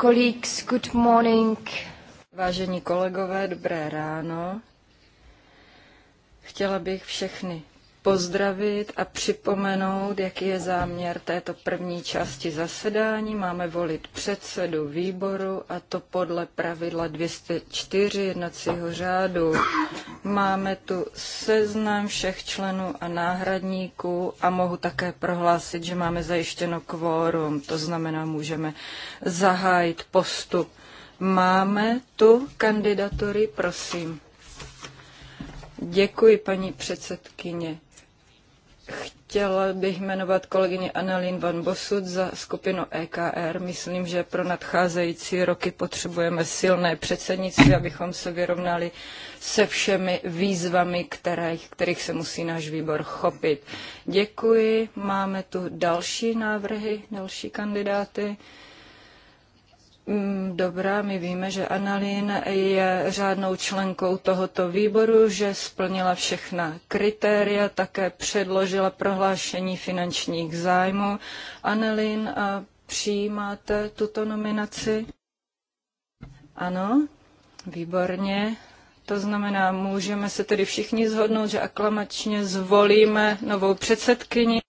Colleagues, good morning. Vážení kolegové, dobré ráno. Chtěla bych všechny pozdravit a připomenout, jaký je záměr této první části zasedání. Máme volit předsedu výboru a to podle pravidla 204 jednacího řádu. Máme tu seznam všech členů a náhradníků a mohu také prohlásit, že máme zajištěno kvórum, to znamená, můžeme zahájit postup. Máme tu kandidatury, prosím. Děkuji, paní předsedkyně chtěla bych jmenovat kolegyni Annelín Van Bosud za skupinu EKR. Myslím, že pro nadcházející roky potřebujeme silné předsednictví, abychom se vyrovnali se všemi výzvami, kterých, kterých se musí náš výbor chopit. Děkuji. Máme tu další návrhy, další kandidáty. Mm, dobrá, my víme, že Analín je řádnou členkou tohoto výboru, že splnila všechna kritéria, také předložila prohlášení finančních zájmů. Analín, přijímáte tuto nominaci? Ano, výborně. To znamená, můžeme se tedy všichni zhodnout, že aklamačně zvolíme novou předsedkyni.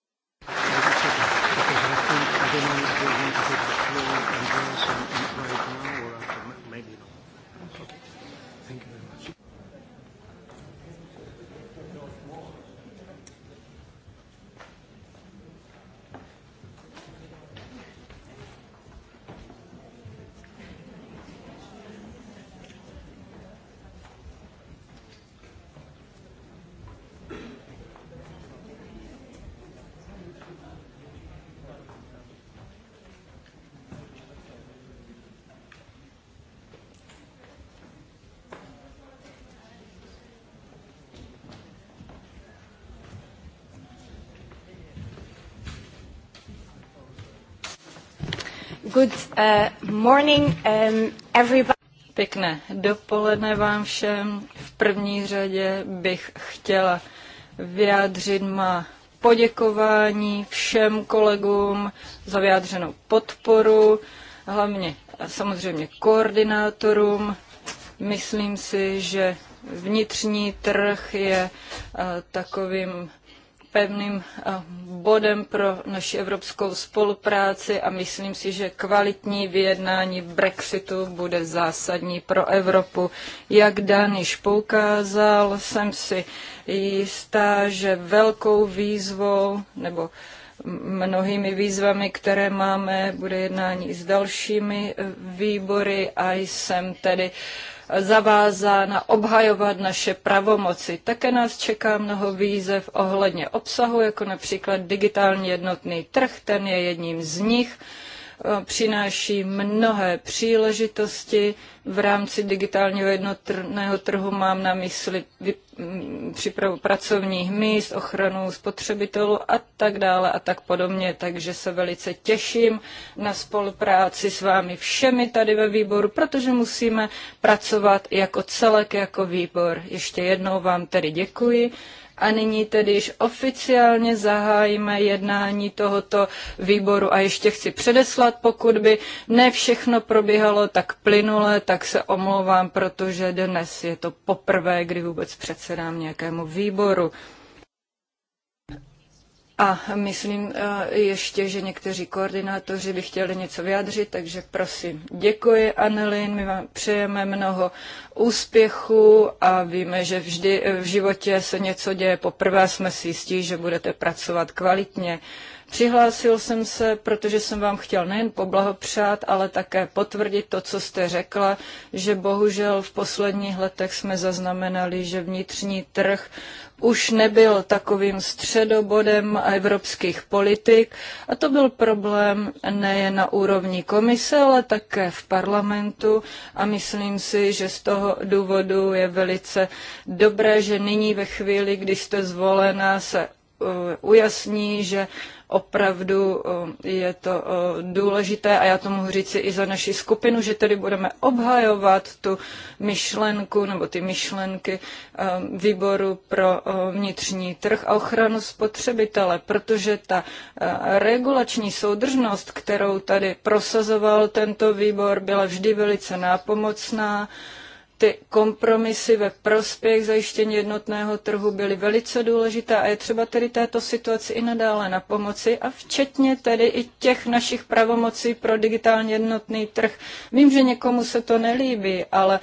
Good uh, morning, um, everybody. Pěkné dopoledne vám všem. V první řadě bych chtěla vyjádřit má poděkování všem kolegům za vyjádřenou podporu, hlavně samozřejmě koordinátorům. Myslím si, že vnitřní trh je takovým pevným eh, bodem pro naši evropskou spolupráci a myslím si, že kvalitní vyjednání Brexitu bude zásadní pro Evropu. Jak Dan již poukázal, jsem si jistá, že velkou výzvou nebo mnohými výzvami, které máme, bude jednání s dalšími eh, výbory a jsem tedy uh, zavázána obhajovat naše pravomoci. Také nás čeká mnoho výzev ohledně obsahu, jako například digitální jednotný trh, ten je jedním z nich. Eh, přináší mnohé příležitosti. V rámci digitálního jednotného trhu mám na mysli mm, přípravu pracovních míst, ochranu spotřebitelů a tak dále a tak podobně. Takže se velice těším na spolupráci s vámi všemi tady ve výboru, protože musíme pracovat jako celek, jako výbor. Ještě jednou vám tedy děkuji. A nyní tedy již oficiálně zahájíme jednání tohoto výboru. A ještě chci předeslat, pokud by ne všechno probíhalo tak plynule, tak se omlouvám, protože dnes je to poprvé, kdy vůbec předsedám nějakému výboru. A myslím eh, ještě, že někteří koordinátoři by chtěli něco vyjádřit, takže prosím, děkuji Anelin, my vám přejeme mnoho úspěchu a víme, že vždy v životě se něco děje poprvé, jsme si jistí, že budete pracovat kvalitně. Přihlásil jsem se, protože jsem vám chtěl nejen poblahopřát, ale také potvrdit to, co jste řekla, že bohužel v posledních letech jsme zaznamenali, že vnitřní trh už nebyl takovým středobodem evropských politik a to byl problém nejen na úrovni komise, ale také v parlamentu a myslím si, že z toho důvodu je velice dobré, že nyní ve chvíli, kdy jste zvolena, se Eh, ujasní, že opravdu eh, je to eh, důležité a já to mohu říci i za naši skupinu, že tedy budeme obhajovat tu myšlenku nebo ty myšlenky výboru pro vnitřní trh a ochranu spotřebitele, protože ta regulační soudržnost, kterou tady prosazoval tento výbor, byla vždy velice nápomocná ty kompromisy ve prospěch zajištění jednotného trhu byly velice důležité a je třeba tedy této situaci i nadále na pomoci a včetně tedy i těch našich pravomocí pro digitálně jednotný trh. Vím, že někomu se to nelíbí, ale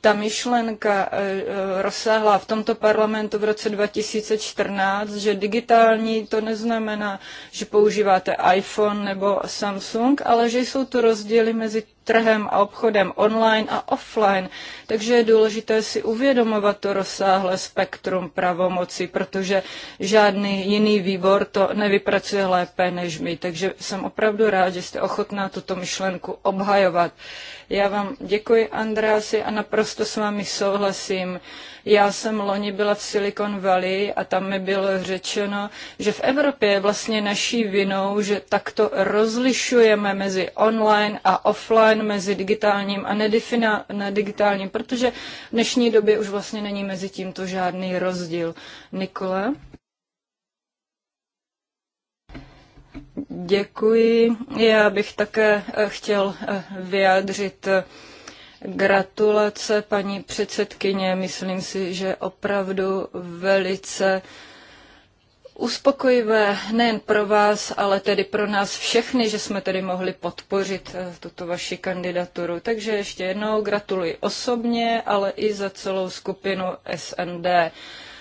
ta myšlenka eh, eh, rozsáhla v tomto parlamentu v roce 2014, že digitální to neznamená, že používáte iPhone nebo Samsung, ale že jsou tu rozdíly mezi trhem a obchodem online a offline. Takže je důležité si uvědomovat to rozsáhlé spektrum pravomoci, protože žádný jiný výbor to nevypracuje lépe než my. Takže jsem opravdu rád, že jste ochotná tuto myšlenku obhajovat. Já vám děkuji, Andreasi, a naprosto s vámi souhlasím. Já jsem loni byla v Silicon Valley a tam mi bylo řečeno, že v Evropě je vlastně naší vinou, že takto rozlišujeme mezi online a offline, mezi digitálním a nedigitálním, protože v dnešní době už vlastně není mezi tímto žádný rozdíl. Nikola? Děkuji. Já bych také eh, chtěl eh, vyjádřit eh, gratulace paní předsedkyně. Myslím si, že opravdu velice uspokojivé nejen pro vás, ale tedy pro nás všechny, že jsme tedy mohli podpořit tuto vaši kandidaturu. Takže ještě jednou gratuluji osobně, ale i za celou skupinu SND.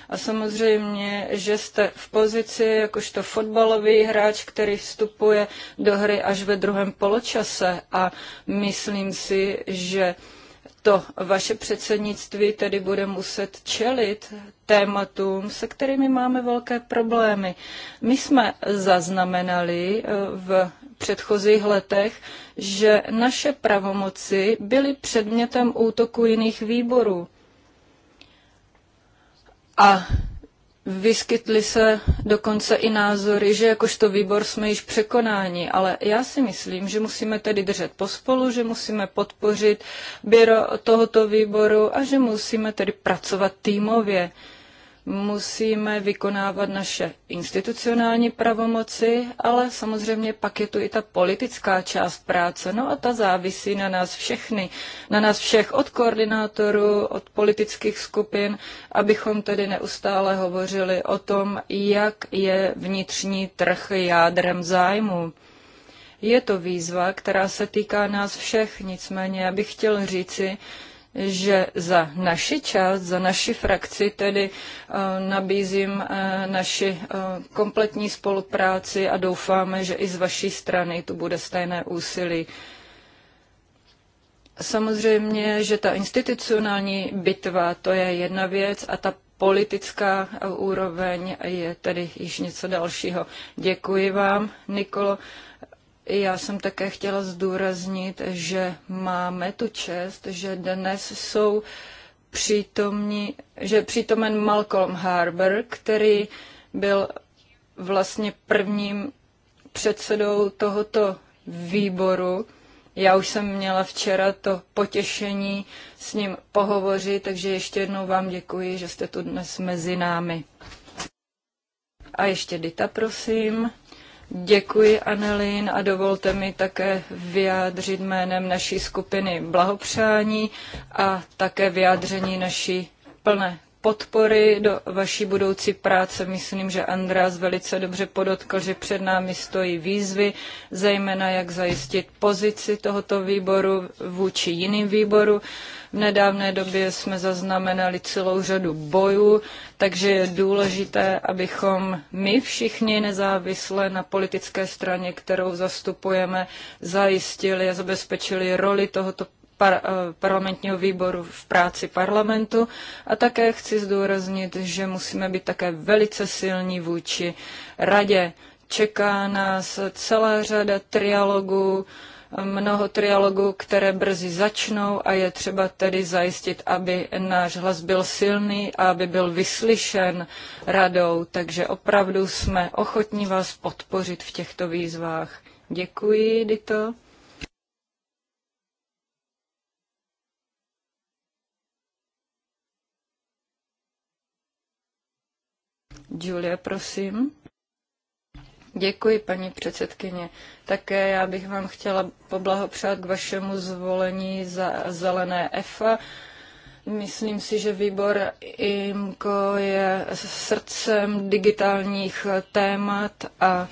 A samozřejmě, že jste v pozici jakožto fotbalový hráč, který vstupuje do hry až ve druhém poločase a myslím si, že to vaše předsednictví tedy bude muset čelit tématům, se kterými máme velké problémy. My jsme zaznamenali eh, v předchozích letech, že naše pravomoci byly předmětem útoku jiných výborů. A vyskytly se dokonce i názory, že jakožto výbor jsme již překonáni, ale já si myslím, že musíme tedy držet pospolu, že musíme podpořit běro tohoto výboru a že musíme tedy pracovat týmově musíme vykonávat naše institucionální pravomoci, ale samozřejmě pak je tu i ta politická část práce, no a ta závisí na nás všechny, na nás všech od koordinátorů, od politických skupin, abychom tedy neustále hovořili o tom, jak je vnitřní trh jádrem zájmu. Je to výzva, která se týká nás všech, nicméně já bych chtěl říci, že za naši část, za naši frakci tedy eh, nabízím eh, naši eh, kompletní spolupráci a doufáme, že i z vaší strany tu bude stejné úsilí. Samozřejmě, že ta institucionální bitva, to je jedna věc a ta politická úroveň je tedy již něco dalšího. Děkuji vám, Nikolo. Já jsem také chtěla zdůraznit, že máme tu čest, že dnes jsou přítomní, že přítomen Malcolm Harbour, který byl vlastně prvním předsedou tohoto výboru. Já už jsem měla včera to potěšení s ním pohovořit, takže ještě jednou vám děkuji, že jste tu dnes mezi námi. A ještě Dita, prosím. Děkuji, Anelin, a dovolte mi také vyjádřit jménem naší skupiny blahopřání a také vyjádření naší plné podpory do vaší budoucí práce. Myslím, že Andreas velice dobře podotkl, že před námi stojí výzvy, zejména jak zajistit pozici tohoto výboru vůči jiným výboru. V nedávné době jsme zaznamenali celou řadu bojů, takže je důležité, abychom my všichni nezávisle na politické straně, kterou zastupujeme, zajistili a zabezpečili roli tohoto par, eh, parlamentního výboru v práci parlamentu a také chci zdůraznit, že musíme být také velice silní vůči radě. Čeká nás celá řada trialogů, mnoho trialogů, které brzy začnou a je třeba tedy zajistit, aby náš hlas byl silný a aby byl vyslyšen radou. Takže opravdu jsme ochotní vás podpořit v těchto výzvách. Děkuji, Dito. Julia, prosím. Děkuji, paní předsedkyně. Také já bych vám chtěla poblahopřát k vašemu zvolení za zelené F. Myslím si, že výbor IMCO je srdcem digitálních témat a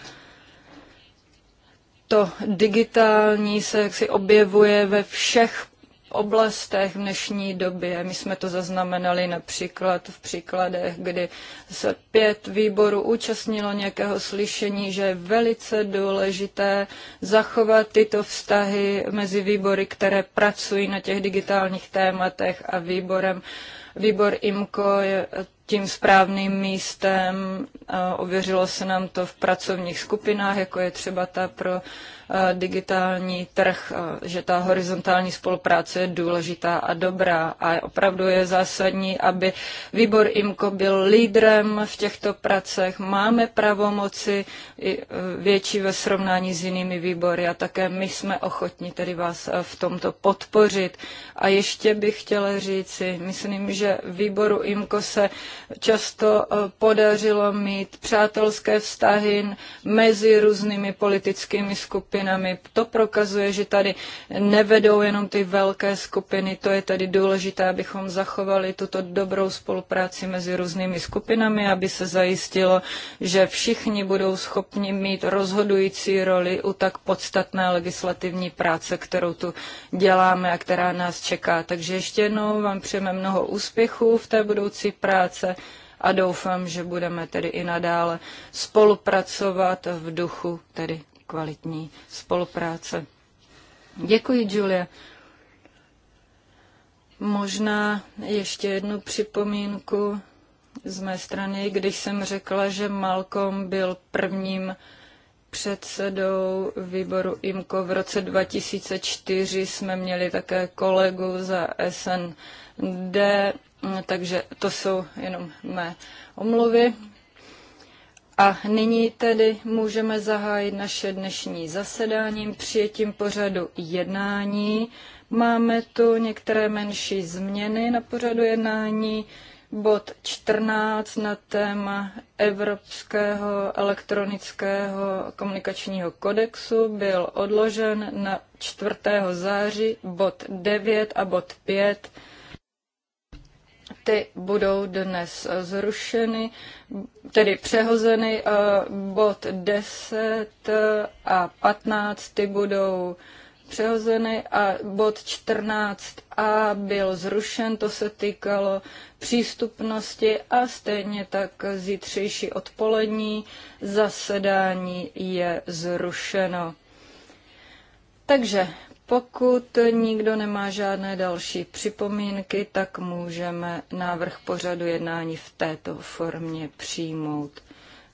to digitální se jaksi objevuje ve všech oblastech v dnešní době. My jsme to zaznamenali například v příkladech, kdy se pět výborů účastnilo nějakého slyšení, že je velice důležité zachovat tyto vztahy mezi výbory, které pracují na těch digitálních tématech a výborem. Výbor IMCO je tím správným místem. Ověřilo se nám to v pracovních skupinách, jako je třeba ta pro Eh, digitální trh, eh, že ta horizontální spolupráce je důležitá a dobrá a opravdu je zásadní, aby výbor IMCO byl lídrem v těchto pracech. Máme pravomoci eh, větší ve srovnání s jinými výbory a také my jsme ochotni tedy vás v tomto podpořit a ještě bych chtěla říci, myslím, že výboru IMKO se často eh, podařilo mít přátelské vztahy mezi různými politickými skupinami. To prokazuje, že tady nevedou jenom ty velké skupiny, to je tady důležité, abychom zachovali tuto dobrou spolupráci mezi různými skupinami, aby se zajistilo, že všichni budou schopni mít rozhodující roli u tak podstatné legislativní práce, kterou tu děláme a která nás čeká. Takže ještě jednou vám přejeme mnoho úspěchů v té budoucí práce a doufám, že budeme tedy i nadále spolupracovat v duchu tedy kvalitní spolupráce. Děkuji, Julia. Možná ještě jednu připomínku z mé strany, když jsem řekla, že Malcolm byl prvním předsedou výboru IMKO. V roce 2004 jsme měli také kolegu za SND, takže to jsou jenom mé omluvy. A nyní tedy můžeme zahájit naše dnešní zasedání přijetím pořadu jednání. Máme tu některé menší změny na pořadu jednání bod 14 na téma Evropského elektronického komunikačního kodexu byl odložen na 4. září, bod 9 a bod 5 ty budou dnes zrušeny, tedy přehozeny. Bod 10 a 15 ty budou přehozeny a bod 14a byl zrušen, to se týkalo přístupnosti a stejně tak zítřejší odpolední zasedání je zrušeno. Takže pokud nikdo nemá žádné další připomínky, tak můžeme návrh pořadu jednání v této formě přijmout.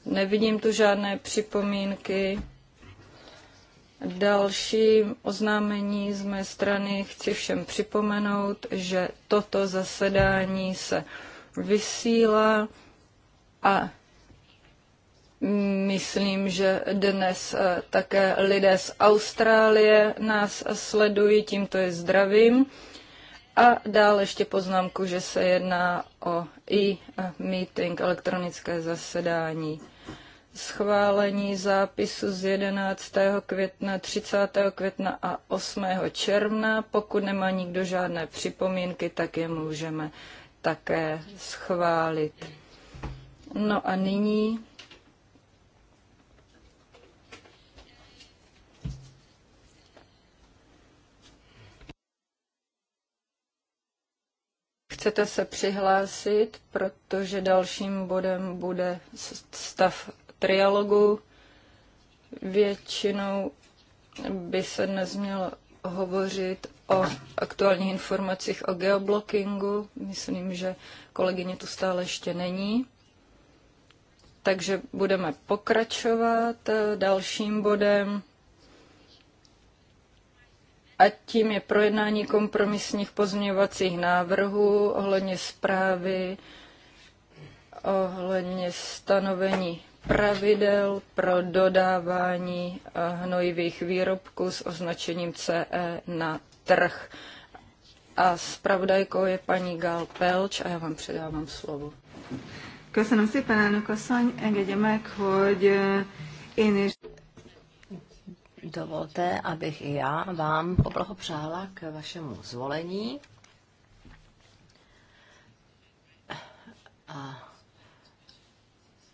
Nevidím tu žádné připomínky. Další oznámení z mé strany chci všem připomenout, že toto zasedání se vysílá a myslím, že dnes eh, také lidé z Austrálie nás sledují, tímto je zdravím. A dále ještě poznámku, že se jedná o e-meeting, elektronické zasedání schválení zápisu z 11. května, 30. května a 8. června. Pokud nemá nikdo žádné připomínky, tak je můžeme také schválit. No a nyní chcete se přihlásit, protože dalším bodem bude stav trialogu. Většinou by se dnes mělo hovořit o aktuálních informacích o geoblockingu. Myslím, že kolegyně tu stále ještě není. Takže budeme pokračovat eh, dalším bodem. A tím je projednání kompromisních pozměňovacích návrhů ohledně zprávy, ohledně stanovení pravidel pro dodávání eh, hnojivých výrobků s označením CE na trh. A zpravodajkou je paní Gal Pelč a já vám předávám slovo. Köszönöm szépen, elnök asszony. Engedje meg, hogy eh, én is... Dovolte, abych i já vám poblahopřála k vašemu zvolení. A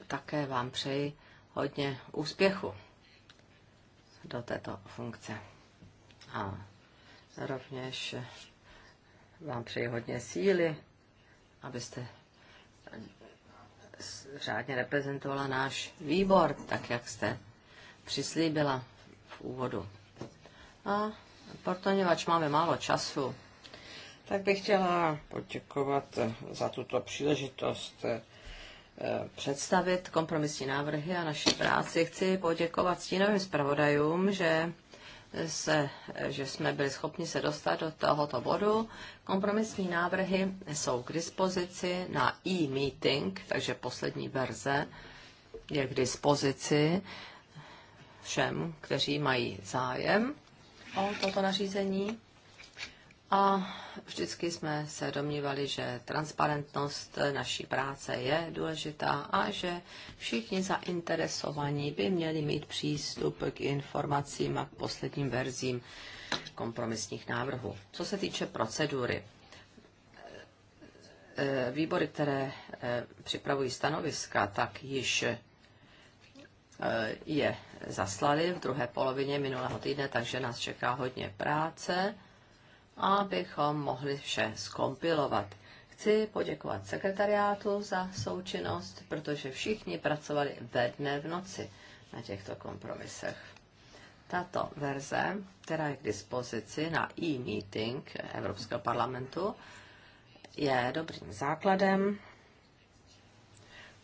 také vám přeji hodně úspěchu do této funkce. A rovněž vám přeji hodně síly, abyste řádně reprezentovala náš výbor, tak jak jste přislíbila v úvodu. A poněvadž máme málo času, tak bych chtěla poděkovat za tuto příležitost představit kompromisní návrhy a naši práci. Chci poděkovat stínovým zpravodajům, že, se, že jsme byli schopni se dostat do tohoto bodu. Kompromisní návrhy jsou k dispozici na e-meeting, takže poslední verze je k dispozici všem, kteří mají zájem o toto nařízení. A vždycky jsme se domnívali, že transparentnost naší práce je důležitá a že všichni zainteresovaní by měli mít přístup k informacím a k posledním verzím kompromisních návrhů. Co se týče procedury, eh, výbory, které eh, připravují stanoviska, tak již eh, je zaslali v druhé polovině minulého týdne, takže nás čeká hodně práce abychom mohli vše skompilovat. Chci poděkovat sekretariátu za součinnost, protože všichni pracovali ve dne v noci na těchto kompromisech. Tato verze, která je k dispozici na e-meeting Evropského parlamentu, je dobrým základem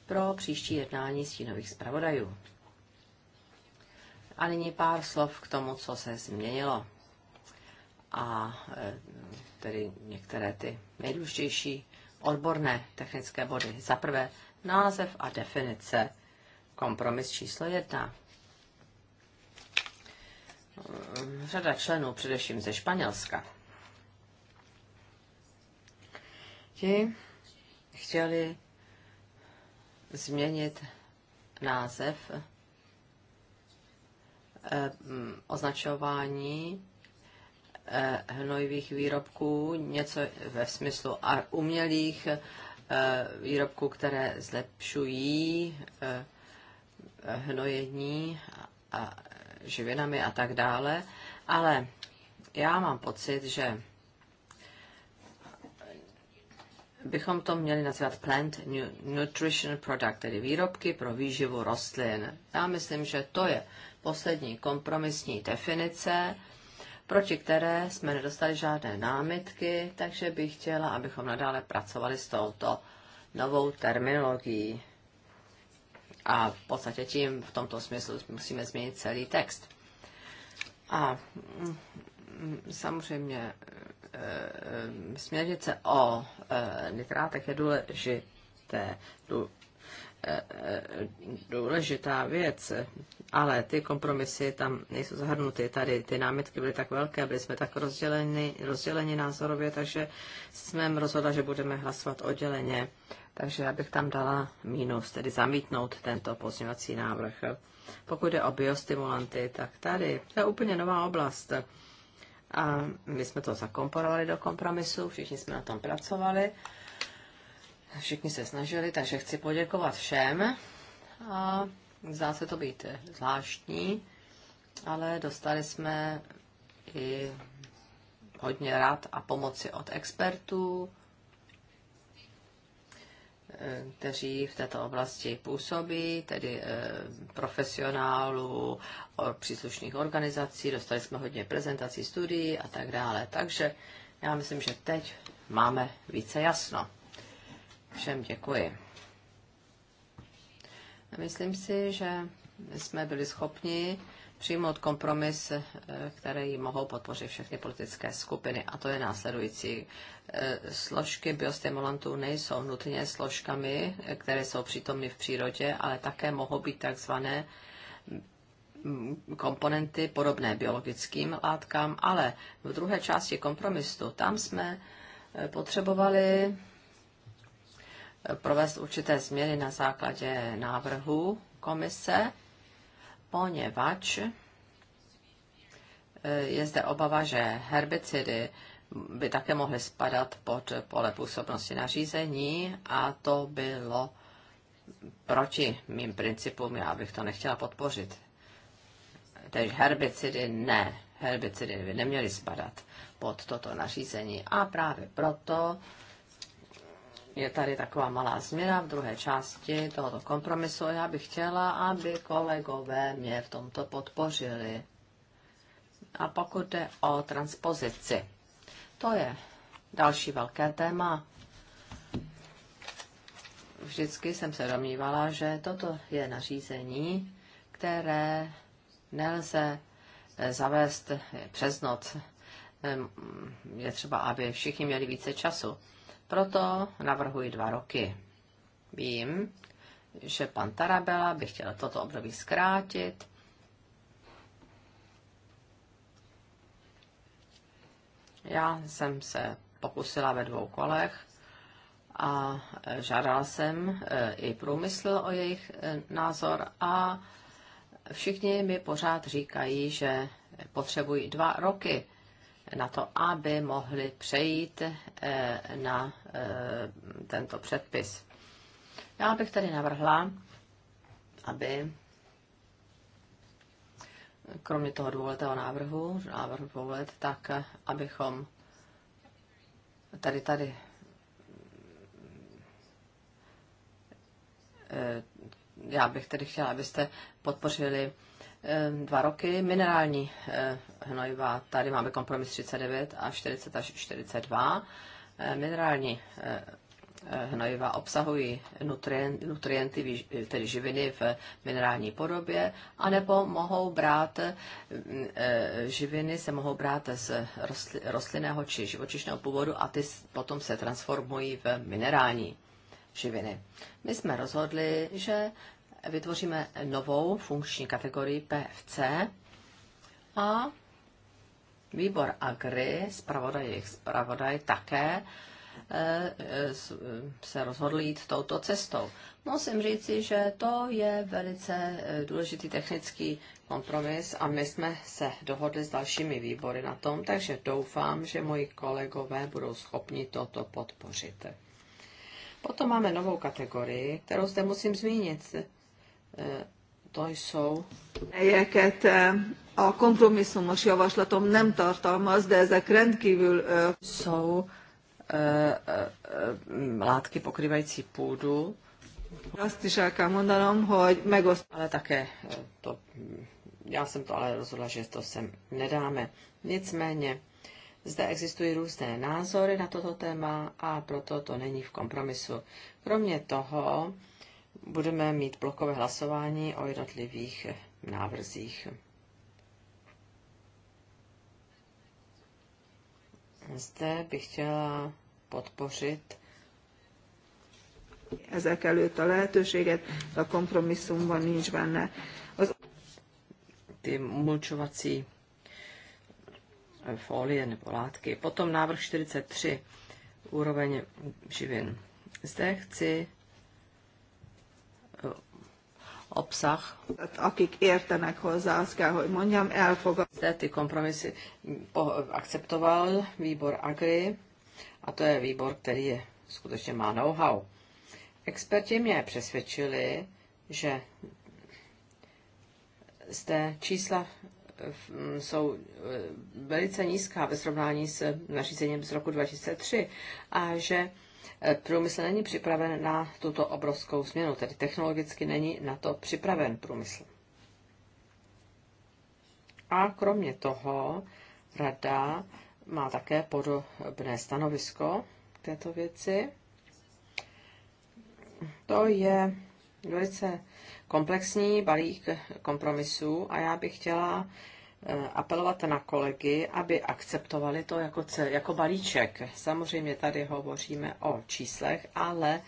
pro příští jednání stínových zpravodajů. A nyní pár slov k tomu, co se změnilo a e, tedy některé ty nejdůležitější odborné technické body. Za prvé název a definice. Kompromis číslo jedna. E, řada členů, především ze Španělska, ti chtěli změnit název e, označování Eh, hnojivých výrobků, něco ve smyslu umělých eh, výrobků, které zlepšují eh, hnojení a živinami a tak dále. Ale já mám pocit, že bychom to měli nazývat plant nutrition product, tedy výrobky pro výživu rostlin. Já myslím, že to je poslední kompromisní definice, proti které jsme nedostali žádné námitky, takže bych chtěla, abychom nadále pracovali s touto novou terminologií. A v podstatě tím v tomto smyslu musíme změnit celý text. A mm, samozřejmě e, e, směrnice o e, nitrátech je důležité, důležitá věc, ale ty kompromisy tam nejsou zahrnuty. Tady ty námitky byly tak velké, byli jsme tak rozděleni, rozděleni názorově, takže jsme rozhodla, že budeme hlasovat odděleně. Takže já bych tam dala mínus, tedy zamítnout tento pozměňovací návrh. Pokud jde o biostimulanty, tak tady to je úplně nová oblast. A my jsme to zakomponovali do kompromisu, všichni jsme na tom pracovali. Všichni se snažili, takže chci poděkovat všem. A zdá se to být zvláštní, ale dostali jsme i hodně rad a pomoci od expertů, eh, kteří v této oblasti působí, tedy eh, profesionálů, příslušných organizací, dostali jsme hodně prezentací, studií a tak dále. Takže já myslím, že teď máme více jasno. Všem děkuji. Myslím si, že jsme byli schopni přijmout kompromis, eh, který mohou podpořit všechny politické skupiny. A to je následující. Eh, složky biostimulantů nejsou nutně složkami, eh, které jsou přítomny v přírodě, ale také mohou být takzvané mm, komponenty podobné biologickým látkám, ale v druhé části kompromisu tam jsme potřebovali provést určité změny na základě návrhu komise, poněvadž e, je zde obava, že herbicidy by také mohly spadat pod pole působnosti nařízení a to bylo proti mým principům, já bych to nechtěla podpořit. Takže herbicidy ne, herbicidy by neměly spadat pod toto nařízení a právě proto je tady taková malá změna v druhé části tohoto kompromisu. Já bych chtěla, aby kolegové mě v tomto podpořili. A pokud jde o transpozici, to je další velké téma. Vždycky jsem se domnívala, že toto je nařízení, které nelze eh, zavést přes noc. Je třeba, aby všichni měli více času. Proto navrhuji dva roky. Vím, že pan Tarabela by chtěl toto období zkrátit. Já jsem se pokusila ve dvou kolech a e, žádala jsem e, i průmysl o jejich e, názor a všichni mi pořád říkají, že potřebují dva roky na to, aby mohli přejít eh, na eh, tento předpis. Já bych tedy navrhla, aby kromě toho dvouletého návrhu, návrhu dvou let, tak eh, abychom tady, tady já bych tedy chtěla, abyste podpořili Ehm, dva roky. Minerální eh, hnojiva, tady máme kompromis 39 a 40 až 42. Ehm, minerální eh, eh, hnojiva obsahují nutrient, nutrienty, tedy živiny v minerální podobě, anebo mohou brát, mm, živiny se mohou brát z rostlinného či živočišného původu a ty potom se transformují v minerální živiny. My jsme rozhodli, že vytvoříme novou funkční kategorii PFC a výbor Agri, zpravodaj, jejich zpravodaj také e, e, se rozhodl jít touto cestou. Musím říci, že to je velice e, důležitý technický kompromis a my jsme se dohodli s dalšími výbory na tom, takže doufám, že moji kolegové budou schopni toto podpořit. Potom máme novou kategorii, kterou zde musím zmínit. Eh, to jsou. Helyeket eh, a kompromisszumos javaslatom nem tartalmaz, de ezek rendkívül... Eh, jsou látky pokrývající půdu. Azt is el kell mondanom, hogy megoszt... Ale také to, já jsem to ale rozhodla, že to sem nedáme. Nicméně, zde existují různé názory na toto téma a proto to není v kompromisu. Kromě toho, budeme mít blokové hlasování o jednotlivých návrzích. Zde bych chtěla podpořit ezek előtt a lehetőséget, a kompromisszumban nincs benne. Az... Ty mulčovací eh, folie nebo látky. Potom návrh 43, úroveň živin. Zde chci obsah. Akik értenek hozzá, azt kell, hogy mondjam, elfogad. Zde ty akceptoval výbor Agri a to je výbor, který je, skutečně má know-how. Experti mě přesvědčili, že zde čísla mm, jsou eh, velice nízká ve srovnání s nařízením z roku 2003 a že E, průmysl není připraven na tuto obrovskou změnu, tedy technologicky není na to připraven průmysl. A kromě toho rada má také podobné stanovisko k této věci. To je velice komplexní balík kompromisů a já bych chtěla Eh, apelovat na kolegy, aby akceptovali to jako, jako balíček. Samozřejmě tady hovoříme o číslech, ale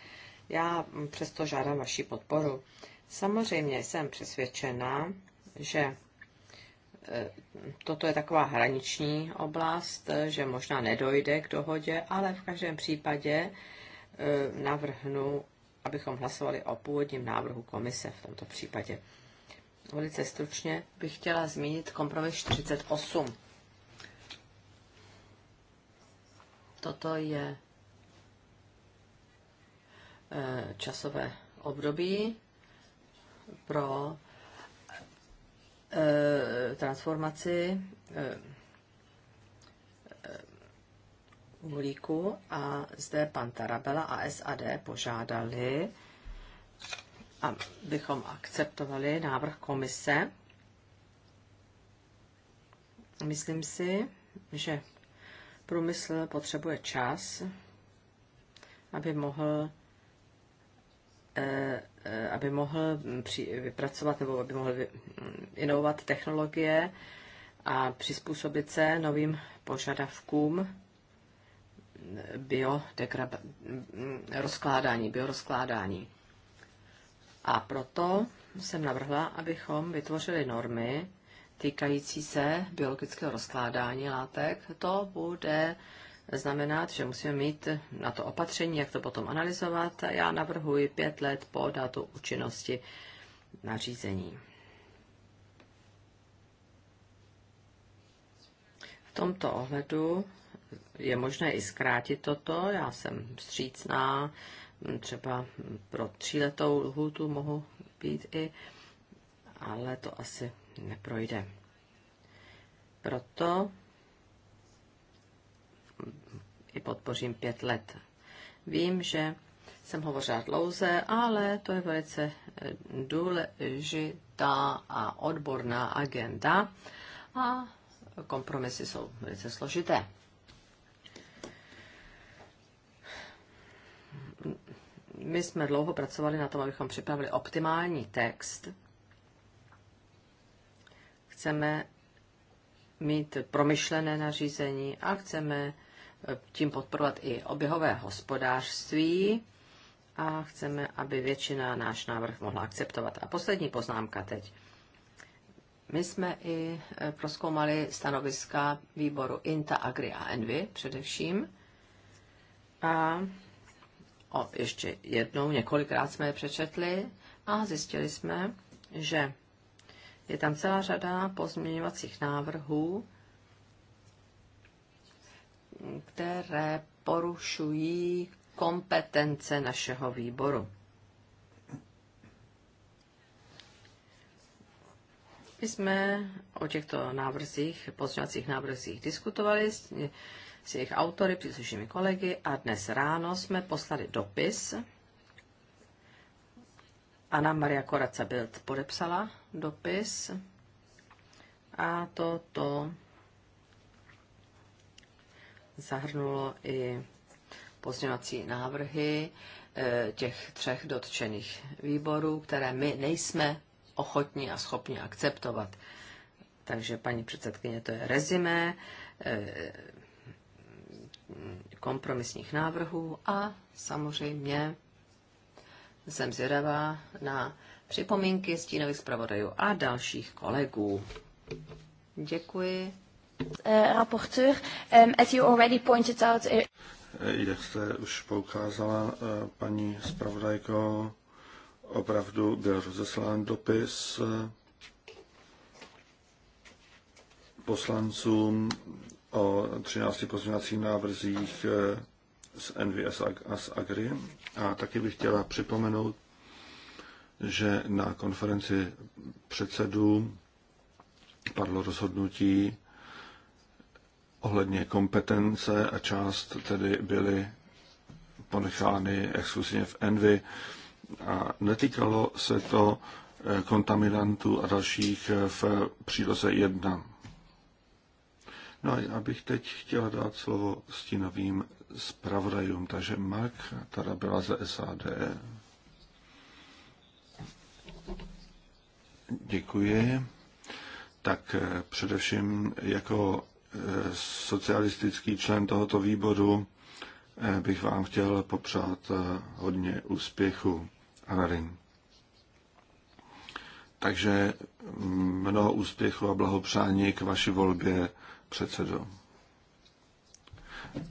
já přesto žádám vaši podporu. Samozřejmě jsem přesvědčena, že eh, toto je taková hraniční oblast, že možná nedojde k dohodě, ale v každém případě eh, navrhnu, abychom hlasovali o původním návrhu komise v tomto případě velice stručně bych chtěla zmínit kompromis 48. Toto je eh, časové období pro eh, transformaci eh, uhlíku a zde pan Tarabela a SAD požádali abychom akceptovali návrh komise. Myslím si, že průmysl potřebuje čas, aby mohl eh, eh, aby mohl vypracovat nebo aby mohl inovovat technologie a přizpůsobit se novým požadavkům biodegrab- rozkládání, biorozkládání. A proto jsem navrhla, abychom vytvořili normy týkající se biologického rozkládání látek. To bude znamenat, že musíme mít na to opatření, jak to potom analyzovat. Já navrhuji pět let po datu účinnosti nařízení. V tomto ohledu je možné i zkrátit toto. Já jsem vstřícná třeba pro tříletou lhůtu mohu být i, ale to asi neprojde. Proto i podpořím pět let. Vím, že jsem hovořila dlouze, ale to je velice důležitá a odborná agenda a kompromisy jsou velice složité. my jsme dlouho pracovali na tom, abychom připravili optimální text. Chceme mít promyšlené nařízení a chceme eh, tím podporovat i oběhové hospodářství a chceme, aby většina náš návrh mohla akceptovat. A poslední poznámka teď. My jsme i eh, proskoumali stanoviska výboru INTA, AGRI a ENVY především. A o, ještě jednou, několikrát jsme je přečetli a zjistili jsme, že je tam celá řada pozměňovacích návrhů, které porušují kompetence našeho výboru. My jsme o těchto návrzích, pozměňovacích návrzích diskutovali, s jejich autory, příslušnými kolegy a dnes ráno jsme poslali dopis. Anna Maria Koraca Bild podepsala dopis a toto to zahrnulo i pozměňovací návrhy eh, těch třech dotčených výborů, které my nejsme ochotní a schopni akceptovat. Takže, paní předsedkyně, to je rezimé eh, kompromisních návrhů a samozřejmě jsem zvědavá na připomínky stínových zpravodajů a dalších kolegů. Děkuji. Eh, rapporteur, eh, as you already pointed out... Eh, jak jste už poukázala, paní zpravodajko, opravdu byl rozeslán dopis poslancům o 13 pozměňovacích návrzích eh, z NVS a z Agri. A taky bych chtěla připomenout, že na konferenci předsedů padlo rozhodnutí ohledně kompetence a část tedy byly ponechány exkluzivně v Envy a netýkalo se to eh, kontaminantů a dalších eh, v příloze 1. No a abych teď chtěla dát slovo stínovým zpravodajům, takže Mark tady byla ze SAD. Děkuji. Tak eh, především jako eh, socialistický člen tohoto výboru eh, bych vám chtěl popřát hodně úspěchu, Anarin. Takže mm, mnoho úspěchu a blahopřání k vaší volbě předsedo.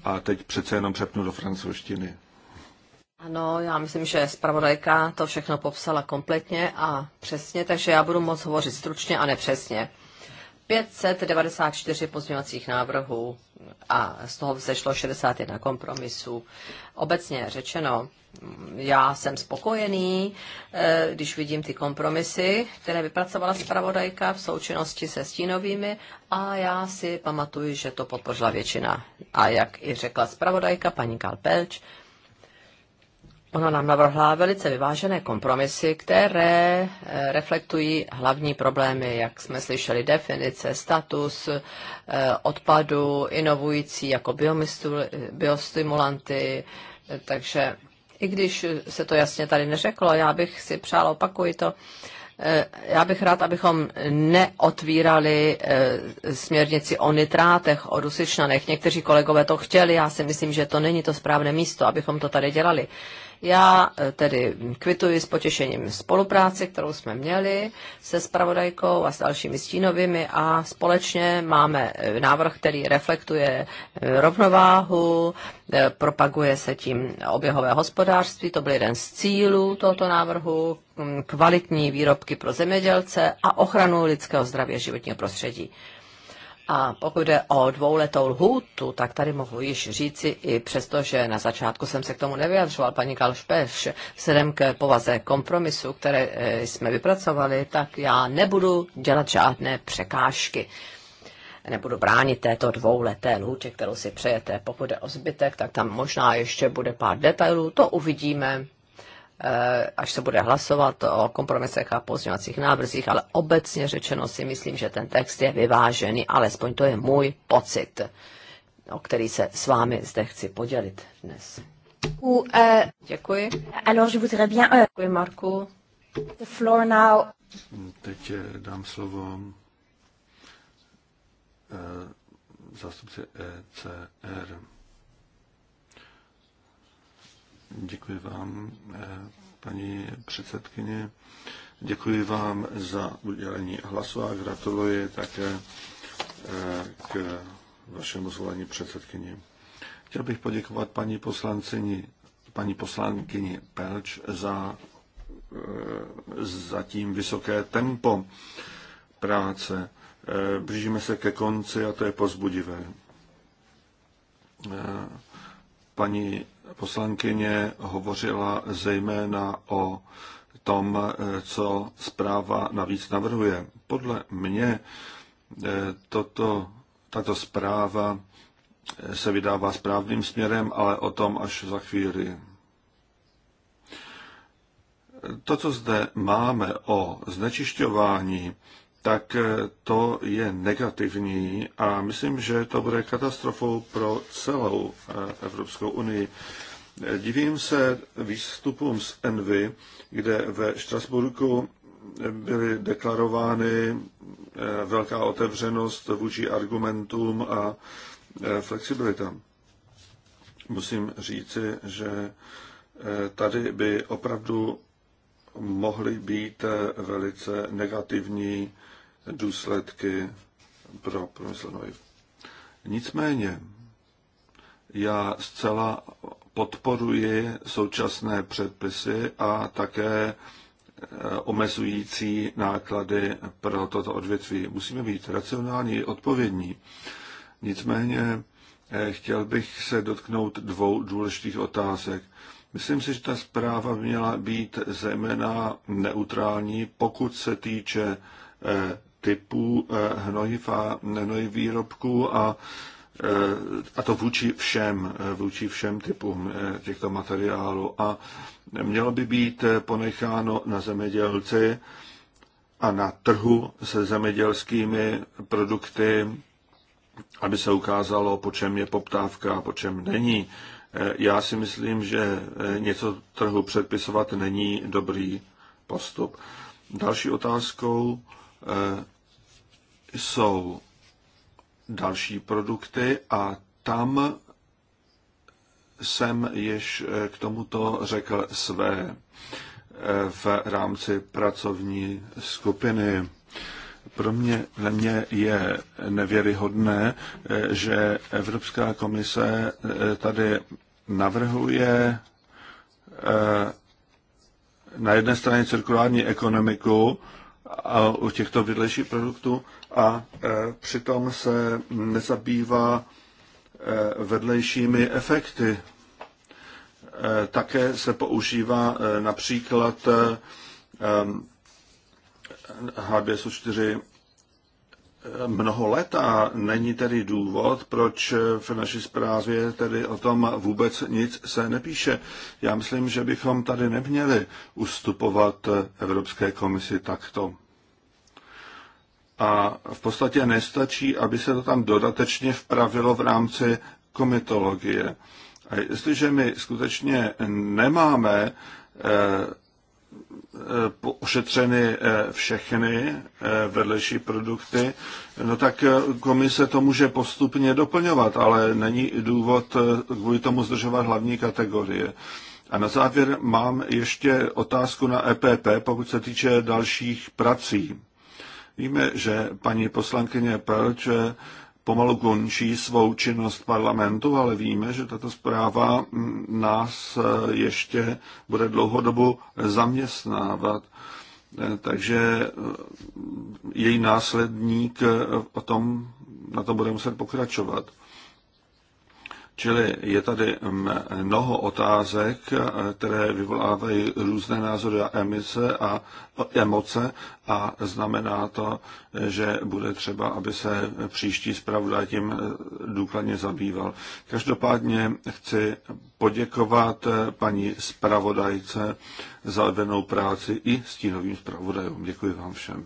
A teď přece jenom přepnu do francouzštiny. Ano, já myslím, že zpravodajka to všechno popsala kompletně a přesně, takže já budu moc hovořit stručně a nepřesně. 594 pozměňovacích návrhů a z toho vzešlo 61 kompromisů. Obecně řečeno, já jsem spokojený, eh, když vidím ty kompromisy, které vypracovala zpravodajka v součinnosti se stínovými a já si pamatuju, že to podpořila většina. A jak i řekla zpravodajka paní Kalpelč, Ona nám navrhla velice vyvážené kompromisy, které eh, reflektují hlavní problémy, jak jsme slyšeli, definice, status eh, odpadu, inovující jako biostimulanty. Takže i když se to jasně tady neřeklo, já bych si přál opakuji to, eh, já bych rád, abychom neotvírali směrnici o nitrátech, o dusičnanech. Někteří kolegové to chtěli, já si myslím, že to není to správné místo, abychom to tady dělali. Já eh, tedy kvituji s potěšením spolupráci, kterou jsme měli se spravodajkou a s dalšími stínovými a společně máme eh, návrh, který reflektuje eh, rovnováhu, propaguje se tím oběhové hospodářství, to byl jeden z cílů tohoto návrhu, mm, kvalitní výrobky pro zemědělce a ochranu lidského zdraví a životního prostředí. A pokud jde o dvouletou lhůtu, tak tady mohu již říci, i přesto, že na začátku jsem se k tomu nevyjadřoval, paní Kalšpeš, vzhledem k povaze kompromisu, které eh, jsme vypracovali, tak já nebudu dělat žádné překážky. Nebudu bránit této dvouleté lhůtě, kterou si přejete. Pokud jde o zbytek, tak tam možná ještě bude pár detailů, to uvidíme Eh, až se bude hlasovat o kompromisech a pozměňovacích návrzích, ale obecně řečeno si myslím, že ten text je vyvážený, alespoň to je můj pocit, o který se s vámi zde chci podělit dnes. Ou, uh, eh, Děkuji. Alors je voudrais bien... Uh, Děkuji, Marku. The floor now. Mm, teď dám slovo zástupci ECR. Děkuji vám, eh, paní předsedkyně. Děkuji vám za udělení hlasu a gratuluji také eh, k vašemu zvolení předsedkyni. Chtěl bych poděkovat paní poslankyni, paní poslankyni Pelč za eh, zatím vysoké tempo práce. Blížíme se ke konci a to je pozbudivé. Paní poslankyně hovořila zejména o tom, co zpráva navíc navrhuje. Podle mě eh, toto, tato zpráva eh, se vydává správným směrem, ale o tom až za chvíli. To, co zde máme o znečišťování, tak eh, to je negativní a myslím, že to bude katastrofou pro celou eh, Evropskou unii. Eh, divím se výstupům z Envy, kde ve Štrasburku byly deklarovány velká otevřenost vůči argumentům a flexibilita. Musím říci, že tady by opravdu mohly být velice negativní důsledky pro průmyslnou. Nicméně já zcela podporuji současné předpisy a také eh, omezující náklady pro toto odvětví. Musíme být racionální, odpovědní. Nicméně eh, chtěl bych se dotknout dvou důležitých otázek. Myslím si, že ta zpráva měla být zejména neutrální, pokud se týče eh, typů eh, hnojiv a hnojiv výrobků a, eh, a to vůči všem, eh, vůči všem typům těchto materiálů. A mělo by být ponecháno na zemědělci a na trhu se zemědělskými produkty, aby se ukázalo, po čem je poptávka a po čem není. Já si myslím, že něco trhu předpisovat není dobrý postup. Další otázkou jsou další produkty a tam jsem již eh, k tomuto řekl své eh, v rámci pracovní skupiny. Pro mě, na mě je nevěryhodné, eh, že Evropská komise tady navrhuje na jedné straně cirkulární ekonomiku a u těchto vedlejších produktů a e, přitom se nezabývá e, vedlejšími efekty. E, také se používá například h 4 mnoho let a není tedy důvod, proč v naší zprávě tedy o tom vůbec nic se nepíše. Já myslím, že bychom tady neměli ustupovat Evropské komisi takto a v podstatě nestačí, aby se to tam dodatečně vpravilo v rámci komitologie. A jestliže my skutečně nemáme eh, eh, ošetřeny eh, všechny vedlejší produkty, no tak komise to může postupně doplňovat, ale není důvod kvůli tomu zdržovat hlavní kategorie. A na závěr mám ještě otázku na EPP, pokud se týče dalších prací. Víme, že paní poslankyně Pelč pomalu končí svou činnost parlamentu, ale víme, že tato zpráva mm, nás eh, ještě bude dlouhodobu zaměstnávat. Eh, takže eh, její následník o tom, na to bude muset pokračovat. Čili je tady mnoho otázek, které vyvolávají různé názory a emise a emoce a znamená to, že bude třeba, aby se příští zpravda tím důkladně zabýval. Každopádně chci poděkovat paní zpravodajce za odvenou práci i stínovým zpravodajům. Děkuji vám všem.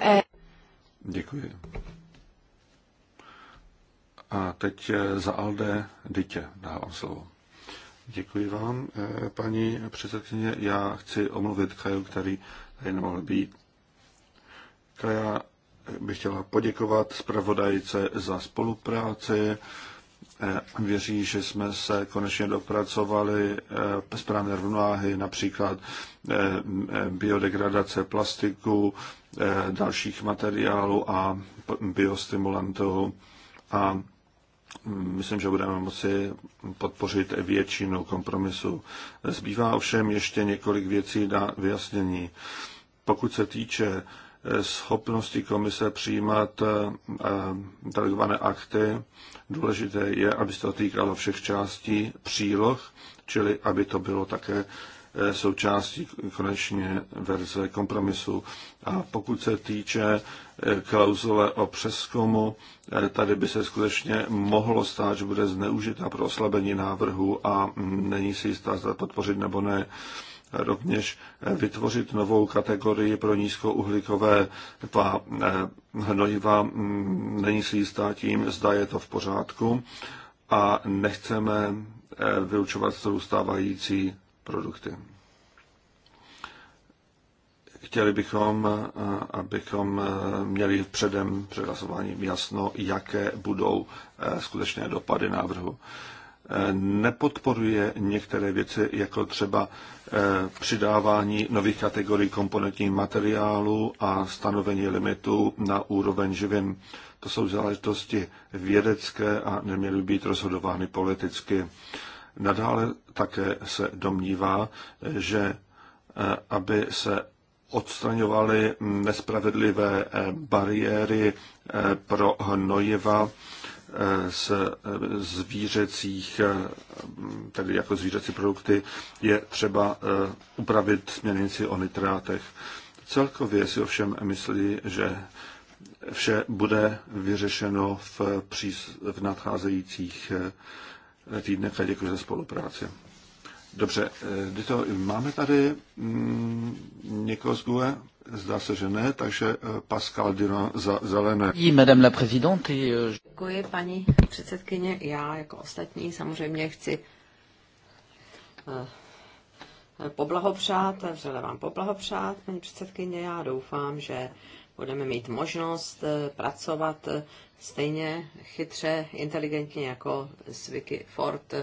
Eh. Děkuji. A teď eh, za Alde Dytě dávám slovo. Děkuji vám, eh, paní předsedkyně. Já chci omluvit Kaju, který tady nemohl být. Kaja bych chtěla poděkovat zpravodajce za spolupráci. Věří, že jsme se konečně dopracovali správné rovnováhy, například biodegradace plastiku, Eh, dalších materiálů a biostimulantů a mm, myslím, že budeme moci podpořit většinu kompromisu. Zbývá ovšem ještě několik věcí na vyjasnění. Pokud se týče eh, schopnosti komise přijímat eh, delegované akty, důležité je, aby se to týkalo všech částí příloh, čili aby to bylo také Eh, součástí konečně verze kompromisu. A pokud se týče eh, klauzule o přeskumu, eh, tady by se skutečně mohlo stát, že bude zneužita pro oslabení návrhu a není si jistá, zda podpořit nebo ne. Rovněž vytvořit novou kategorii pro nízkouhlíkové hnojiva mm, není si jistá tím, zda je to v pořádku a nechceme vyučovat stávající produkty. Chtěli bychom, abychom měli předem před hlasováním jasno, jaké budou eh, skutečné dopady návrhu. Eh, nepodporuje některé věci, jako třeba eh, přidávání nových kategorií komponentních materiálů a stanovení limitů na úroveň živin. To jsou záležitosti vědecké a neměly být rozhodovány politicky. Nadále také se domnívá, že eh, aby se odstraňovaly nespravedlivé eh, bariéry eh, pro hnojiva z zvířecích, tedy jako zvířecí produkty, je třeba upravit směrnici o nitrátech. Celkově si ovšem myslí, že vše bude vyřešeno v, příz, v nadcházejících týdnek a děkuji za spolupráci. Dobře, eh, Dito, máme tady mm, někoho z GUE? Zdá se, že ne, takže eh, Pascal Dino za zelené. Euh, děkuji, paní předsedkyně. Já jako ostatní samozřejmě chci eh, poblahopřát, vřele vám poblahopřát, paní předsedkyně. Já doufám, že budeme mít možnost eh, pracovat eh, stejně chytře, inteligentně jako s Vicky Ford,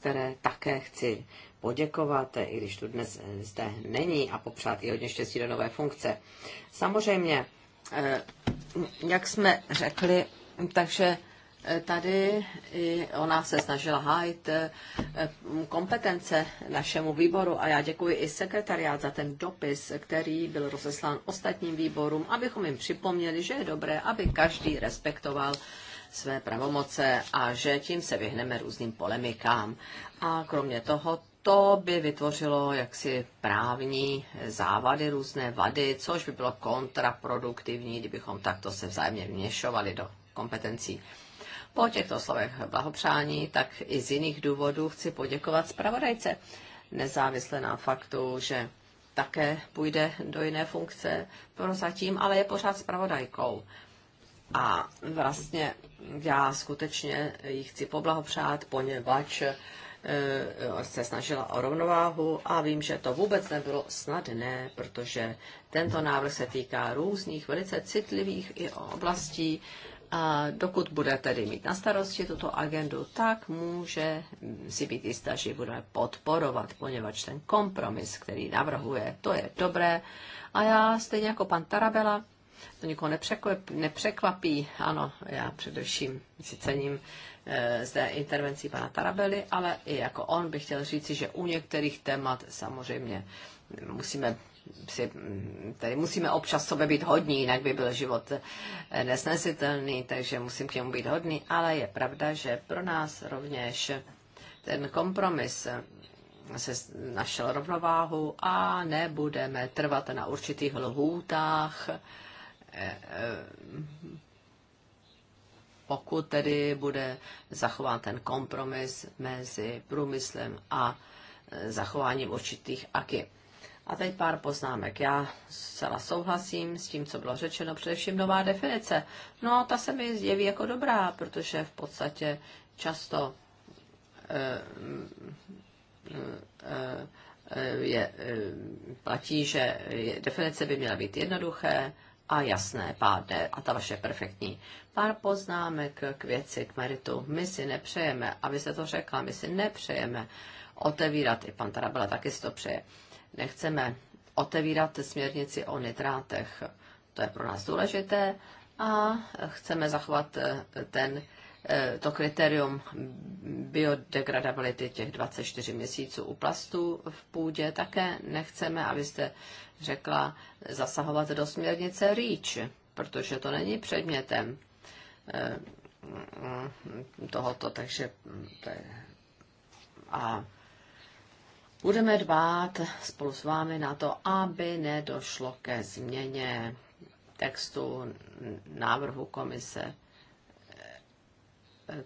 které také chci poděkovat, eh, i když tu dnes zde není a popřát i hodně štěstí do nové funkce. Samozřejmě, jak jsme řekli, takže tady i ona se snažila hájit eh, kompetence našemu výboru a já děkuji i sekretariát za ten dopis, který byl rozeslán ostatním výborům, abychom jim připomněli, že je dobré, aby každý respektoval své pravomoce a že tím se vyhneme různým polemikám. A kromě toho to by vytvořilo jaksi právní závady, různé vady, což by bylo kontraproduktivní, kdybychom takto se vzájemně vměšovali do kompetencí. Po těchto slovech blahopřání, tak i z jiných důvodů chci poděkovat zpravodajce, nezávisle na faktu, že také půjde do jiné funkce prozatím, ale je pořád zpravodajkou. A vlastně já skutečně jí chci poblahopřát, poněvadž e, se snažila o rovnováhu a vím, že to vůbec nebylo snadné, protože tento návrh se týká různých velice citlivých i oblastí a dokud bude tedy mít na starosti tuto agendu, tak může si být jistá, že bude podporovat, poněvadž ten kompromis, který navrhuje, to je dobré. A já stejně jako pan Tarabela, to nikoho nepřekvapí, ano, já především si cením e, zde intervencí pana Tarabely, ale i jako on bych chtěl říci, že u některých témat samozřejmě musíme si, mm, tedy musíme občas sobě být hodní, jinak by byl život eh, nesnesitelný, takže musím k němu být hodný, ale je pravda, že pro nás rovněž ten kompromis eh, se našel rovnováhu a nebudeme trvat na určitých lhůtách, eh, pokud tedy bude zachován ten kompromis mezi průmyslem a zachováním určitých aky. A teď pár poznámek. Já zcela souhlasím s tím, co bylo řečeno, především nová definice. No, ta se mi zjeví jako dobrá, protože v podstatě často eh, eh, eh je, eh, platí, že definice by měla být jednoduché a jasné, pádné a ta vaše perfektní. Pár poznámek k věci, k meritu. My si nepřejeme, aby se to řekla, my si nepřejeme otevírat, i pan Tarabela taky si to přeje, nechceme otevírat směrnici o nitrátech. To je pro nás důležité a chceme zachovat eh, ten, eh, to kritérium biodegradability těch 24 měsíců u plastů v půdě. Také nechceme, abyste řekla, zasahovat do směrnice REACH, protože to není předmětem eh, mm, mm, tohoto, takže mm, to je, a budeme dbát spolu s vámi na to, aby nedošlo ke změně textu návrhu komise,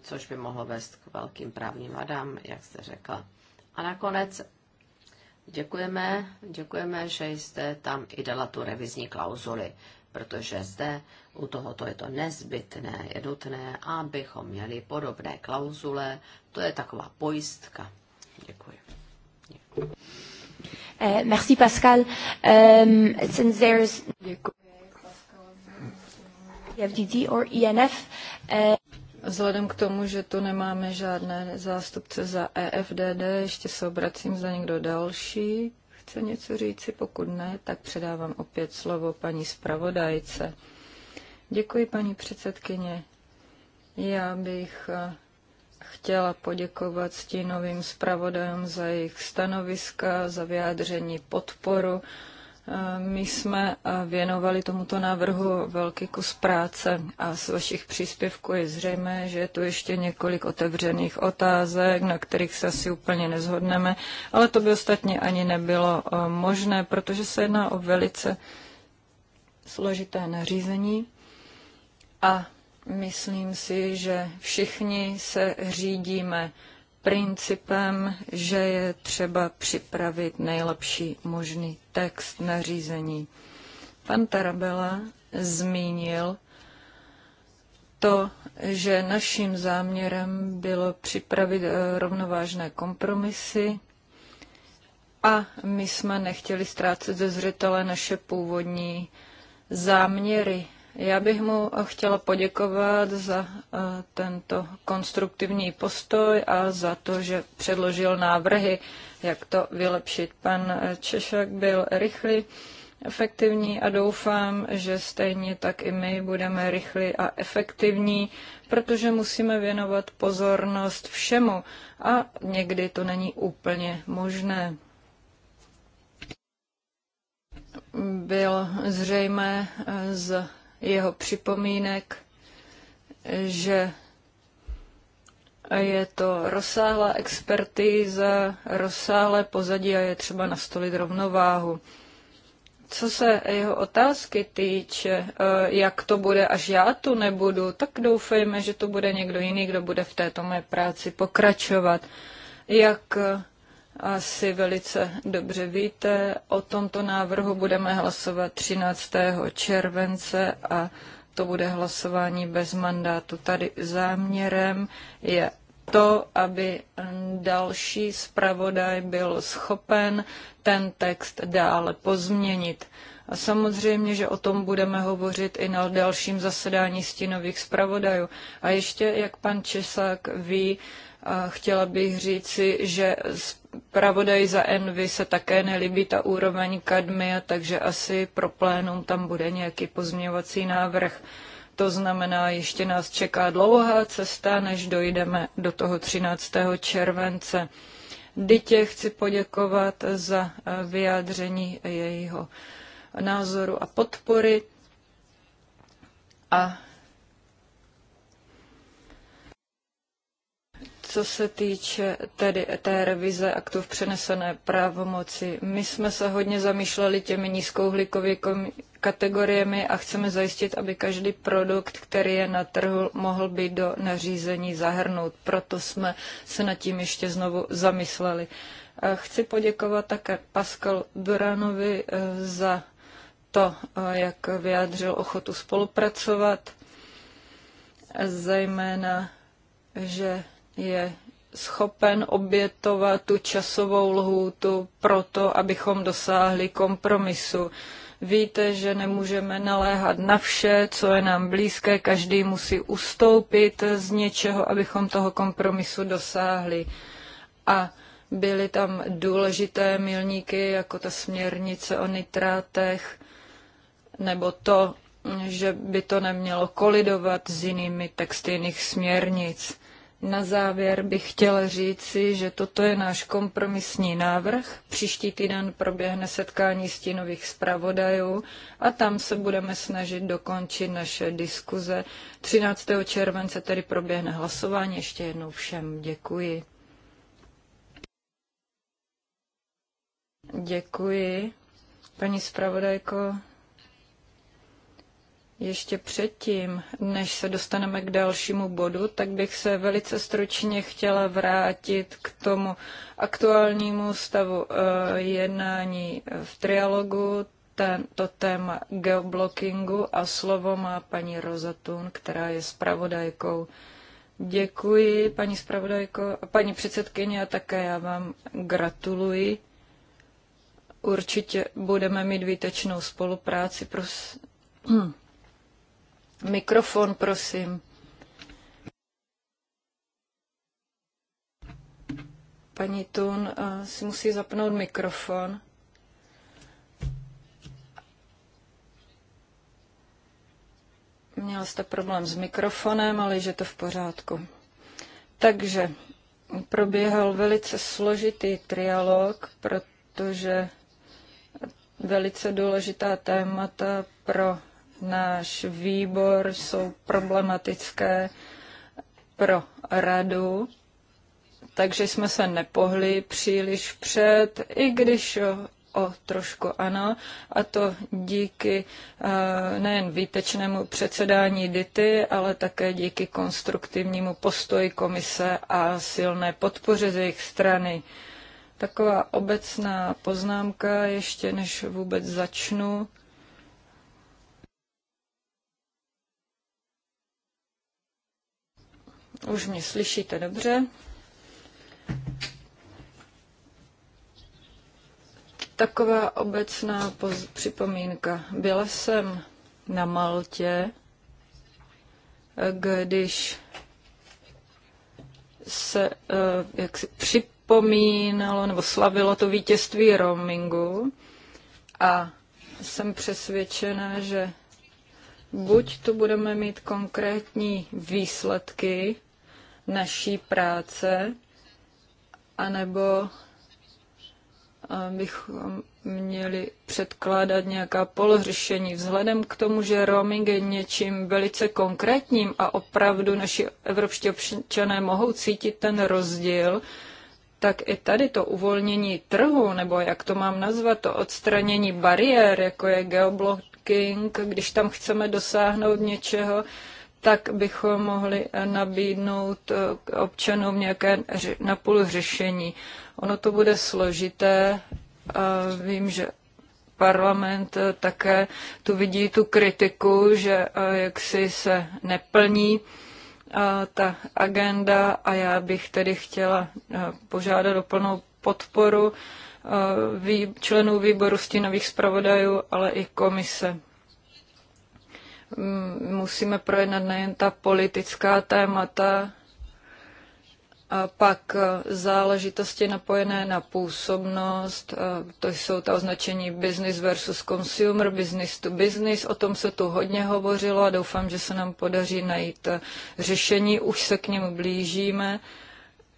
což by mohlo vést k velkým právním vadám, jak jste řekla. A nakonec děkujeme, děkujeme, že jste tam i dala tu revizní klauzuli, protože zde u tohoto je to nezbytné, je nutné, abychom měli podobné klauzule. To je taková pojistka. Děkuji. Uh, merci Pascal. Um, since there's EFDD or ENF, uh... Eh, Vzhledem k tomu, že tu nemáme žádné zástupce za EFDD, ještě se obracím za někdo další. Chce něco říci? Pokud ne, tak předávám opět slovo paní zpravodajce. Děkuji, paní předsedkyně. Já bych eh, chtěla poděkovat stínovým zpravodajům za jejich stanoviska, za vyjádření podporu. Eh, my jsme eh, věnovali tomuto návrhu velký kus práce a z vašich příspěvků je zřejmé, že je tu ještě několik otevřených otázek, na kterých se asi úplně nezhodneme, ale to by ostatně ani nebylo eh, možné, protože se jedná o velice složité nařízení a Myslím si, že všichni se řídíme principem, že je třeba připravit nejlepší možný text nařízení. Pan Tarabela zmínil to, že naším záměrem bylo připravit eh, rovnovážné kompromisy a my jsme nechtěli ztrácet ze zřetele naše původní záměry já bych mu chtěla poděkovat za eh, tento konstruktivní postoj a za to, že předložil návrhy, jak to vylepšit. Pan eh, Češek byl rychlý, efektivní a doufám, že stejně tak i my budeme rychlí a efektivní, protože musíme věnovat pozornost všemu a někdy to není úplně možné bylo zřejmé eh, z jeho připomínek, že je to rozsáhlá expertíza, rozsáhlé pozadí a je třeba nastolit rovnováhu. Co se jeho otázky týče, eh, jak to bude, až já tu nebudu, tak doufejme, že to bude někdo jiný, kdo bude v této mé práci pokračovat. Jak eh, asi velice dobře víte. O tomto návrhu budeme hlasovat 13. července a to bude hlasování bez mandátu. Tady záměrem je to, aby další zpravodaj byl schopen ten text dále pozměnit. A samozřejmě, že o tom budeme hovořit i na dalším zasedání stínových zpravodajů. A ještě, jak pan Česák ví, Chtěla bych říci, že pravodaj za Envy se také nelíbí ta úroveň kadmia, takže asi pro plénum tam bude nějaký pozměňovací návrh. To znamená, ještě nás čeká dlouhá cesta, než dojdeme do toho 13. července. Dytě chci poděkovat za eh, vyjádření jejího názoru a podpory a Co se týče tedy té revize aktu v přenesené právomoci, my jsme se hodně zamýšleli těmi nízkouhlíkovými kategoriemi a chceme zajistit, aby každý produkt, který je na trhu, mohl být do nařízení zahrnout. Proto jsme se nad tím ještě znovu zamysleli. chci poděkovat také Pascal Duranovi eh, za to, eh, jak vyjádřil ochotu spolupracovat, zejména, že je schopen obětovat tu časovou lhůtu proto, abychom dosáhli kompromisu. Víte, že nemůžeme naléhat na vše, co je nám blízké, každý musí ustoupit z něčeho, abychom toho kompromisu dosáhli. A byly tam důležité milníky, jako ta směrnice o nitrátech, nebo to, že by to nemělo kolidovat s jinými texty jiných směrnic. Na závěr bych chtěla říci, že toto je náš kompromisní návrh. Příští týden proběhne setkání stínových zpravodajů a tam se budeme snažit dokončit naše diskuze. 13. července tedy proběhne hlasování. Ještě jednou všem děkuji. Děkuji. Paní zpravodajko, ještě předtím, než se dostaneme k dalšímu bodu, tak bych se velice stručně chtěla vrátit k tomu aktuálnímu stavu eh, jednání v trialogu, ten, to téma geoblockingu a slovo má paní Rozatun, která je zpravodajkou. Děkuji, paní zpravodajko a paní předsedkyně, a také já vám gratuluji. Určitě budeme mít výtečnou spolupráci. Prosím Mikrofon, prosím. Paní Tun eh, si musí zapnout mikrofon. Měla jste problém s mikrofonem, ale že to v pořádku. Takže proběhl velice složitý trialog, protože velice důležitá témata pro náš výbor jsou problematické pro radu, takže jsme se nepohli příliš před, i když o trošku ano, a to díky eh, nejen výtečnému předsedání DITY, ale také díky konstruktivnímu postoji komise a silné podpoře z jejich strany. Taková obecná poznámka, ještě než vůbec začnu. Už mě slyšíte dobře. Taková obecná připomínka. Byla jsem na Maltě, když se eh, jak si připomínalo nebo slavilo to vítězství roamingu a jsem přesvědčena, že buď tu budeme mít konkrétní výsledky, naší práce, anebo eh, bychom měli předkládat nějaká polořešení. Vzhledem k tomu, že roaming je něčím velice konkrétním a opravdu naši evropští občané mohou cítit ten rozdíl, tak i tady to uvolnění trhu, nebo jak to mám nazvat, to odstranění bariér, jako je geoblocking, když tam chceme dosáhnout něčeho, tak bychom mohli nabídnout eh, občanům nějaké napůl řešení. Ono to bude složité. Vím, že parlament eh, také tu vidí tu kritiku, že eh, jaksi se neplní ta agenda a já bych tedy chtěla požádat o plnou podporu členů výboru stínových zpravodajů, ale i komise. Mm, musíme projednat nejen ta politická témata, a pak e, záležitosti napojené na působnost, e, to jsou ta označení business versus consumer, business to business, o tom se tu hodně hovořilo a doufám, že se nám podaří najít e, řešení, už se k němu blížíme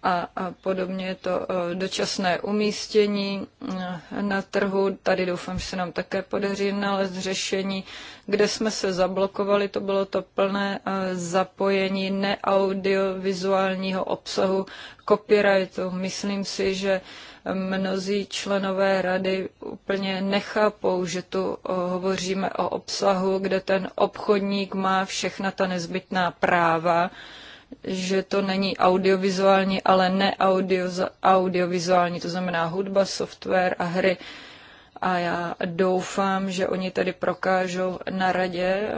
a, a podobně je to e, dočasné umístění e, na trhu. Tady doufám, že se nám také podaří nalézt řešení. Kde jsme se zablokovali, to bylo to plné e, zapojení neaudiovizuálního obsahu copyrightu. Myslím si, že mnozí členové rady úplně nechápou, že tu hovoříme o obsahu, kde ten obchodník má všechna ta nezbytná práva že to není audiovizuální, ale ne audio, audiovizuální, to znamená hudba, software a hry. A já doufám, že oni tady prokážou na radě eh,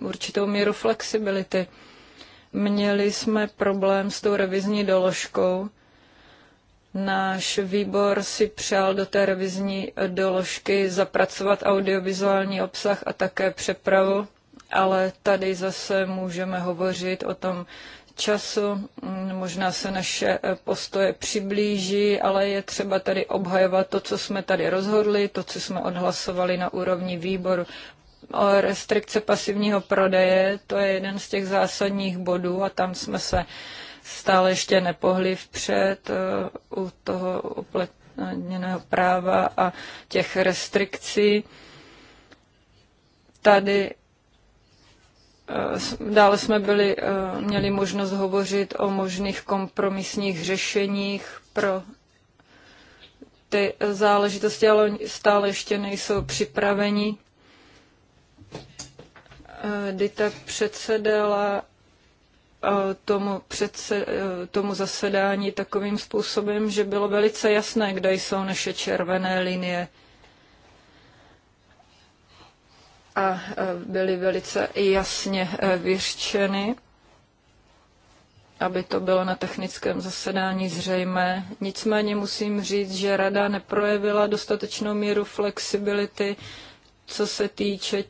určitou míru flexibility. Měli jsme problém s tou revizní doložkou. Náš výbor si přál do té revizní eh, doložky zapracovat audiovizuální obsah a také přepravu ale tady zase můžeme hovořit o tom času. Mm, možná se naše e, postoje přiblíží, ale je třeba tady obhajovat to, co jsme tady rozhodli, to, co jsme odhlasovali na úrovni výboru. O restrikce pasivního prodeje, to je jeden z těch zásadních bodů a tam jsme se stále ještě nepohli vpřed e, u toho uplatněného práva a těch restrikcí. Tady Eh, dále jsme byli, eh, měli možnost hovořit o možných kompromisních řešeních pro ty záležitosti, ale stále ještě nejsou připraveni. Eh, Dita předsedala tomu, předse, tomu zasedání takovým způsobem, že bylo velice jasné, kde jsou naše červené linie. a e, byly velice jasně e, vyřčeny, aby to bylo na technickém zasedání zřejmé. Nicméně musím říct, že rada neprojevila dostatečnou míru flexibility, co se týče e,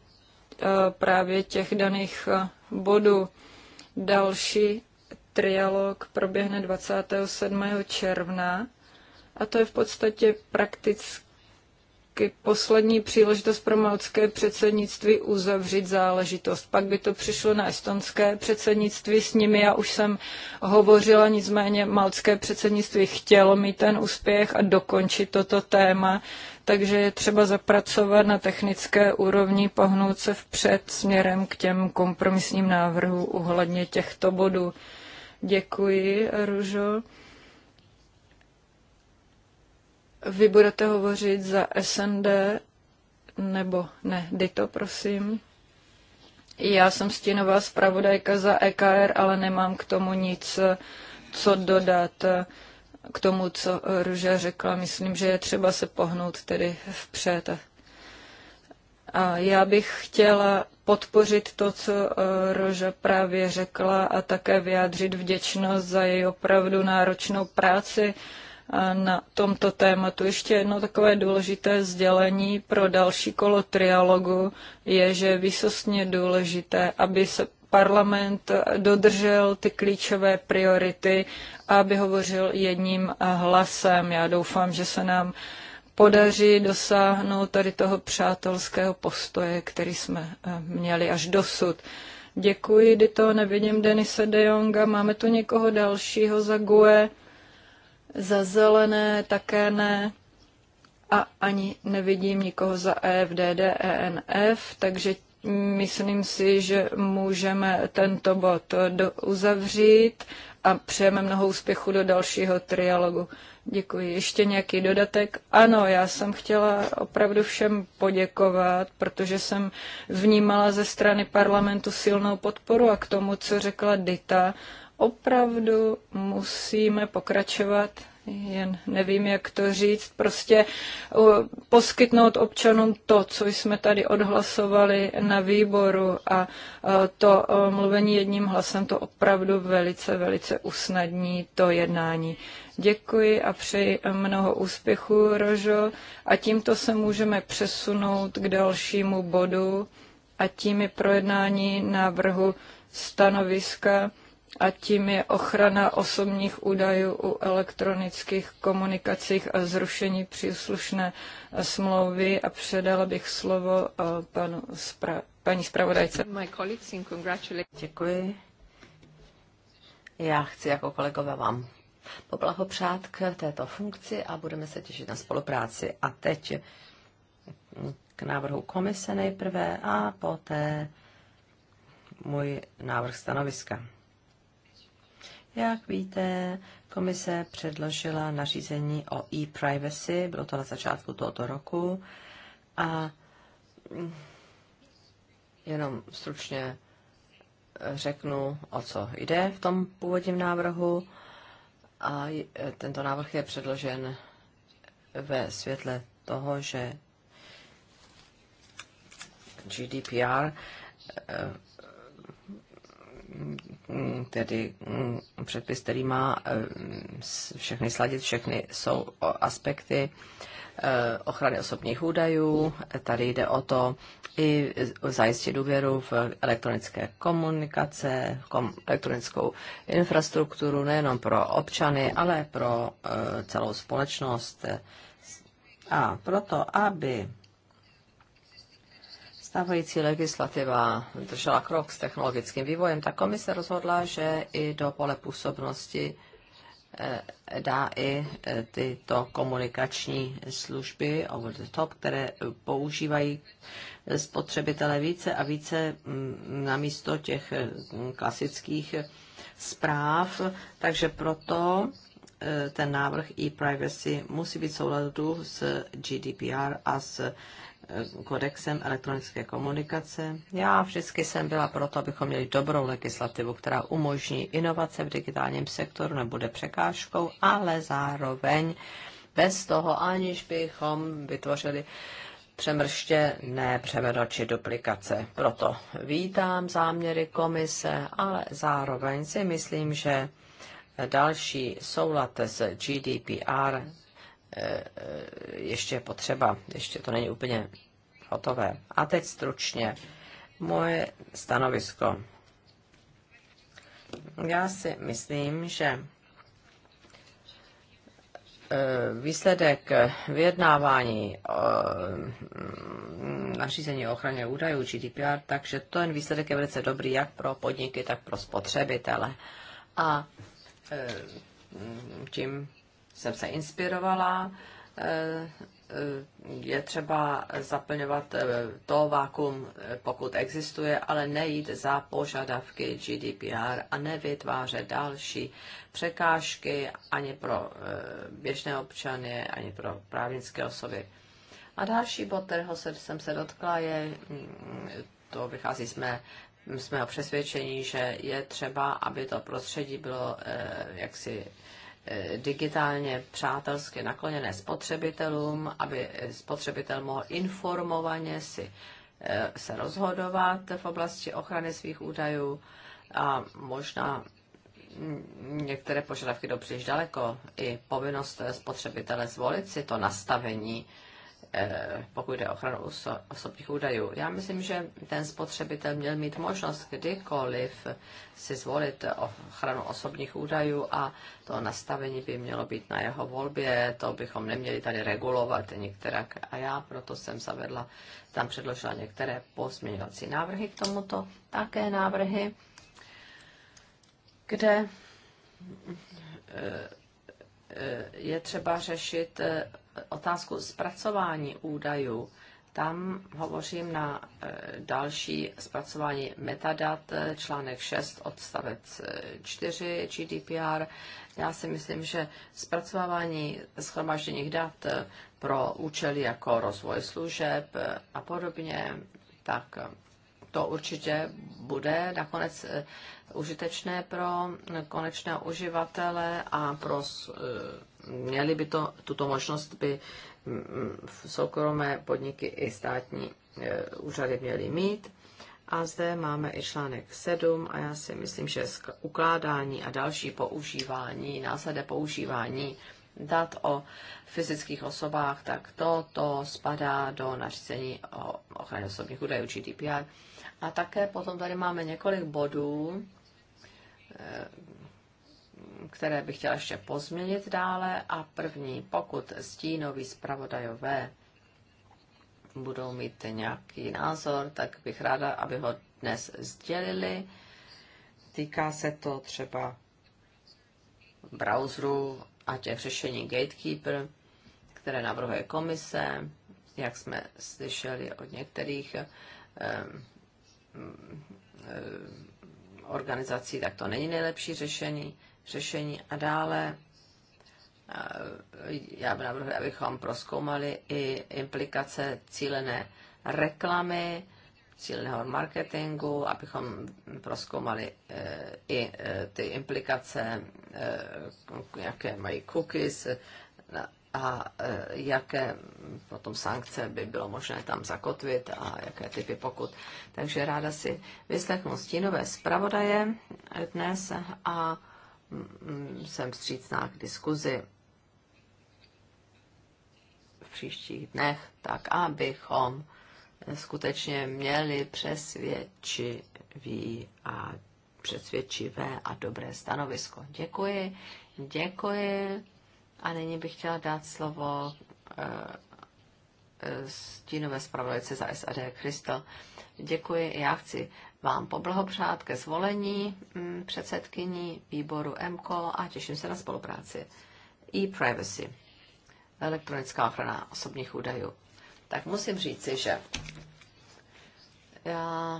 právě těch daných bodů. Další trialog proběhne 27. června a to je v podstatě prakticky vždycky poslední příležitost pro malcké předsednictví uzavřít záležitost. Pak by to přišlo na estonské předsednictví, s nimi já už jsem hovořila, nicméně malcké předsednictví chtělo mít ten úspěch a dokončit toto téma, takže je třeba zapracovat na technické úrovni, pohnout se vpřed směrem k těm kompromisním návrhu ohledně těchto bodů. Děkuji, Ružo. Vy budete hovořit za SND nebo ne? Dito, prosím. Já jsem stínová zpravodajka za EKR, ale nemám k tomu nic, co dodat k tomu, co Ruža řekla. Myslím, že je třeba se pohnout tedy vpřed. A já bych chtěla podpořit to, co eh, Roža právě řekla a také vyjádřit vděčnost za její opravdu náročnou práci na tomto tématu. Ještě jedno takové důležité sdělení pro další kolo trialogu je, že je výsostně důležité, aby se parlament dodržel ty klíčové priority a aby hovořil jedním hlasem. Já doufám, že se nám podaří dosáhnout tady toho přátelského postoje, který jsme eh, měli až dosud. Děkuji, Dito, nevidím Denise de Jonga, máme tu někoho dalšího za GUE. Za zelené také ne. A ani nevidím nikoho za EFDD, ENF, takže myslím si, že můžeme tento bod uzavřít a přejeme mnoho úspěchu do dalšího trialogu. Děkuji. Ještě nějaký dodatek? Ano, já jsem chtěla opravdu všem poděkovat, protože jsem vnímala ze strany parlamentu silnou podporu a k tomu, co řekla Dita, opravdu musíme pokračovat jen nevím, jak to říct, prostě poskytnout občanům to, co jsme tady odhlasovali na výboru a e, to e, mluvení jedním hlasem to opravdu velice, velice usnadní to jednání. Děkuji a přeji mnoho úspěchu, Rožo, a tímto se můžeme přesunout k dalšímu bodu a tím je projednání návrhu stanoviska a tím je ochrana osobních údajů u elektronických komunikacích a zrušení příslušné smlouvy a předala bych slovo eh, panu spra- paní zpravodajce. Děkuji. Já chci jako kolegové vám poblahopřát k této funkci a budeme se těšit na spolupráci. A teď k návrhu komise nejprve a poté můj návrh stanoviska. Jak víte, komise předložila nařízení o e-privacy, bylo to na začátku tohoto roku a mm, jenom stručně eh, řeknu, o co jde v tom původním návrhu. A eh, tento návrh je předložen ve světle toho, že GDPR eh, tedy mm, předpis, který má mm, všechny sladit, všechny jsou aspekty e, ochrany osobních údajů. Tady jde o to i zajistit důvěru v elektronické komunikace, kom, elektronickou infrastrukturu nejenom pro občany, ale pro e, celou společnost. A proto, aby stávající legislativa držela krok s technologickým vývojem, tak komise rozhodla, že i do pole působnosti eh, dá i eh, tyto komunikační služby over the top, které používají spotřebitele více a více mm, na místo těch eh, klasických zpráv. Takže proto ten návrh e-privacy musí být souladu s GDPR a s Eh, kodexem elektronické komunikace. Já vždycky jsem byla proto, abychom měli dobrou legislativu, která umožní inovace v digitálním sektoru, nebude překážkou, ale zároveň bez toho, aniž bychom vytvořili přemrště ne převedl či duplikace. Proto vítám záměry komise, ale zároveň si myslím, že další soulad s GDPR Eh, eh, ještě je potřeba, ještě to není úplně hotové. A teď stručně moje stanovisko. Já si myslím, že eh, výsledek vyjednávání nařízení o ochraně údajů GDPR, takže ten výsledek je velice dobrý jak pro podniky, tak pro spotřebitele. A tím jsem se inspirovala. Eh, eh, je třeba zaplňovat eh, to vákum, pokud existuje, ale nejít za požadavky GDPR a nevytvářet další překážky ani pro běžné občany, ani pro právnické osoby. A další bod, kterého jsem se dotkla, je, mm, to vychází z mé jsme přesvědčení, že je třeba, aby to prostředí bylo jaksi Eh, digitálně přátelsky nakloněné spotřebitelům, aby spotřebitel mohl informovaně si eh, se rozhodovat v oblasti ochrany svých údajů a možná mm, některé požadavky jdou daleko. I povinnost spotřebitele zvolit si to nastavení Eh, pokud jde o ochranu osobních údajů. Já myslím, že ten spotřebitel měl mít možnost kdykoliv si zvolit ochranu osobních údajů a to nastavení by mělo být na jeho volbě, to bychom neměli tady regulovat některak. A já proto jsem zavedla, tam předložila některé pozměňovací návrhy k tomuto, také návrhy, kde eh, je třeba řešit eh, otázku zpracování údajů. Tam hovořím na eh, další zpracování metadat, eh, článek 6, odstavec 4 GDPR. Já si myslím, že zpracování schromažděných dat pro účely jako rozvoj služeb a podobně, tak to určitě bude nakonec eh, užitečné pro konečné uživatele a pro, eh, měli by to, tuto možnost by mm, mm, soukromé podniky i státní eh, úřady měly mít. A zde máme i článek 7 a já si myslím, že ukládání a další používání, následné používání dat o fyzických osobách, tak to, to spadá do nařízení o ochraně osobních údajů GDPR. A také potom tady máme několik bodů, eh, které bych chtěla ještě pozměnit dále. A první, pokud stínoví zpravodajové budou mít nějaký názor, tak bych ráda, aby ho dnes sdělili. Týká se to třeba browseru a těch řešení Gatekeeper, které navrhuje komise, jak jsme slyšeli od některých eh, Eh, organizací, tak to není nejlepší řešení. řešení. A dále eh, já bych navrhl, abychom proskoumali i implikace cílené reklamy, cíleného marketingu, abychom proskoumali eh, i ty implikace, jaké mají cookies, a e, jaké potom sankce by bylo možné tam zakotvit a jaké typy pokut. Takže ráda si vyslechnu stínové zpravodaje dnes a mm, jsem vstřícná k diskuzi v příštích dnech, tak abychom skutečně měli přesvědčivý a přesvědčivé a dobré stanovisko. Děkuji, děkuji. A nyní bych chtěla dát slovo eh, eh, stínové zpravodajce za SAD Kristel. Děkuji, já chci vám poblahopřát ke zvolení mm, předsedkyní výboru MKO a těším se na spolupráci. E-privacy, elektronická ochrana osobních údajů. Tak musím říci, že já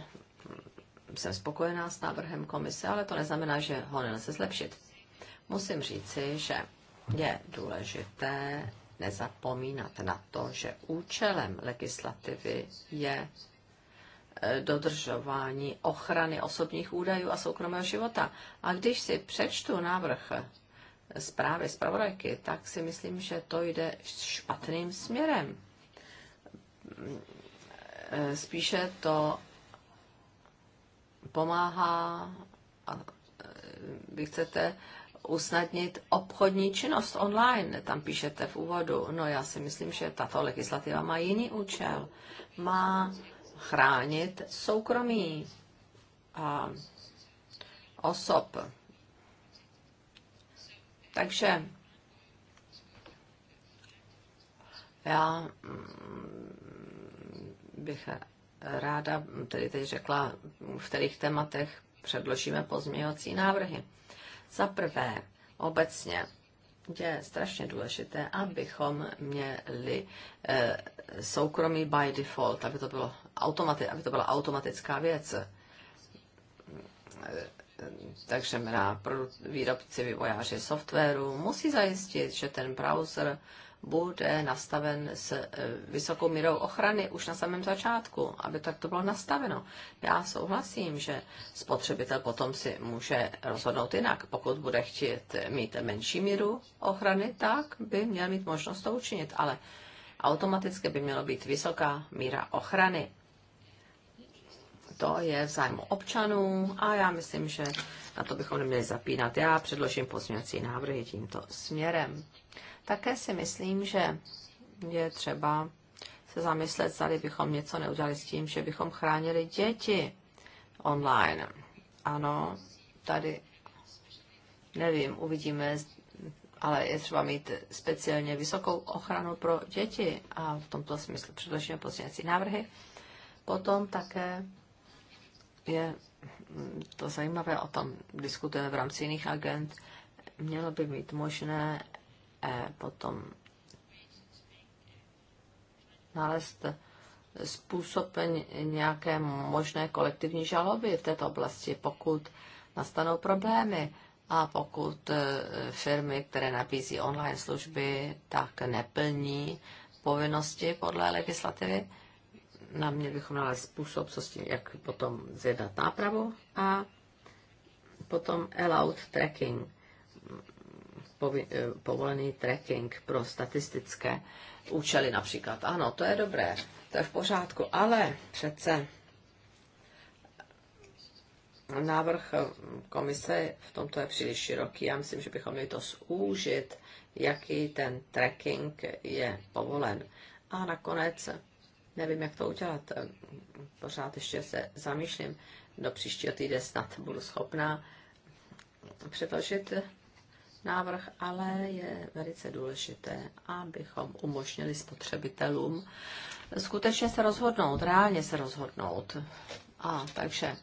mm, jsem spokojená s návrhem komise, ale to neznamená, že ho nelze zlepšit. Musím říci, že je důležité nezapomínat na to, že účelem legislativy je e, dodržování ochrany osobních údajů a soukromého života. A když si přečtu návrh e, zprávy pravodajky, tak si myslím, že to jde špatným směrem. E, spíše to pomáhá, a vy chcete usnadnit obchodní činnost online, tam píšete v úvodu. No já si myslím, že tato legislativa má jiný účel. Má chránit soukromí a osob. Takže já mm, bych ráda tedy teď řekla, v kterých tématech předložíme pozměňovací návrhy. Za prvé, obecně je strašně důležité, abychom měli eh, soukromí by default, aby to, bylo automati- aby to byla automatická věc. Eh, takže na výrobci, vývojáři softwaru musí zajistit, že ten browser bude nastaven s eh, vysokou mírou ochrany už na samém začátku, aby tak to bylo nastaveno. Já souhlasím, že spotřebitel potom si může rozhodnout jinak. Pokud bude chtít mít menší míru ochrany, tak by měl mít možnost to učinit, ale automaticky by mělo být vysoká míra ochrany. To je v zájmu občanů a já myslím, že na to bychom neměli zapínat. Já předložím pozměňovací návrhy tímto směrem. Také si myslím, že je třeba se zamyslet, zda bychom něco neudělali s tím, že bychom chránili děti online. Ano, tady nevím, uvidíme, ale je třeba mít speciálně vysokou ochranu pro děti a v tomto smyslu předložíme pozměňovací návrhy. Potom také je to zajímavé, o tom diskutujeme v rámci jiných agent, mělo by být možné E, potom nalézt způsob nějaké možné kolektivní žaloby v této oblasti, pokud nastanou problémy a pokud e, firmy, které nabízí online služby, tak neplní povinnosti podle legislativy. Na mě bychom nalézt způsob, co s tím, jak potom zjednat nápravu a potom allowed tracking Eh, povolený tracking pro statistické účely například. Ano, to je dobré, to je v pořádku, ale přece návrh eh, komise v tomto je příliš široký. Já myslím, že bychom měli to zúžit, jaký ten tracking je povolen. A nakonec, nevím, jak to udělat, eh, pořád ještě se zamýšlím, do příštího týdne snad budu schopná předložit návrh, ale je velice důležité, abychom umožnili spotřebitelům skutečně se rozhodnout, reálně se rozhodnout. A takže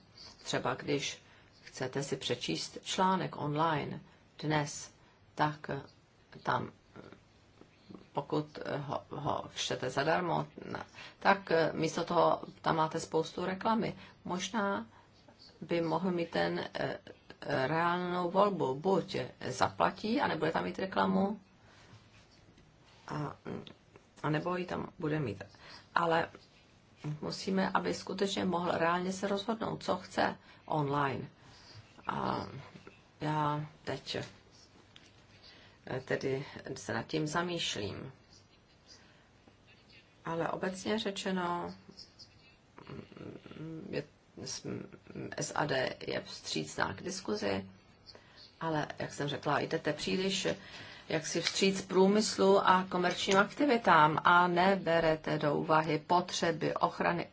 třeba když chcete si přečíst článek online dnes, tak tam pokud ho, ho čtete zadarmo, tak místo toho tam máte spoustu reklamy. Možná by mohl mít ten eh, reálnou volbu. Buď zaplatí a nebude tam mít reklamu, a, a nebo ji tam bude mít. Ale musíme, aby skutečně mohl reálně se rozhodnout, co chce online. A já teď eh, tedy se nad tím zamýšlím. Ale obecně řečeno, mm, je SAD je vstřícná k diskuzi, ale, jak jsem řekla, jdete příliš jak si vstříc průmyslu a komerčním aktivitám a neberete do úvahy potřeby ochrany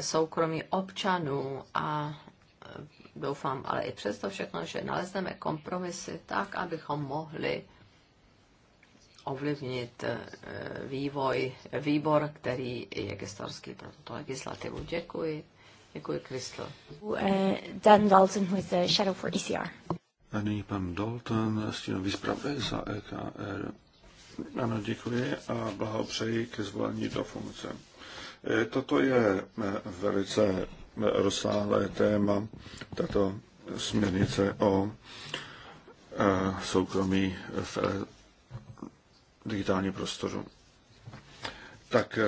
soukromí občanů a doufám, ale i přesto všechno, že nalezneme kompromisy tak, abychom mohli ovlivnit eh, vývoj, výbor, který je gestorský pro tuto legislativu. Děkuji. Děkuji, eh, Dan Dalton is the eh, shadow for ECR. A nyní pan Dalton, tím výzpravy za EKR. Ano, děkuji a blahopřeji ke zvolení do funkce. Eh, toto je velice rozsáhlé téma, tato směrnice o soukromí v digitálním prostoru. Tak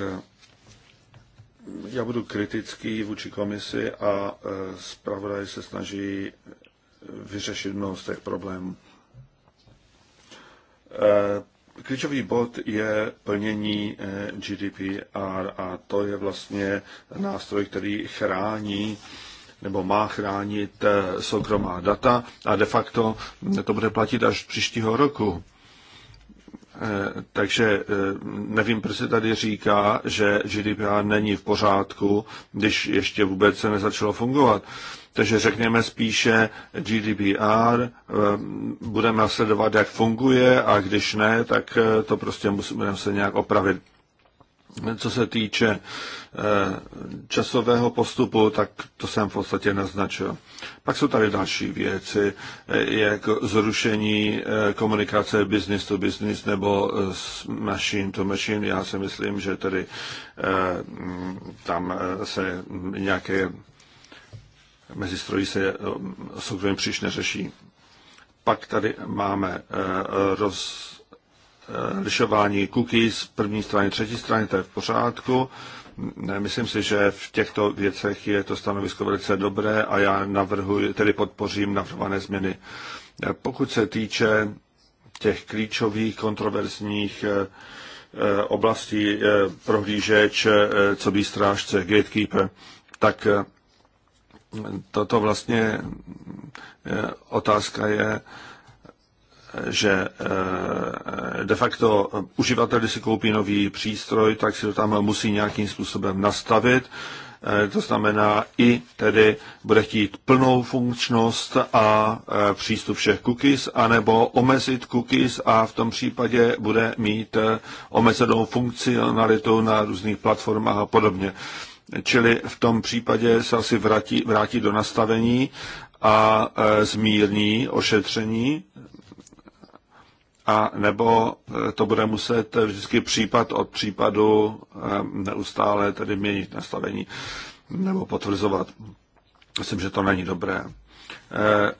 já budu kritický vůči komisi a e, zpravodaj se snaží vyřešit mnoho z těch problémů. E, klíčový bod je plnění e, GDPR a to je vlastně nástroj, který chrání nebo má chránit soukromá data a de facto to bude platit až příštího roku. Eh, takže eh, nevím, proč se tady říká, že GDPR není v pořádku, když ještě vůbec se nezačalo fungovat. Takže řekněme spíše GDPR, eh, budeme sledovat, jak funguje a když ne, tak to prostě musíme se nějak opravit. Co se týče eh, časového postupu, tak to jsem v podstatě naznačil. Pak jsou tady další věci, jako zrušení eh, komunikace business to business nebo machine to machine. Já si myslím, že tady mm, tam se nějaké mezi stroji se soukromě příště neřeší. Pak tady máme roz, Eh, lišování cookies první strany, třetí strany, to je v pořádku. Myslím si, že v těchto věcech je to stanovisko velice dobré a já navrhuji, tedy podpořím navrhované změny. Eh, pokud se týče těch klíčových kontroverzních eh, oblastí prohlížeč, co by strážce, gatekeeper, tak toto vlastně otázka je, že eh, de facto uživatel, když si koupí nový přístroj, tak si to tam musí nějakým způsobem nastavit. Eh, to znamená, i tedy bude chtít plnou funkčnost a eh, přístup všech cookies, anebo omezit cookies a v tom případě bude mít omezenou funkcionalitu na různých platformách a podobně. Čili v tom případě se asi vrátí, vrátí do nastavení a zmírní ošetření a nebo eh, to bude muset vždycky případ od případu eh, neustále tedy měnit nastavení nebo potvrzovat. Myslím, že to není dobré. Eh,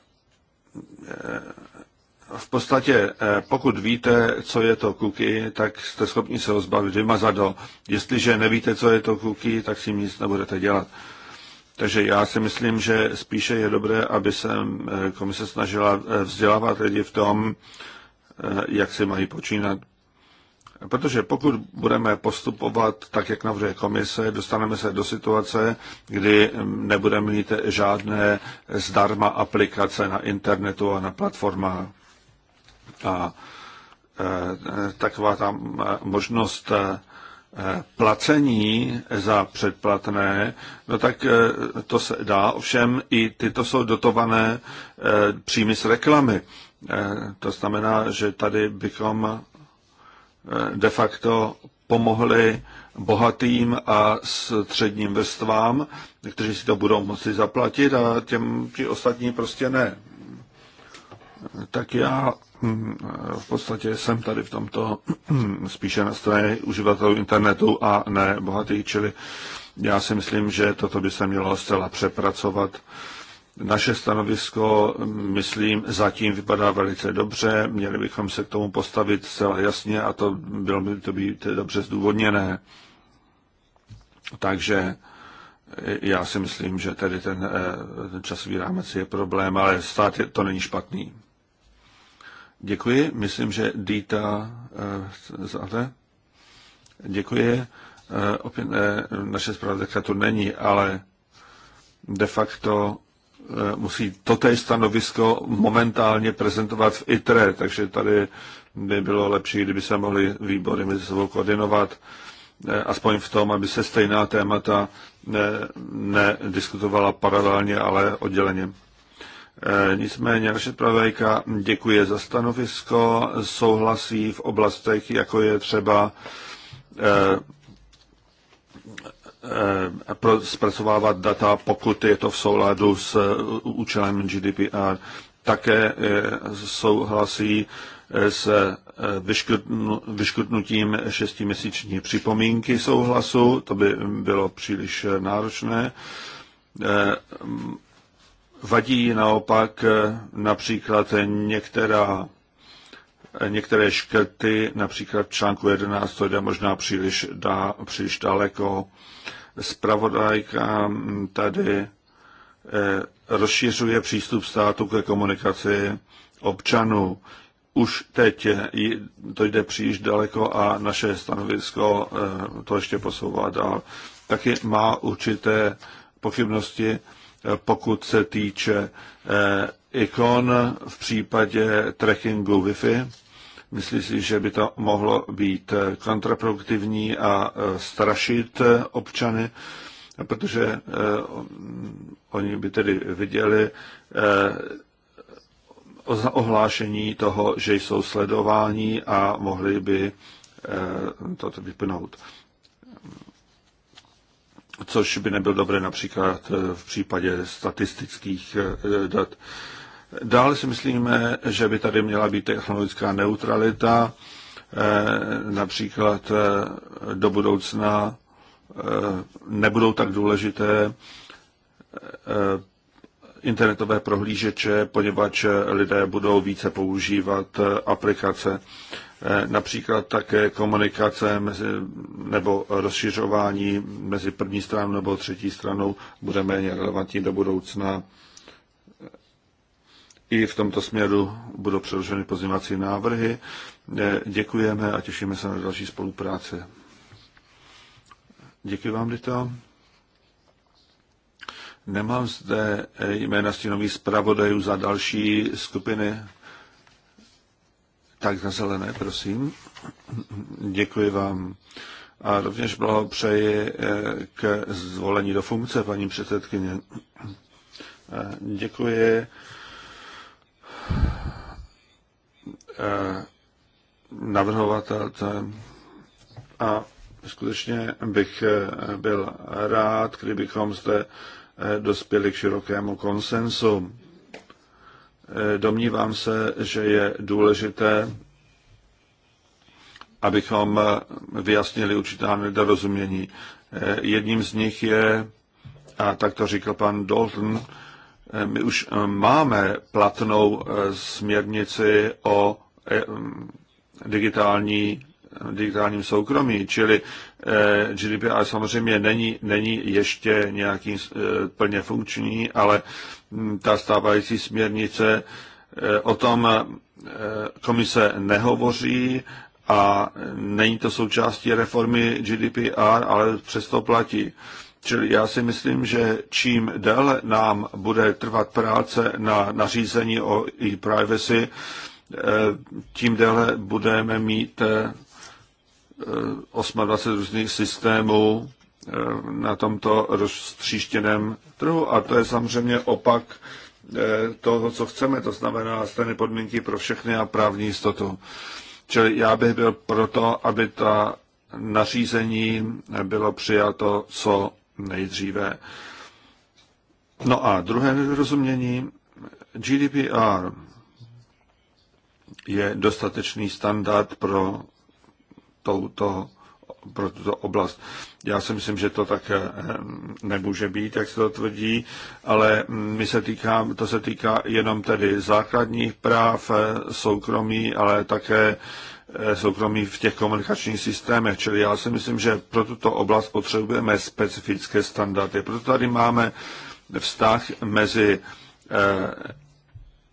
v podstatě, pokud víte, co je to cookie, tak jste schopni se ho zbavit, vymazat ho. Jestliže nevíte, co je to cookie, tak si nic nebudete dělat. Takže já si myslím, že spíše je dobré, aby se komise snažila vzdělávat lidi v tom, Eh, jak si mají počínat. Protože pokud budeme postupovat tak, jak navrhuje komise, dostaneme se do situace, kdy nebudeme mít žádné zdarma aplikace na internetu a na platformách. A eh, taková tam eh, možnost placení za předplatné, no tak to se dá, ovšem i tyto jsou dotované příjmy z reklamy. Eh, to znamená, že tady bychom eh, de facto pomohli bohatým a středním vrstvám, kteří si to budou moci zaplatit a těm ti ostatní prostě ne. Tak já hm, v podstatě jsem tady v tomto hm, spíše na straně uživatelů internetu a ne bohatých, čili já si myslím, že toto by se mělo zcela přepracovat naše stanovisko, myslím, zatím vypadá velice dobře. Měli bychom se k tomu postavit zcela jasně a to bylo by to být dobře zdůvodněné. Takže já si myslím, že tedy ten, eh, ten časový rámec je problém, ale stát je, to není špatný. Děkuji. Myslím, že Dita eh, zade. Děkuji. Eh, opět naše zpravodajka tu není, ale de facto Eh, musí toté stanovisko momentálně prezentovat v ITRE, takže tady by bylo lepší, kdyby se mohly výbory mezi sebou koordinovat, eh, aspoň v tom, aby se stejná témata eh, nediskutovala paralelně, ale odděleně. Nicméně naše pravejka děkuje za stanovisko, souhlasí v oblastech, jako je třeba Eh, zpracovávat data, pokud je to v souladu s eh, účelem GDPR. Také eh, souhlasí s vyškrtnutím šestiměsíční připomínky souhlasu, to by bylo příliš náročné. Vadí naopak například některá, některé škrty, například článku 11, to jde možná příliš, dá, příliš daleko zpravodajka tady eh, rozšiřuje přístup státu ke komunikaci občanů. Už teď to jde příliš daleko a naše stanovisko eh, to ještě posouvá dál. Taky má určité pochybnosti, eh, pokud se týče ikon v případě trackingu Wi-Fi Myslí si, že by to mohlo být kontraproduktivní a e, strašit e, občany, protože e, oni by tedy viděli ohlášení toho, že jsou sledováni a mohli by toto vypnout. Což by nebyl dobré například v případě statistických dat. Dále si myslíme, že by tady měla být technologická neutralita, eh, například eh, do budoucna eh, nebudou tak důležité internetové prohlížeče, poněvadž lidé budou více používat aplikace, například také komunikace mezi, nebo rozšiřování mezi první stranou nebo třetí stranou bude méně relevantní do budoucna. I v tomto směru budou předloženy pozměňovací návrhy. E, děkujeme a těšíme se na další spolupráci. Děkuji vám, Dita. Nemám zde jména stínových zpravodajů za další skupiny. Tak na zelené, prosím. Děkuji vám. A rovněž blahopřeji e, k zvolení do funkce, paní předsedkyně. E, děkuji Eh, navrhovatelce a skutečně bych eh, byl rád, kdybychom zde eh, dospěli k širokému konsensu. Domnívám se, že je důležité, abychom vyjasnili určitá nedorozumění. Jedním z nich je, a tak to říkal pan Dalton, Eh, my už eh, máme platnou eh, směrnici o mm, digitální, digitálním soukromí, čili GDPR samozřejmě není, není ještě nějaký plně funkční, ale mm, ta stávající směrnice o tom komise nehovoří a není to součástí reformy GDPR, ale přesto platí. Čili já si myslím, že čím déle nám bude trvat práce na nařízení o e-privacy, eh, tím déle budeme mít 28 eh, různých systémů eh, na tomto rozstříštěném trhu. A to je samozřejmě opak toho, co chceme, to znamená stejné podmínky pro všechny a právní jistotu. Čili já bych byl proto, aby ta nařízení bylo přijato co nejdříve. No a druhé nedorozumění, GDPR je dostatečný standard pro touto pro tuto oblast. Já si myslím, že to tak eh, nemůže být, jak se to tvrdí, ale my se týká, to se týká jenom tedy základních práv, eh, soukromí, ale také Eh, soukromí v těch komunikačních systémech. Čili já si myslím, že pro tuto oblast potřebujeme specifické standardy. Proto tady máme vztah mezi eh,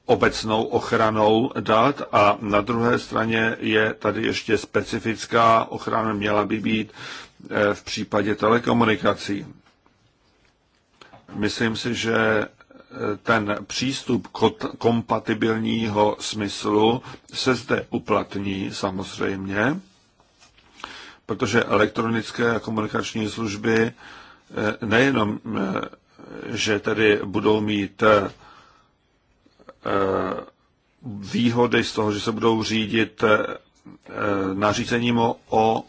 obecnou ochranou dat a na druhé straně je tady ještě specifická ochrana měla by být eh, v případě telekomunikací. Myslím si, že ten přístup kompatibilního smyslu se zde uplatní samozřejmě, protože elektronické a komunikační služby eh, nejenom, eh, že tedy budou mít eh, výhody z toho, že se budou řídit nařízením o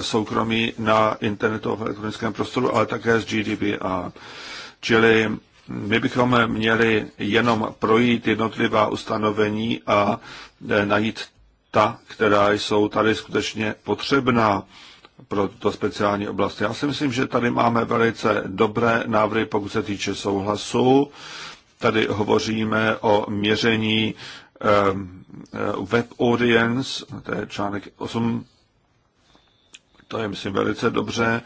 soukromí na internetu v elektronickém prostoru, ale také z GDPR. Čili my bychom měli jenom projít jednotlivá ustanovení a e, najít ta, která jsou tady skutečně potřebná pro tuto speciální oblast. Já si myslím, že tady máme velice dobré návrhy, pokud se týče souhlasu. Tady hovoříme o měření e, web audience, to je článek 8, to je myslím velice dobře.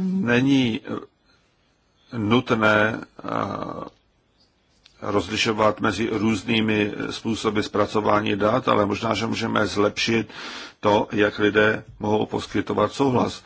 Není nutné eh, rozlišovat mezi různými způsoby zpracování dat, ale možná, že můžeme zlepšit to, jak lidé mohou poskytovat souhlas.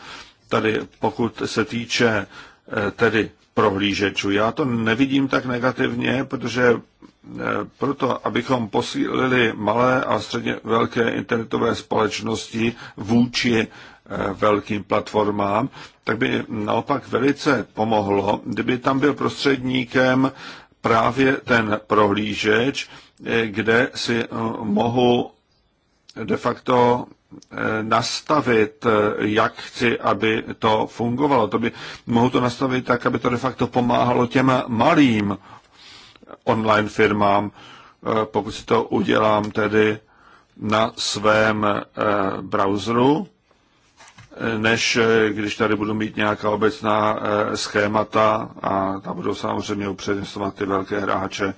Tady pokud se týče eh, tedy prohlížečů, já to nevidím tak negativně, protože eh, proto, abychom posílili malé a středně velké internetové společnosti vůči Eh, velkým platformám, tak by naopak velice pomohlo, kdyby tam byl prostředníkem právě ten prohlížeč, eh, kde si eh, mohu de facto nastavit, jak chci, aby to fungovalo. To by, mohu to nastavit tak, aby to de facto pomáhalo těm malým online firmám, pokud si to udělám tedy na svém browseru, než eh, když tady budou mít nějaká obecná eh, schémata a tam budou samozřejmě upřednostňovat ty velké hráče.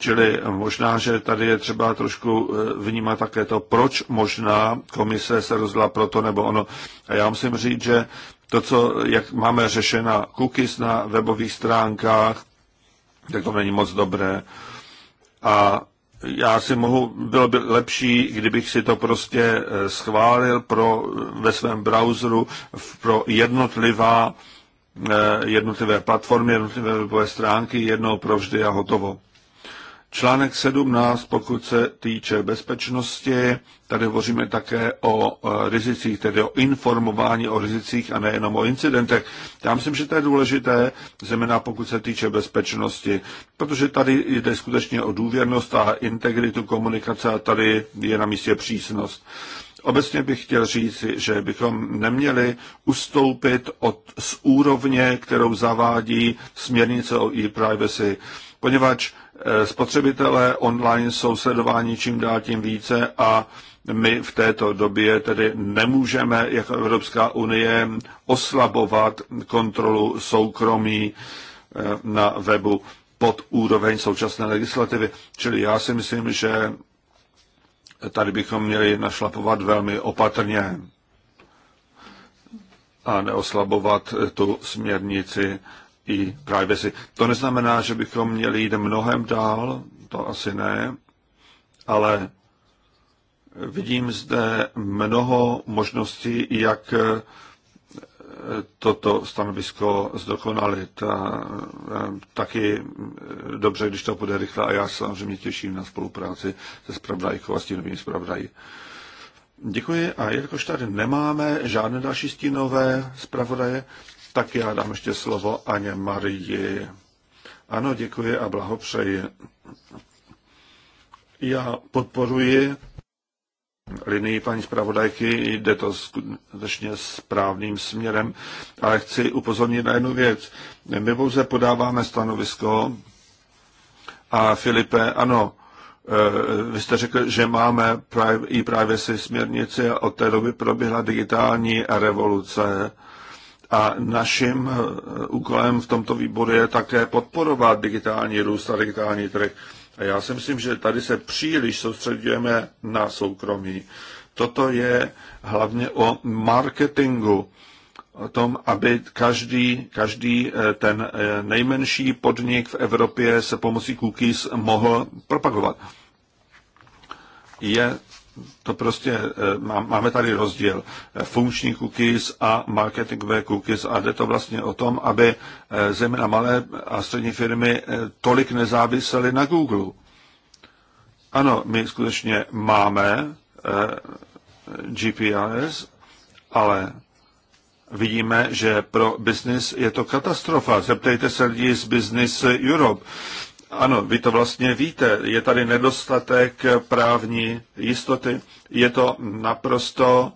Čili možná, že tady je třeba trošku eh, vnímat také to, proč možná komise se rozhodla proto nebo ono. A já musím říct, že to, co, jak máme řešena cookies na webových stránkách, tak to není moc dobré. A já si mohu, bylo by lepší, kdybych si to prostě eh, schválil pro, ve svém browseru pro jednotlivá, eh, jednotlivé platformy, jednotlivé webové stránky, jednou provždy a hotovo. Článek 17, pokud se týče bezpečnosti, tady hovoříme také o e, rizicích, tedy o informování o rizicích a nejenom o incidentech. Já myslím, že to je důležité, zejména pokud se týče bezpečnosti, protože tady jde skutečně o důvěrnost a integritu komunikace a tady je na místě přísnost. Obecně bych chtěl říct, že bychom neměli ustoupit od, z úrovně, kterou zavádí směrnice o e-privacy, poněvadž Eh, spotřebitelé online jsou sledováni čím dál tím více a my v této době tedy nemůžeme jako Evropská unie oslabovat kontrolu soukromí eh, na webu pod úroveň současné legislativy. Čili já si myslím, že tady bychom měli našlapovat velmi opatrně a neoslabovat tu směrnici i privacy. To neznamená, že bychom měli jít mnohem dál, to asi ne, ale vidím zde mnoho možností, jak eh, toto stanovisko zdokonalit. A eh, taky eh, dobře, když to bude rychle a já samozřejmě těším na spolupráci se spravodajkou a stínovým spravodají. Děkuji a jelikož tady nemáme žádné další stínové zpravodaje, tak já dám ještě slovo Aně Marii. Ano, děkuji a blahopřeji. Já podporuji linii paní zpravodajky, jde to skutečně správným směrem, ale chci upozornit na jednu věc. My pouze podáváme stanovisko a Filipe, ano, eh, vy jste řekl, že máme i privacy směrnici a od té doby proběhla digitální revoluce a naším eh, úkolem v tomto výboru je také podporovat digitální růst a digitální trh. A já si myslím, že tady se příliš soustředujeme na soukromí. Toto je hlavně o marketingu, o tom, aby každý, každý eh, ten eh, nejmenší podnik v Evropě se pomocí cookies mohl propagovat. Je to prostě eh, máme tady rozdíl eh, funkční cookies a marketingové cookies a jde to vlastně o tom, aby eh, zejména malé a střední firmy tolik nezávisely na Google. Ano, my skutečně máme GPS, ale vidíme, že pro business je to katastrofa. Zeptejte se lidí z Business Europe. Ano, vy to vlastně víte, je tady nedostatek právní jistoty, je to naprosto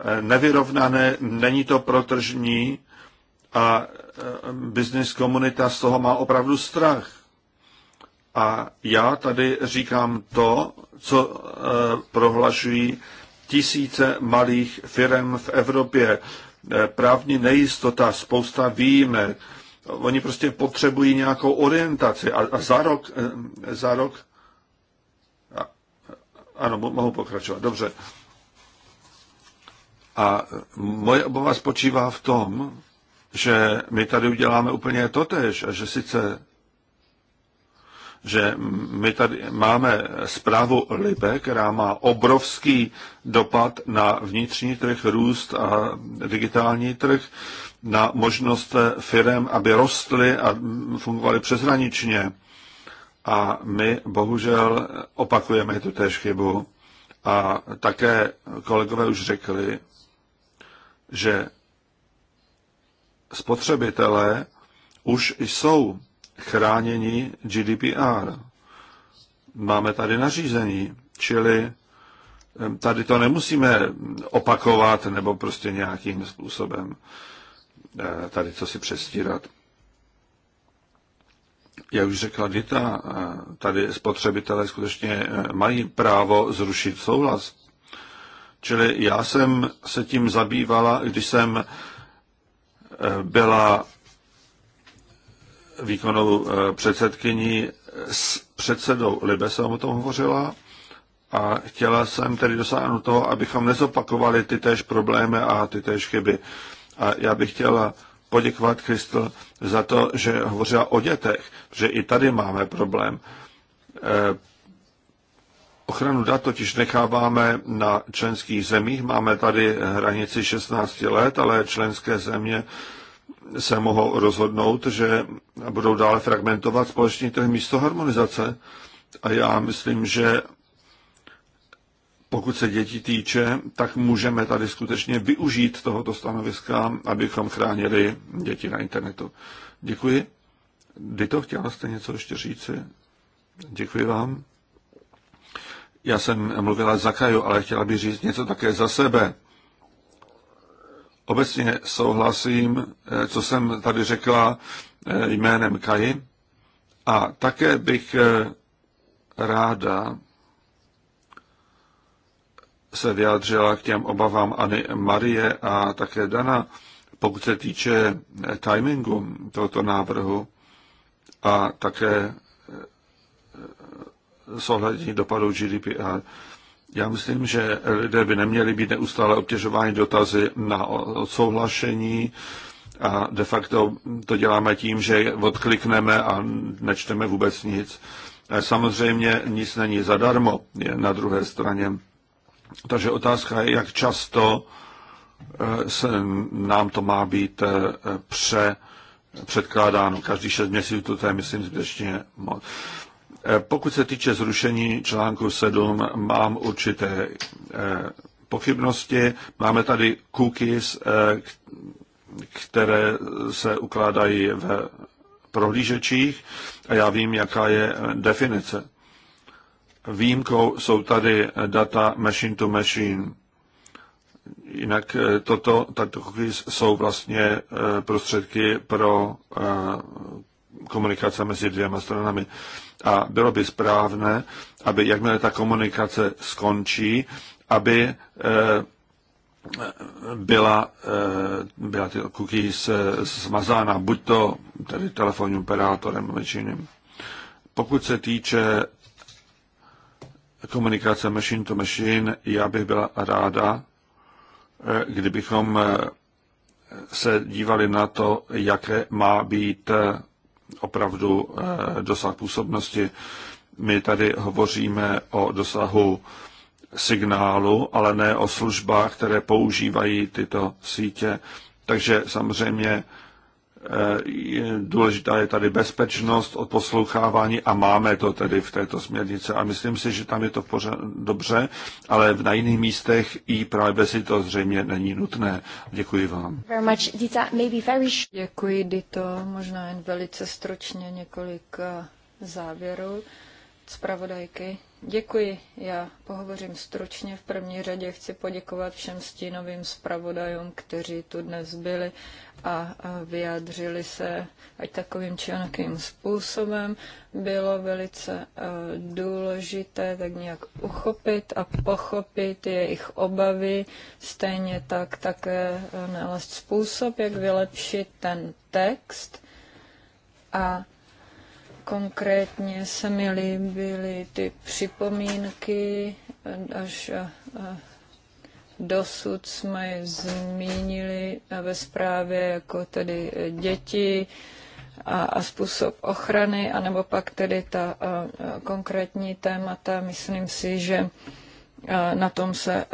eh, nevyrovnané, není to protržní a eh, business komunita z toho má opravdu strach. A já tady říkám to, co eh, prohlašují tisíce malých firm v Evropě. Právní nejistota, spousta výjimek, Oni prostě potřebují nějakou orientaci a, a za rok, eh, za rok a, ano, mohu pokračovat, dobře. A moje obava spočívá v tom, že my tady uděláme úplně totež a že sice že my tady máme zprávu LIBE, která má obrovský dopad na vnitřní trh, růst a digitální trh na možnost firm, aby rostly a fungovaly přeshraničně. A my bohužel opakujeme tu též chybu. A také kolegové už řekli, že spotřebitelé už jsou chráněni GDPR. Máme tady nařízení, čili eh, tady to nemusíme opakovat nebo prostě nějakým způsobem. Eh, tady co si přestírat. Jak už řekla Dita, eh, tady spotřebitelé skutečně eh, mají právo zrušit souhlas. Čili já jsem se tím zabývala, když jsem byla výkonnou předsedkyní s předsedou Libe jsem o tom hovořila a chtěla jsem tedy dosáhnout toho, abychom nezopakovali ty též problémy a ty též chyby. A já bych chtěla poděkovat Kristl za to, že hovořila o dětech, že i tady máme problém. Eh, ochranu dat totiž necháváme na členských zemích. Máme tady hranici 16 let, ale členské země se mohou rozhodnout, že budou dále fragmentovat společný trh místo harmonizace. A já myslím, že pokud se dětí týče, tak můžeme tady skutečně využít tohoto stanoviska, abychom chránili děti na internetu. Děkuji. Dito, chtěla jste něco ještě říci? Děkuji vám. Já jsem mluvila za Kaju, ale chtěla bych říct něco také za sebe. Obecně souhlasím, eh, co jsem tady řekla eh, jménem Kaji. A také bych eh, ráda se vyjádřila k těm obavám ani Marie a také Dana, pokud se týče eh, timingu tohoto návrhu a také zohlednění eh, eh, dopadu GDPR. Já myslím, že lidé by neměli být neustále obtěžováni dotazy na odsouhlašení a de facto to děláme tím, že odklikneme a nečteme vůbec nic. Samozřejmě nic není zadarmo, je na druhé straně. Takže otázka je, jak často eh, se nám to má být eh, pře, předkládáno. Každý šest měsíců to je, myslím, zbytečně moc. Eh, pokud se týče zrušení článku 7, mám určité pochybnosti. Máme tady cookies, které se ukládají v prohlížečích a já vím, jaká je definice. Výjimkou jsou tady data machine to machine. Jinak eh, toto, tato cookies jsou vlastně eh, prostředky pro eh, komunikace mezi dvěma stranami. A bylo by správné, aby jakmile ta komunikace skončí, aby byla, byla ty cookies smazána buď to tedy telefonním operátorem nebo čím Pokud se týče komunikace machine to machine, já bych byla ráda, eh, kdybychom eh, se dívali na to, jaké má být eh, opravdu dosah působnosti. My tady hovoříme o dosahu signálu, ale ne o službách, které používají tyto sítě. Takže samozřejmě Eh, důležitá je tady bezpečnost od poslouchávání a máme to tedy v této směrnice a myslím si, že tam je to pořád dobře, ale na jiných místech i privacy to zřejmě není nutné. Děkuji vám. Děkuji, Dito. Možná jen velice stročně několik eh, závěrů zpravodajky. Děkuji. Já pohovořím stručně. V první řadě chci poděkovat všem stínovým zpravodajům, kteří tu dnes byli a vyjádřili se ať takovým či onakým způsobem. Bylo velice eh, důležité tak nějak uchopit a pochopit jejich obavy, stejně tak také eh, nalézt způsob, jak vylepšit ten text a Konkrétně se mi líbily ty připomínky, až eh, eh, dosud jsme je zmínili eh, ve zprávě jako tedy děti a, a způsob ochrany, anebo pak tedy ta a, a konkrétní témata. Myslím si, že na tom se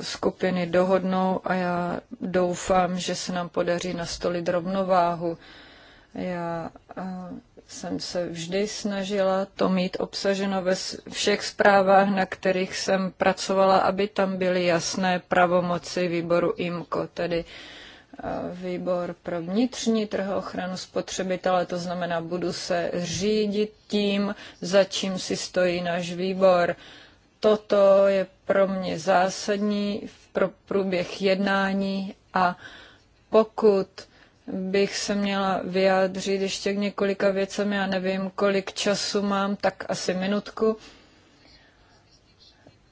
skupiny dohodnou a já doufám, že se nám podaří nastolit rovnováhu. Já jsem se vždy snažila to mít obsaženo ve všech zprávách, na kterých jsem pracovala, aby tam byly jasné pravomoci výboru IMCO, tedy eh, výbor pro vnitřní trh ochranu spotřebitele, to znamená, budu se řídit tím, za čím si stojí náš výbor. Toto je pro mě zásadní pro průběh jednání a pokud bych se měla vyjádřit ještě k několika věcem. Já nevím, kolik času mám, tak asi minutku.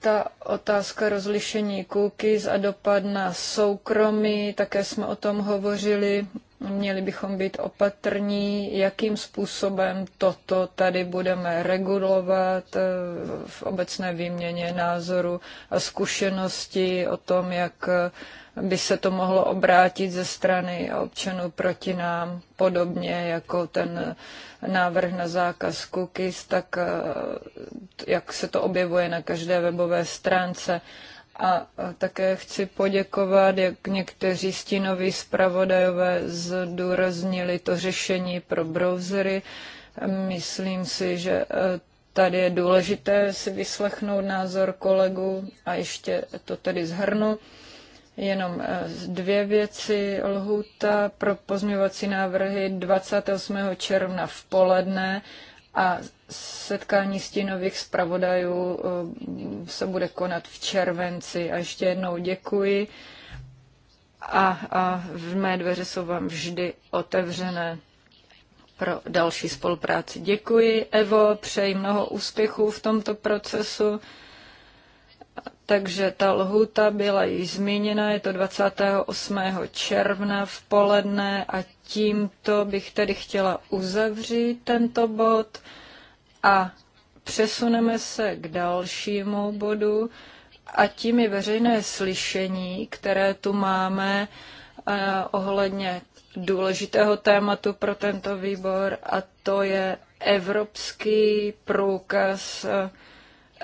Ta otázka rozlišení cookies a dopad na soukromí, také jsme o tom hovořili. Měli bychom být opatrní, jakým způsobem toto tady budeme regulovat eh, v obecné výměně názoru a zkušenosti o tom, jak eh, by se to mohlo obrátit ze strany občanů proti nám, podobně jako ten návrh na zákaz cookies, tak eh, jak se to objevuje na každé webové stránce. A také chci poděkovat, jak někteří stínoví zpravodajové zdůraznili to řešení pro browsery. Myslím si, že eh, tady je důležité si vyslechnout názor kolegu a ještě to tedy zhrnu. Jenom eh, dvě věci. Lhůta pro pozměňovací návrhy 28. června v poledne a setkání stínových zpravodajů eh, se bude konat v červenci. A ještě jednou děkuji. A, a v mé dveře jsou vám vždy otevřené pro další spolupráci. Děkuji, Evo, přeji mnoho úspěchů v tomto procesu. Takže ta lhuta byla již zmíněna, je to 28. června v poledne a tímto bych tedy chtěla uzavřít tento bod a přesuneme se k dalšímu bodu a tím je veřejné slyšení, které tu máme eh, ohledně důležitého tématu pro tento výbor a to je Evropský průkaz eh,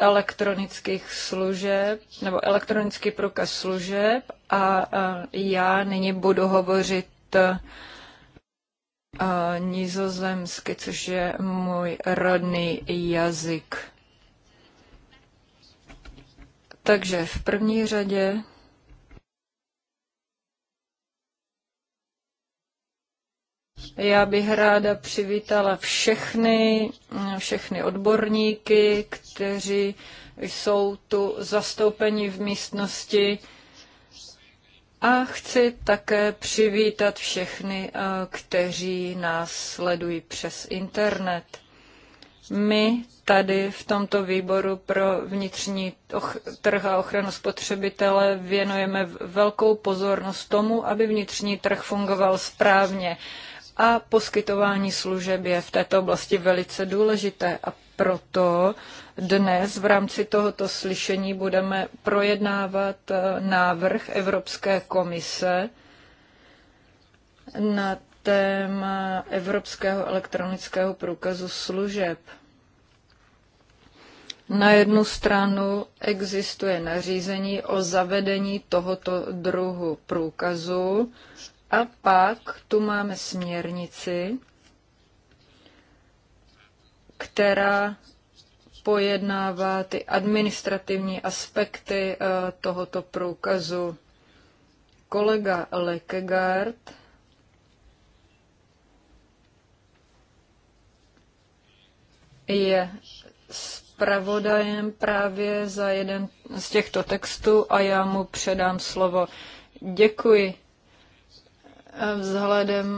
elektronických služeb nebo elektronický průkaz služeb a já nyní budu hovořit nizozemsky, což je můj rodný jazyk. Takže v první řadě Já bych ráda přivítala všechny, všechny odborníky, kteří jsou tu zastoupeni v místnosti. A chci také přivítat všechny, eh, kteří nás sledují přes internet. My tady v tomto výboru pro vnitřní trh a ochranu spotřebitele věnujeme velkou pozornost tomu, aby vnitřní trh fungoval správně a poskytování služeb je v této oblasti velice důležité a proto dnes v rámci tohoto slyšení budeme projednávat eh, návrh Evropské komise na téma Evropského elektronického průkazu služeb. Na jednu stranu existuje nařízení o zavedení tohoto druhu průkazu, a pak tu máme směrnici, která pojednává ty administrativní aspekty eh, tohoto průkazu. Kolega Lekegard je zpravodajem právě za jeden z těchto textů a já mu předám slovo. Děkuji. Vzhledem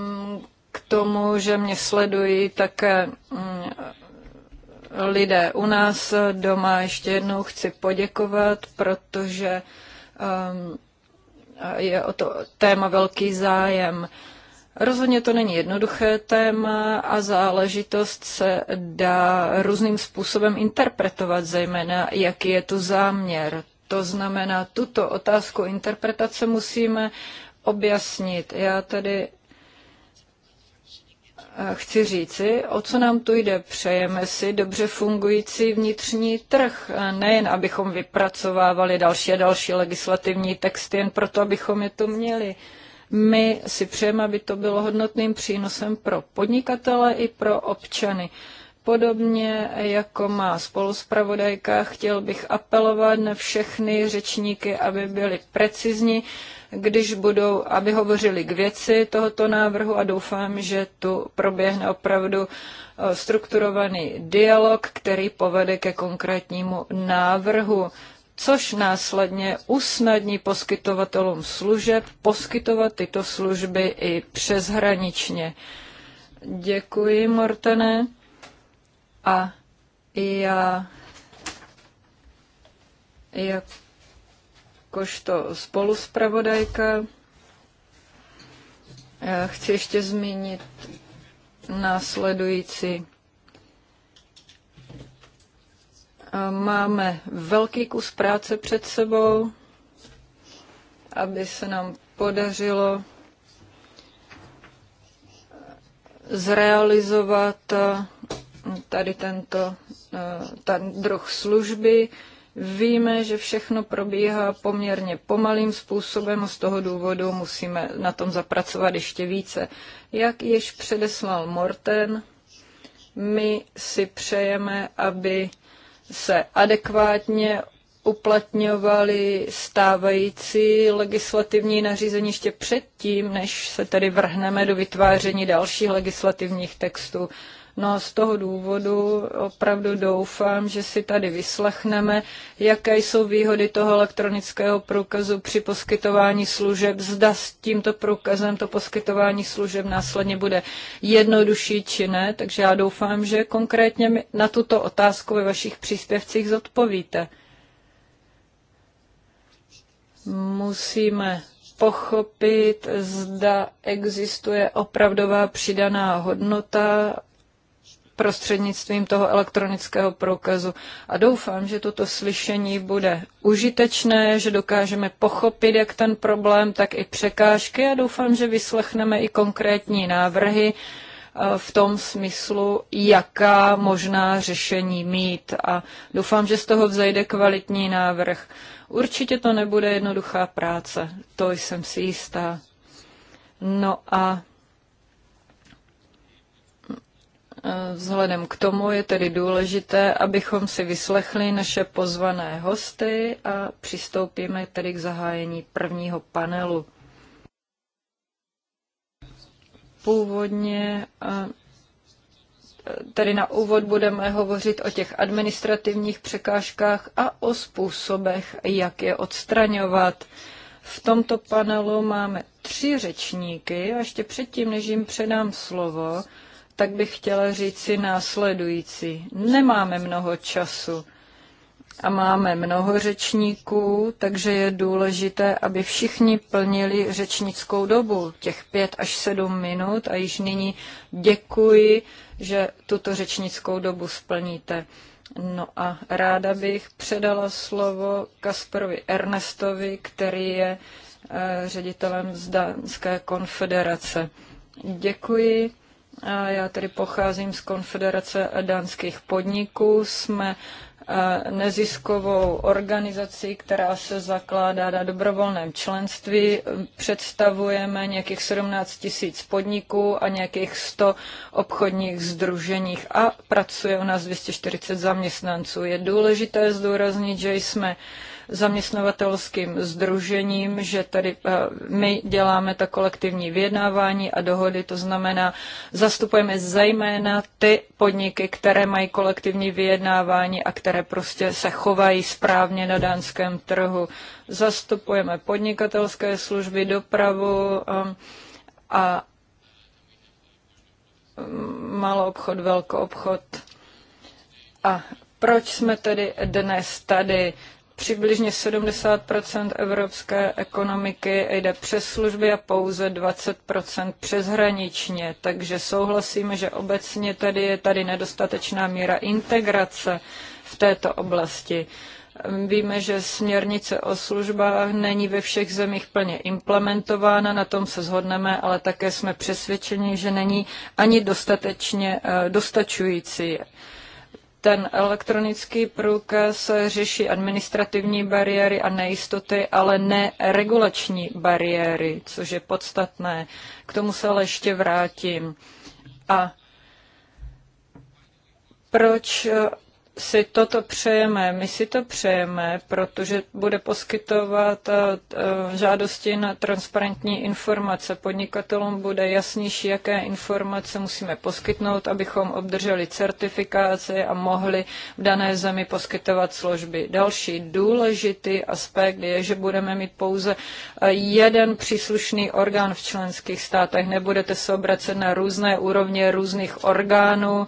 k tomu, že mě sledují také mm, lidé u nás doma, ještě jednou chci poděkovat, protože um, je o to téma velký zájem. Rozhodně to není jednoduché téma a záležitost se dá různým způsobem interpretovat, zejména jaký je tu záměr. To znamená, tuto otázku interpretace musíme objasnit. Já tady eh, chci říci, o co nám tu jde. Přejeme si dobře fungující vnitřní trh, eh, nejen abychom vypracovávali další a další legislativní texty, jen proto, abychom je to měli. My si přejeme, aby to bylo hodnotným přínosem pro podnikatele i pro občany. Podobně jako má spoluspravodajka, chtěl bych apelovat na všechny řečníky, aby byli precizní, když budou, aby hovořili k věci tohoto návrhu a doufám, že tu proběhne opravdu eh, strukturovaný dialog, který povede ke konkrétnímu návrhu což následně usnadní poskytovatelům služeb poskytovat tyto služby i přeshraničně. Děkuji, Mortene. A já jakožto spoluspravodajka já chci ještě zmínit následující. Máme velký kus práce před sebou, aby se nám podařilo zrealizovat tady tento eh, ten druh služby. Víme, že všechno probíhá poměrně pomalým způsobem a z toho důvodu musíme na tom zapracovat ještě více. Jak již předeslal Morten, my si přejeme, aby se adekvátně uplatňovali stávající legislativní nařízení ještě předtím, než se tedy vrhneme do vytváření dalších legislativních textů. No a z toho důvodu opravdu doufám, že si tady vyslechneme, jaké jsou výhody toho elektronického průkazu při poskytování služeb. Zda s tímto průkazem to poskytování služeb následně bude jednodušší či ne. Takže já doufám, že konkrétně na tuto otázku ve vašich příspěvcích zodpovíte. Musíme pochopit, zda existuje opravdová přidaná hodnota prostřednictvím toho elektronického průkazu. A doufám, že toto slyšení bude užitečné, že dokážeme pochopit jak ten problém, tak i překážky a doufám, že vyslechneme i konkrétní návrhy eh, v tom smyslu, jaká možná řešení mít. A doufám, že z toho vzejde kvalitní návrh. Určitě to nebude jednoduchá práce, to jsem si jistá. No a Eh, vzhledem k tomu je tedy důležité, abychom si vyslechli naše pozvané hosty a přistoupíme tedy k zahájení prvního panelu. Původně eh, tedy na úvod budeme hovořit o těch administrativních překážkách a o způsobech, jak je odstraňovat. V tomto panelu máme tři řečníky a ještě předtím, než jim předám slovo, tak bych chtěla říct si následující. Nemáme mnoho času a máme mnoho řečníků, takže je důležité, aby všichni plnili řečnickou dobu, těch pět až sedm minut a již nyní děkuji, že tuto řečnickou dobu splníte. No a ráda bych předala slovo Kasperovi Ernestovi, který je eh, ředitelem z Dánské konfederace. Děkuji. Já tedy pocházím z Konfederace dánských podniků. Jsme e, neziskovou organizací, která se zakládá na dobrovolném členství. Představujeme nějakých 17 tisíc podniků a nějakých 100 obchodních združeních a pracuje u nás 240 zaměstnanců. Je důležité zdůraznit, že jsme zaměstnavatelským združením, že tady eh, my děláme ta kolektivní vyjednávání a dohody, to znamená, zastupujeme zejména ty podniky, které mají kolektivní vyjednávání a které prostě se chovají správně na dánském trhu. Zastupujeme podnikatelské služby, dopravu eh, a malou obchod, velkou obchod. A proč jsme tedy dnes tady? Přibližně 70 evropské ekonomiky jde přes služby a pouze 20 přeshraničně. Takže souhlasíme, že obecně tady je tady nedostatečná míra integrace v této oblasti. Víme, že směrnice o službách není ve všech zemích plně implementována, na tom se shodneme, ale také jsme přesvědčeni, že není ani dostatečně eh, dostačující. Ten elektronický průkaz řeší administrativní bariéry a nejistoty, ale ne regulační bariéry, což je podstatné. K tomu se ale ještě vrátím. A proč si toto přejeme. My si to přejeme, protože bude poskytovat eh, eh, žádosti na transparentní informace. Podnikatelům bude jasnější, jaké informace musíme poskytnout, abychom obdrželi certifikáci a mohli v dané zemi poskytovat služby. Další důležitý aspekt je, že budeme mít pouze eh, jeden příslušný orgán v členských státech. Nebudete se obracet na různé úrovně různých orgánů,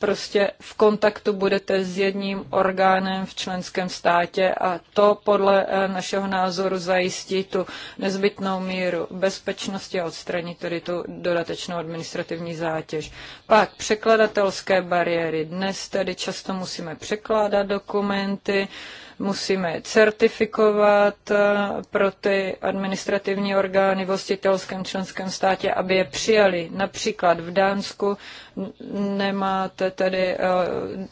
prostě v kontaktu budete s jedním orgánem v členském státě a to podle eh, našeho názoru zajistí tu nezbytnou míru bezpečnosti a odstraní tedy tu dodatečnou administrativní zátěž. Pak překladatelské bariéry. Dnes tedy často musíme překládat dokumenty, musíme certifikovat eh, pro ty administrativní orgány v hostitelském členském státě, aby je přijali. Například v Dánsku nemáte tedy eh,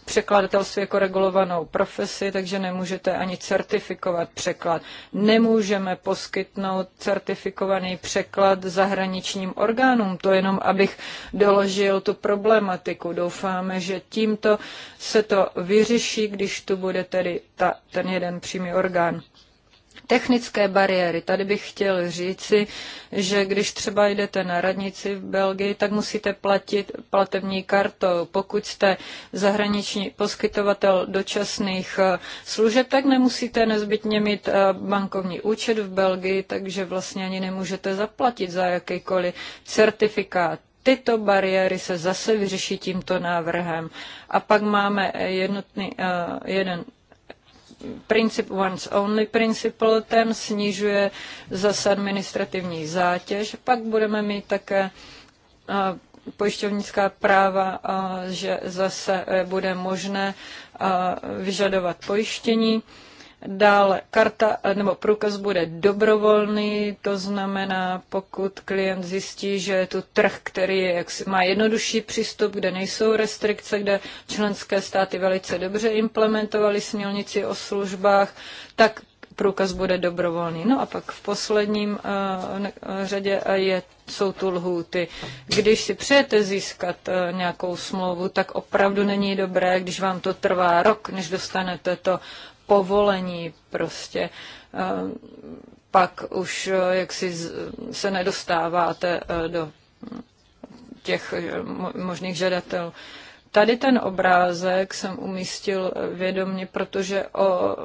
překladatelství jako regulovanou profesi, takže nemůžete ani certifikovat překlad. Nemůžeme poskytnout certifikovaný překlad zahraničním orgánům, to jenom abych doložil tu problematiku. Doufáme, že tímto se to vyřeší, když tu bude tedy ta, ten jeden přímý orgán technické bariéry. Tady bych chtěl říci, že když třeba jdete na radnici v Belgii, tak musíte platit platební kartou. Pokud jste zahraniční poskytovatel dočasných eh, služeb, tak nemusíte nezbytně mít eh, bankovní účet v Belgii, takže vlastně ani nemůžete zaplatit za jakýkoliv certifikát tyto bariéry se zase vyřeší tímto návrhem. A pak máme jednotný, eh, jeden princip once only principle, ten snižuje zase administrativní zátěž. Pak budeme mít také eh, pojišťovnická práva, eh, že zase eh, bude možné vyžadovat pojištění. Dále karta nebo průkaz bude dobrovolný, to znamená, pokud klient zjistí, že je tu trh, který je, jak má jednodušší přístup, kde nejsou restrikce, kde členské státy velice dobře implementovaly smělnici o službách, tak průkaz bude dobrovolný. No a pak v posledním uh, řadě eh, je, jsou tu lhůty. Když si přejete získat uh, nějakou smlouvu, tak opravdu není dobré, když vám to trvá rok, než dostanete to povolení prostě eh, pak už eh, jaksi se nedostáváte eh, do těch možných žadatelů. Tady ten obrázek jsem umístil vědomně, protože o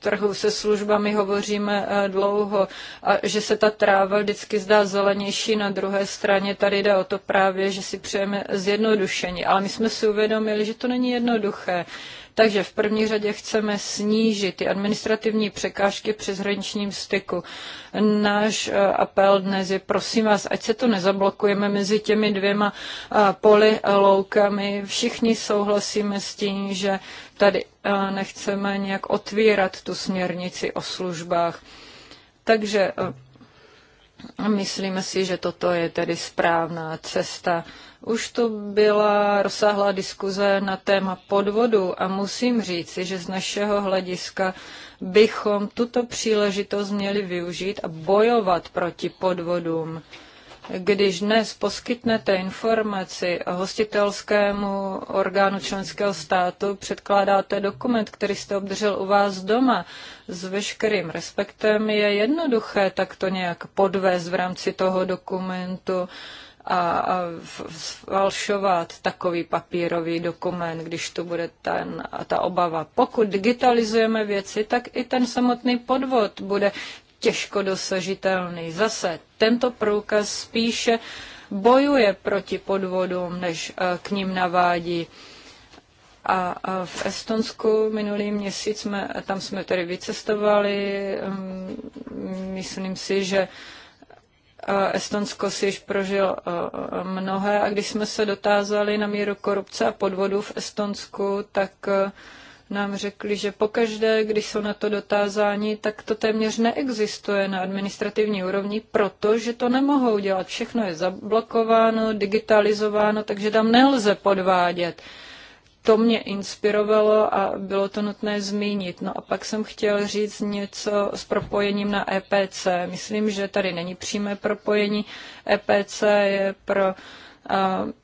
trhu se službami hovoříme dlouho a že se ta tráva vždycky zdá zelenější na druhé straně. Tady jde o to právě, že si přejeme zjednodušení, ale my jsme si uvědomili, že to není jednoduché takže v první řadě chceme snížit ty administrativní překážky při hraničním styku. Náš eh, apel dnes je, prosím vás, ať se to nezablokujeme mezi těmi dvěma eh, poli loukami. Všichni souhlasíme s tím, že tady eh, nechceme nějak otvírat tu směrnici o službách. Takže Myslíme si, že toto je tedy správná cesta. Už tu byla rozsáhlá diskuze na téma podvodu a musím říci, že z našeho hlediska bychom tuto příležitost měli využít a bojovat proti podvodům. Když dnes poskytnete informaci hostitelskému orgánu členského státu, předkládáte dokument, který jste obdržel u vás doma s veškerým respektem, je jednoduché tak to nějak podvést v rámci toho dokumentu a, a falšovat takový papírový dokument, když tu bude ten, ta obava. Pokud digitalizujeme věci, tak i ten samotný podvod bude těžko dosažitelný. Zase tento průkaz spíše bojuje proti podvodům, než eh, k ním navádí. A v Estonsku minulý měsíc jsme, tam jsme tedy vycestovali. Mm, myslím si, že eh, Estonsko si již prožil eh, mnohé a když jsme se dotázali na míru korupce a podvodu v Estonsku, tak nám řekli, že pokaždé, když jsou na to dotázáni, tak to téměř neexistuje na administrativní úrovni, protože to nemohou dělat. Všechno je zablokováno, digitalizováno, takže tam nelze podvádět to mě inspirovalo a bylo to nutné zmínit. No a pak jsem chtěl říct něco s propojením na EPC. Myslím, že tady není přímé propojení. EPC je pro uh,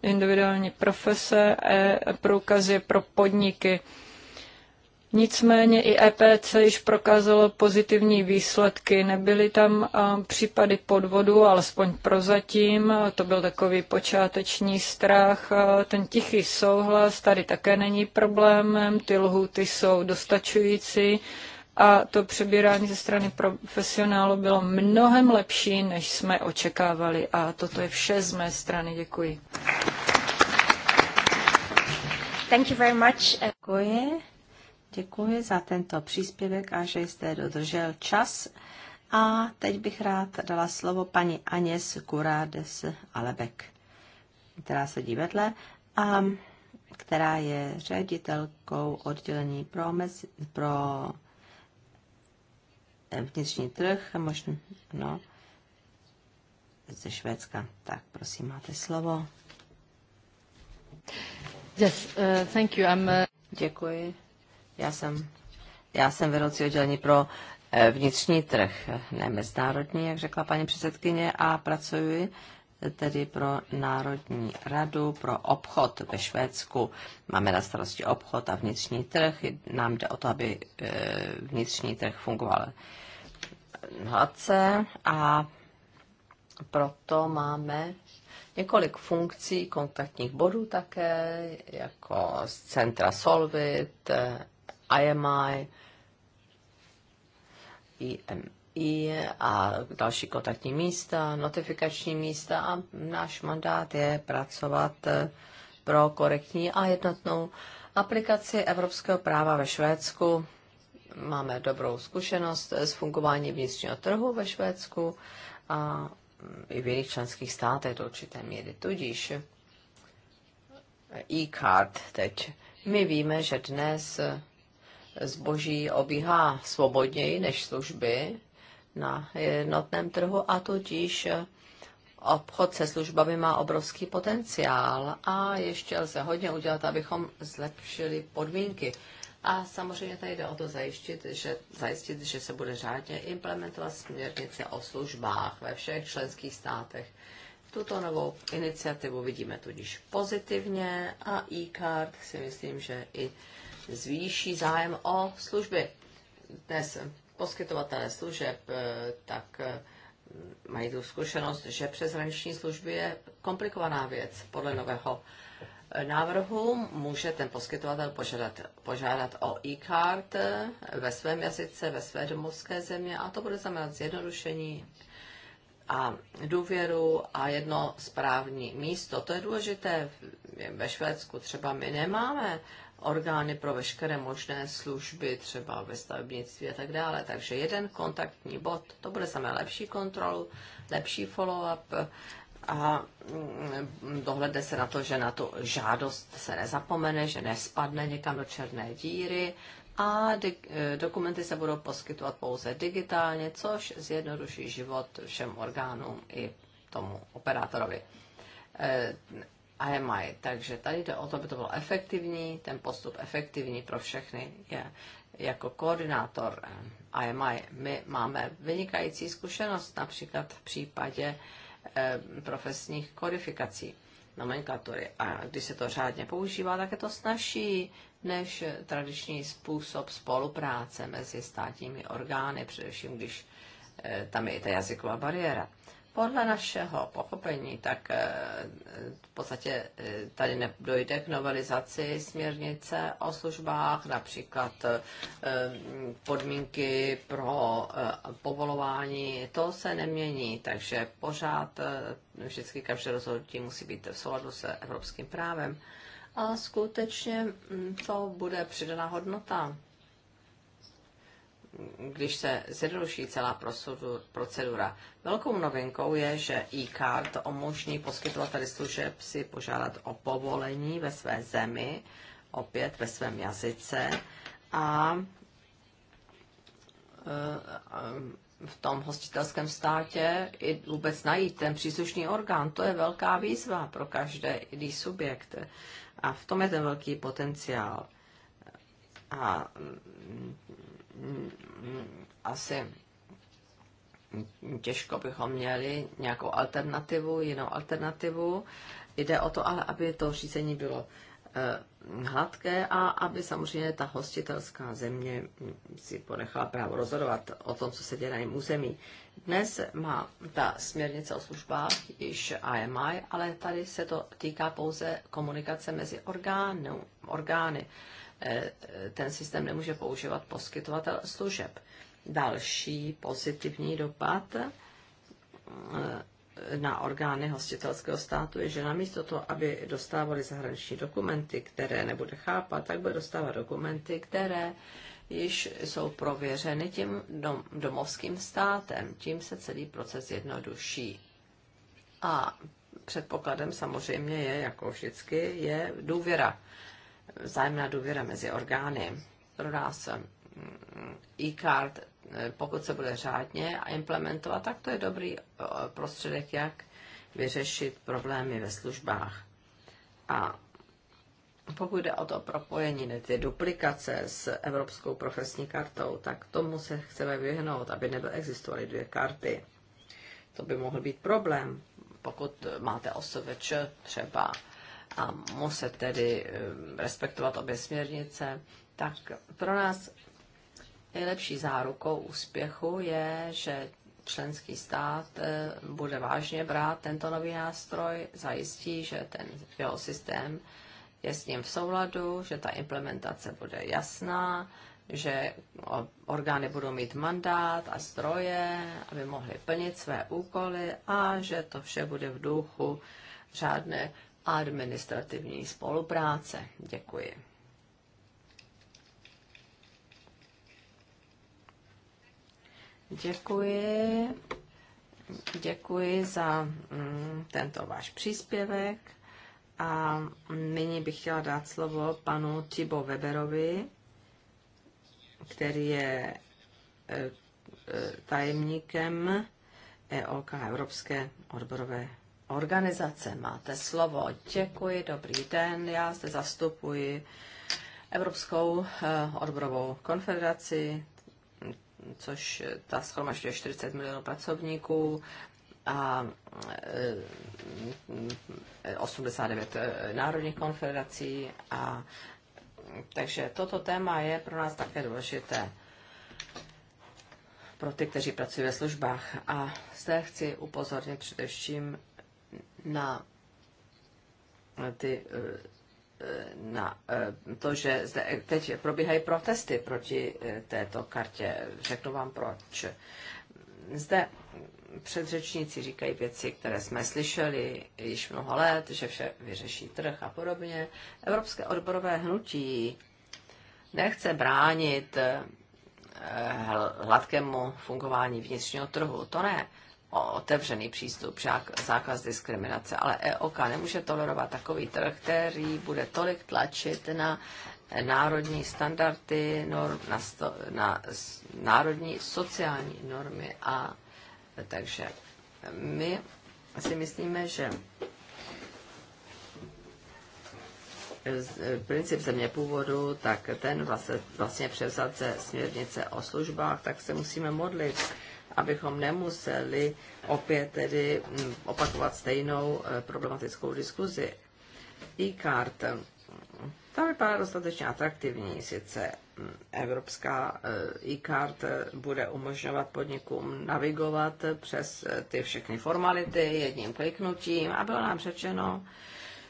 individuální profese, e, průkaz je pro podniky. Uh, Nicméně i EPC již prokázalo pozitivní výsledky. Nebyly tam případy podvodu, alespoň prozatím. To byl takový počáteční strach. Ten tichý souhlas tady také není problémem. Ty lhuty jsou dostačující a to přebírání ze strany profesionálu bylo mnohem lepší, než jsme očekávali. A toto je vše z mé strany. Děkuji. Thank you very much. Děkuji. Děkuji za tento příspěvek a že jste dodržel čas. A teď bych rád dala slovo paní Aněs Kurades Alebek, která sedí vedle a která je ředitelkou oddělení pro, mez, pro vnitřní trh, možná, no, ze Švédska. Tak, prosím, máte slovo. Yes, uh, thank you. I'm, uh... Děkuji. Já jsem, já jsem vedoucí oddělení pro eh, vnitřní trh, ne mezinárodní, jak řekla paní předsedkyně, a pracuji tedy pro Národní radu pro obchod ve Švédsku. Máme na starosti obchod a vnitřní trh. Nám jde o to, aby eh, vnitřní trh fungoval hladce a proto máme několik funkcí kontaktních bodů také, jako z centra Solvit IMI, IMI a další kontaktní místa, notifikační místa a náš mandát je pracovat eh, pro korektní a jednotnou aplikaci evropského práva ve Švédsku. Máme dobrou zkušenost s fungováním vnitřního trhu ve Švédsku a mm, i v jiných členských státech do určité míry. Tudíž eh, e-card teď. My víme, že dnes eh, zboží obíhá svobodněji než služby na jednotném trhu a tudíž obchod se službami má obrovský potenciál a ještě lze hodně udělat, abychom zlepšili podmínky. A samozřejmě tady jde o to zajistit, že, zajistit, že se bude řádně implementovat směrnice o službách ve všech členských státech. Tuto novou iniciativu vidíme tudíž pozitivně a e-card si myslím, že i zvýší zájem o služby. Dnes poskytovatelé služeb eh, tak eh, mají tu zkušenost, že přeshraniční služby je komplikovaná věc podle nového eh, návrhu může ten poskytovatel požádat, požádat o e-card ve svém jazyce, ve své domovské země a to bude znamenat zjednodušení a důvěru a jedno správní místo. To je důležité. Ve Švédsku třeba my nemáme orgány pro veškeré možné služby, třeba ve stavebnictví a tak dále. Takže jeden kontaktní bod, to bude samé lepší kontrolu, lepší follow-up a mm, dohledne se na to, že na tu žádost se nezapomene, že nespadne někam do černé díry a e, dokumenty se budou poskytovat pouze digitálně, což zjednoduší život všem orgánům i tomu operátorovi e, mají. Takže tady jde o to, aby to bylo efektivní, ten postup efektivní pro všechny je jako koordinátor IMI. Eh, My máme vynikající zkušenost například v případě eh, profesních kodifikací nomenklatury. A když se to řádně používá, tak je to snažší než tradiční způsob spolupráce mezi státními orgány, především když eh, tam je i ta jazyková bariéra. Podle našeho pochopení, tak eh, v podstatě eh, tady dojde k novelizaci směrnice o službách, například eh, podmínky pro povolování, to se nemění, takže pořád vždycky každé rozhodnutí musí být v souladu se evropským právem. A skutečně mm, to bude přidaná hodnota když se zjednoduší celá procedura. Velkou novinkou je, že e-card umožní poskytovateli služeb si požádat o povolení ve své zemi, opět ve svém jazyce a eh, v tom hostitelském státě i vůbec najít ten příslušný orgán. To je velká výzva pro každé jiný subjekt. A v tom je ten velký potenciál. A asi těžko bychom měli nějakou alternativu, jinou alternativu. Jde o to, ale aby to řízení bylo eh, hladké a aby samozřejmě ta hostitelská země si ponechala právo rozhodovat o tom, co se děje na jejím území. Dnes má ta směrnice o službách již AMI, ale tady se to týká pouze komunikace mezi orgány. Eh, ten systém nemůže používat poskytovatel služeb. Další pozitivní dopad eh, na orgány hostitelského státu je, že namísto toho, aby dostávali zahraniční dokumenty, které nebude chápat, tak bude dostávat dokumenty, které již jsou prověřeny tím domovským státem. Tím se celý proces jednodušší. A předpokladem samozřejmě je, jako vždycky, je důvěra vzájemná důvěra mezi orgány. Pro nás mm, e-card, eh, pokud se bude řádně a implementovat, tak to je dobrý eh, prostředek, jak vyřešit problémy ve službách. A pokud jde o to propojení, ne ty duplikace s Evropskou profesní kartou, tak tomu se chceme vyhnout, aby nebyly existovaly dvě karty. To by mohl být problém, pokud máte osobeč třeba a muset tedy eh, respektovat obě směrnice, tak pro nás nejlepší zárukou úspěchu je, že členský stát eh, bude vážně brát tento nový nástroj, zajistí, že ten jeho systém je s ním v souladu, že ta implementace bude jasná, že orgány budou mít mandát a stroje, aby mohly plnit své úkoly a že to vše bude v duchu řádné administrativní spolupráce. Děkuji. Děkuji. Děkuji za mm, tento váš příspěvek. A nyní bych chtěla dát slovo panu Tibo Weberovi, který je e, e, tajemníkem EOK Evropské odborové organizace. Máte slovo. Děkuji, dobrý den. Já zde zastupuji Evropskou eh, odborovou konfederaci, což ta schromažďuje 40 milionů pracovníků a 89 eh, eh, národních konfederací. A, takže toto téma je pro nás také důležité pro ty, kteří pracují ve službách. A zde chci upozornit především na ty eh, na eh, to, že zde eh, teď probíhají protesty proti této kartě. Řeknu vám proč. Zde předřečníci říkají věci, které jsme slyšeli již mnoho let, že vše vyřeší trh a podobně. Evropské odborové hnutí nechce bránit hladkému fungování vnitřního trhu. To ne otevřený přístup, žák, zákaz diskriminace, ale EOK nemůže tolerovat takový trh, který bude tolik tlačit na národní standardy, norm, na, sto, na národní sociální normy a takže my si myslíme, že princip země původu, tak ten vlastně, vlastně převzat ze směrnice o službách, tak se musíme modlit abychom nemuseli opět tedy mm, opakovat stejnou eh, problematickou diskuzi. E-card, mm, ta vypadá dostatečně atraktivní, sice mm, evropská eh, e-card eh, bude umožňovat podnikům navigovat přes ty všechny formality jedním kliknutím a bylo nám řečeno,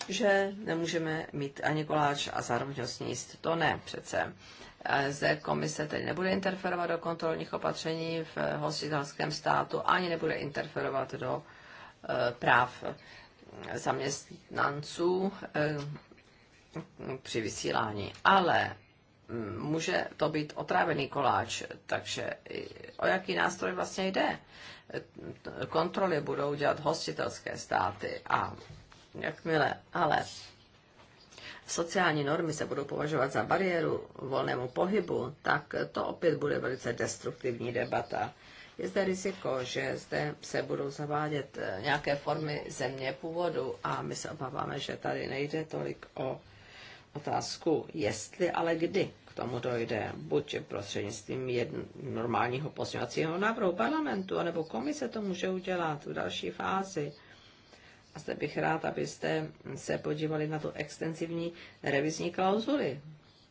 že nemůžeme mít ani koláč a zároveň ho sníst. To ne přece. Zde komise tedy nebude interferovat do kontrolních opatření v hostitelském státu, ani nebude interferovat do e, práv zaměstnanců e, při vysílání. Ale mm, může to být otrávený koláč, takže o jaký nástroj vlastně jde? Kontroly budou dělat hostitelské státy a jakmile, ale sociální normy se budou považovat za bariéru volnému pohybu, tak to opět bude velice destruktivní debata. Je zde riziko, že zde se budou zavádět eh, nějaké formy země původu a my se obáváme, že tady nejde tolik o otázku, jestli, ale kdy k tomu dojde, buď prostřednictvím jedn, normálního pozměňovacího návrhu parlamentu, anebo komise to může udělat v další fázi. A zde bych rád, abyste se podívali na tu extenzivní revizní klauzuly.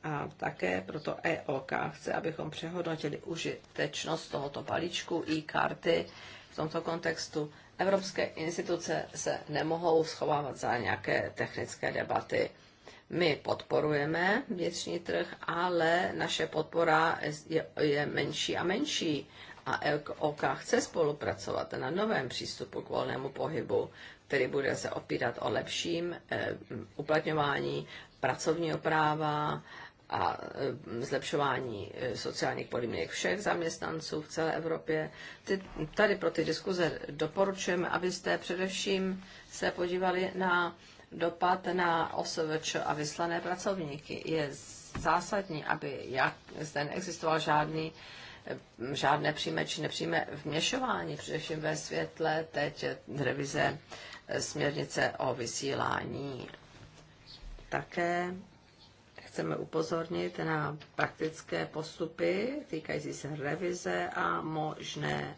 A také proto EOK chce, abychom přehodnotili užitečnost tohoto balíčku e-karty v tomto kontextu. Evropské instituce se nemohou schovávat za nějaké technické debaty. My podporujeme vnitřní trh, ale naše podpora je, je menší a menší. A EOK chce spolupracovat na novém přístupu k volnému pohybu který bude se opírat o lepším eh, uplatňování pracovního práva a eh, zlepšování eh, sociálních podmínek všech zaměstnanců v celé Evropě. Ty, tady pro ty diskuze doporučujeme, abyste především se podívali na dopad na OSVČ a vyslané pracovníky. Je zásadní, aby jak zde neexistoval žádný žádné přímé či nepřímé vměšování, především ve světle teď revize směrnice o vysílání. Také chceme upozornit na praktické postupy týkající se revize a možného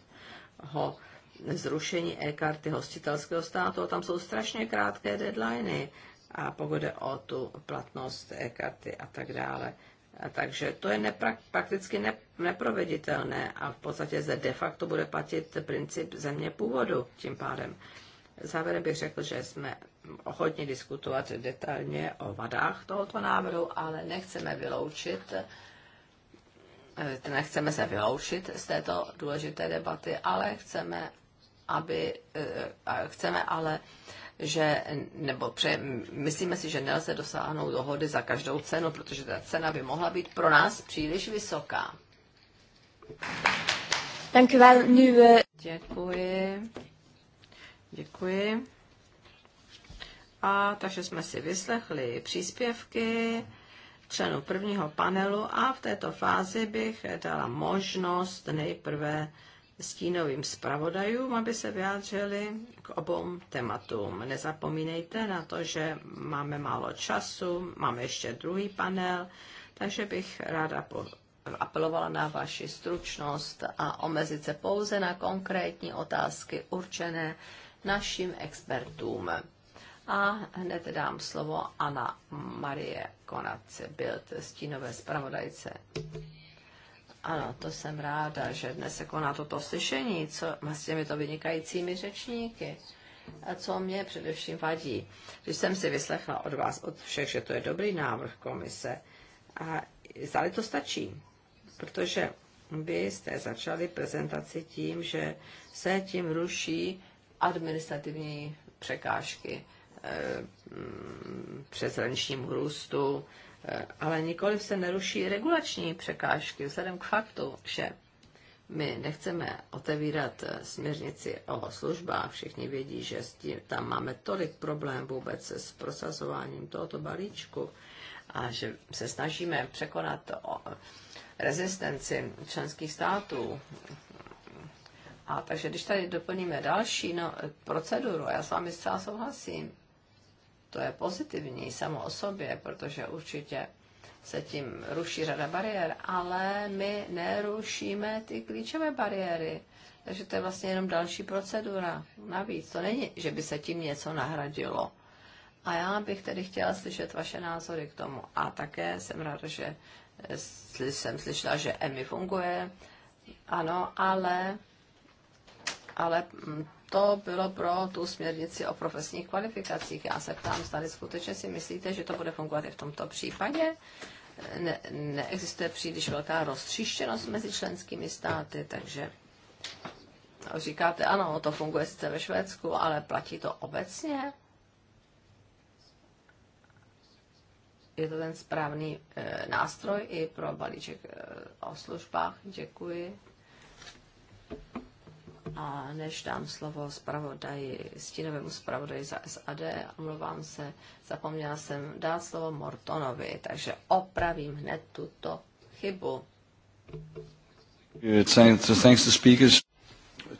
zrušení e-karty hostitelského státu. Tam jsou strašně krátké deadliny a pokud jde o tu platnost e-karty a tak dále. A takže to je nepra- prakticky ne- neproveditelné a v podstatě zde de facto bude platit princip země původu tím pádem. Závěrem bych řekl, že jsme hodně diskutovat detailně o vadách tohoto návrhu, ale nechceme vyloučit eh, nechceme se vyloučit z této důležité debaty, ale chceme, aby, eh, chceme ale, že, nebo pře, myslíme si, že nelze dosáhnout dohody za každou cenu, protože ta cena by mohla být pro nás příliš vysoká. Eh, Děkuji. Děkuji. A takže jsme si vyslechli příspěvky členů prvního panelu a v této fázi bych dala možnost nejprve stínovým zpravodajům, aby se vyjádřili k obou tématům. Nezapomínejte na to, že máme málo času, máme ještě druhý panel, takže bych ráda apelovala na vaši stručnost a omezit se pouze na konkrétní otázky určené našim expertům. A hned dám slovo Ana Marie Konace, byl stínové zpravodajce. Ano, to jsem ráda, že dnes se koná toto slyšení co, s těmito vynikajícími řečníky. A co mě především vadí, když jsem si vyslechla od vás, od všech, že to je dobrý návrh komise, a zdali to stačí, protože vy jste začali prezentaci tím, že se tím ruší administrativní překážky eh, mm, přeshraničnímu růstu, eh, ale nikoli se neruší regulační překážky vzhledem k faktu, že my nechceme otevírat eh, směrnici o službách. Všichni vědí, že tam máme tolik problém vůbec s prosazováním tohoto balíčku a že se snažíme překonat rezistenci členských států a takže když tady doplníme další no, proceduru, já s vámi zcela souhlasím, to je pozitivní samo o sobě, protože určitě se tím ruší řada bariér, ale my nerušíme ty klíčové bariéry. Takže to je vlastně jenom další procedura. Navíc to není, že by se tím něco nahradilo. A já bych tedy chtěla slyšet vaše názory k tomu. A také jsem ráda, že jsem slyšela, že EMI funguje. Ano, ale ale mm, to bylo pro tu směrnici o profesních kvalifikacích. Já se ptám, zda skutečně si myslíte, že to bude fungovat i v tomto případě? Ne, neexistuje příliš velká roztříštěnost mezi členskými státy, takže říkáte, ano, to funguje sice ve Švédsku, ale platí to obecně? Je to ten správný e, nástroj i pro balíček e, o službách. Děkuji. A než dám slovo zpravodaji, stínovému zpravodaji za SAD, omlouvám se, zapomněla jsem dát slovo Mortonovi, takže opravím hned tuto chybu. Uh, thanks to speakers.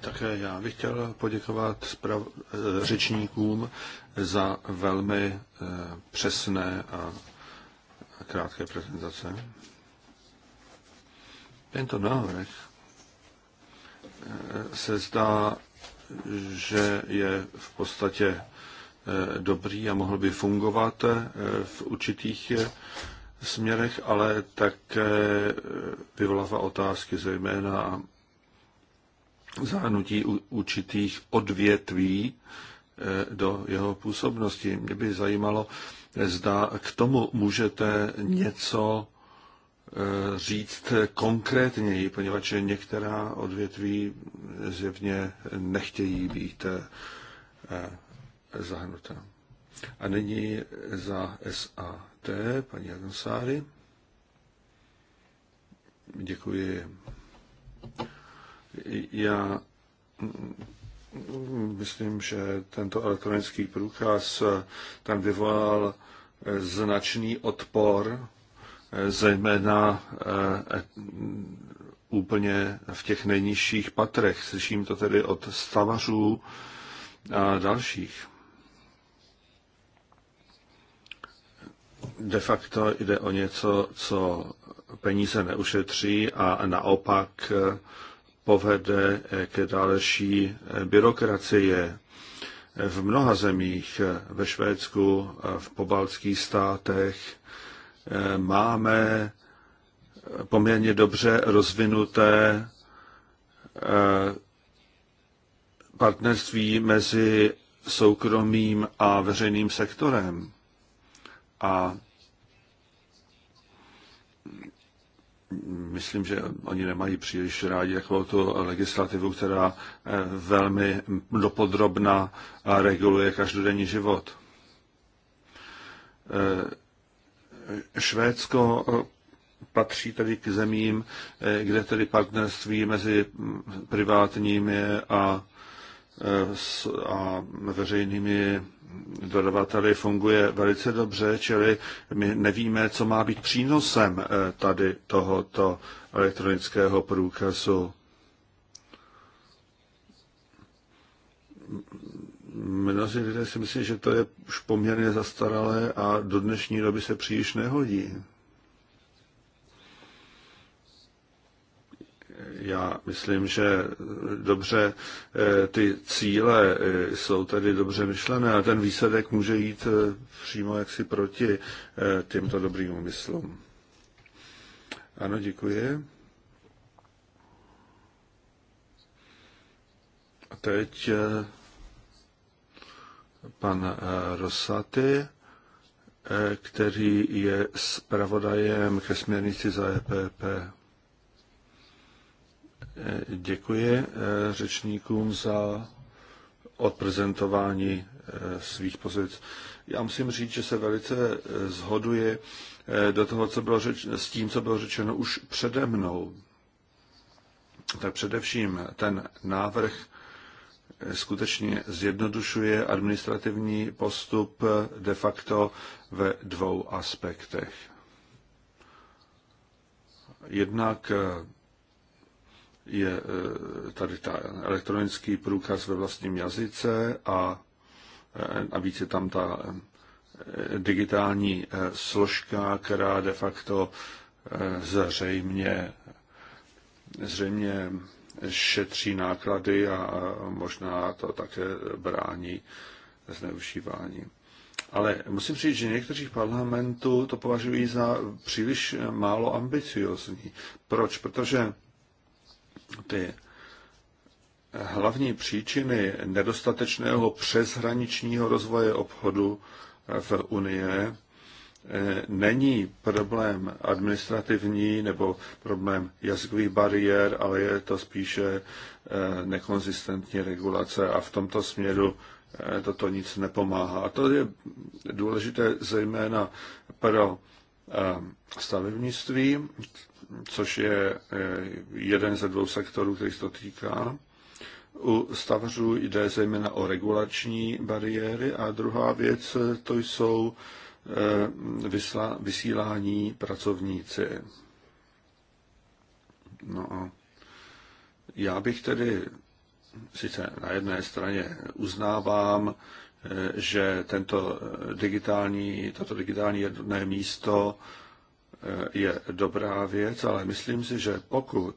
Také já bych chtěl poděkovat sprav, eh, řečníkům za velmi eh, přesné a krátké prezentace. Tento návrh se zdá, že je v podstatě eh, dobrý a mohl by fungovat eh, v určitých eh, směrech, ale také vyvolává otázky zejména zahrnutí určitých odvětví do jeho působnosti. Mě by zajímalo, zda k tomu můžete něco Eh, říct konkrétněji, poněvadž některá odvětví zjevně nechtějí být eh, zahrnuta. A nyní za SAT paní Jansáry. Děkuji. Já mm, myslím, že tento elektronický průkaz tam vyvolal eh, značný odpor zejména eh, úplně v těch nejnižších patrech. Slyším to tedy od stavařů a dalších. De facto jde o něco, co peníze neušetří a naopak eh, povede eh, ke další byrokracie. V mnoha zemích, ve Švédsku, v pobaltských státech, máme poměrně dobře rozvinuté eh, partnerství mezi soukromým a veřejným sektorem. A myslím, že oni nemají příliš rádi takovou tu legislativu, která eh, velmi dopodrobna reguluje každodenní život. Eh, Švédsko eh, patří tedy k zemím, eh, kde tedy partnerství mezi mm, privátními a, eh, a veřejnými dodavateli funguje velice dobře, čili my nevíme, co má být přínosem tady tohoto elektronického průkazu mnozí lidé si myslí, že to je už poměrně zastaralé a do dnešní doby se příliš nehodí. Já myslím, že dobře eh, ty cíle eh, jsou tedy dobře myšlené a ten výsledek může jít eh, přímo jaksi proti těmto dobrým úmyslům. Ano, děkuji. A teď pan eh, Rosaty, eh, který je zpravodajem ke směrnici za EPP. Eh, děkuji řečníkům za odprezentování svých pozic. Já musím říct, že se velice zhoduje do toho, co bylo řeč, s tím, co bylo řečeno už přede mnou. Tak především ten návrh skutečně zjednodušuje administrativní postup de facto ve dvou aspektech. Jednak eh, je eh, tady ta elektronický průkaz ve vlastním jazyce a navíc eh, je tam ta digitální složka, která de facto zřejmě, zřejmě šetří náklady a možná to také brání zneužívání. Ale musím říct, že někteří parlamentů to považují za příliš málo ambiciozní. Proč? Protože ty hlavní příčiny nedostatečného přeshraničního rozvoje obchodu v Unie Eh, není problém administrativní nebo problém jazykových bariér, ale je to spíše eh, nekonzistentní regulace a v tomto směru eh, toto nic nepomáhá. A to je důležité zejména pro stavebnictví, což je jeden ze dvou sektorů, který se to týká. U stavařů jde zejména o regulační bariéry a druhá věc to jsou Eh, vysla, vysílání pracovníci. No a já bych tedy sice na jedné straně uznávám, eh, že tento digitální, toto digitální jednotné místo eh, je dobrá věc, ale myslím si, že pokud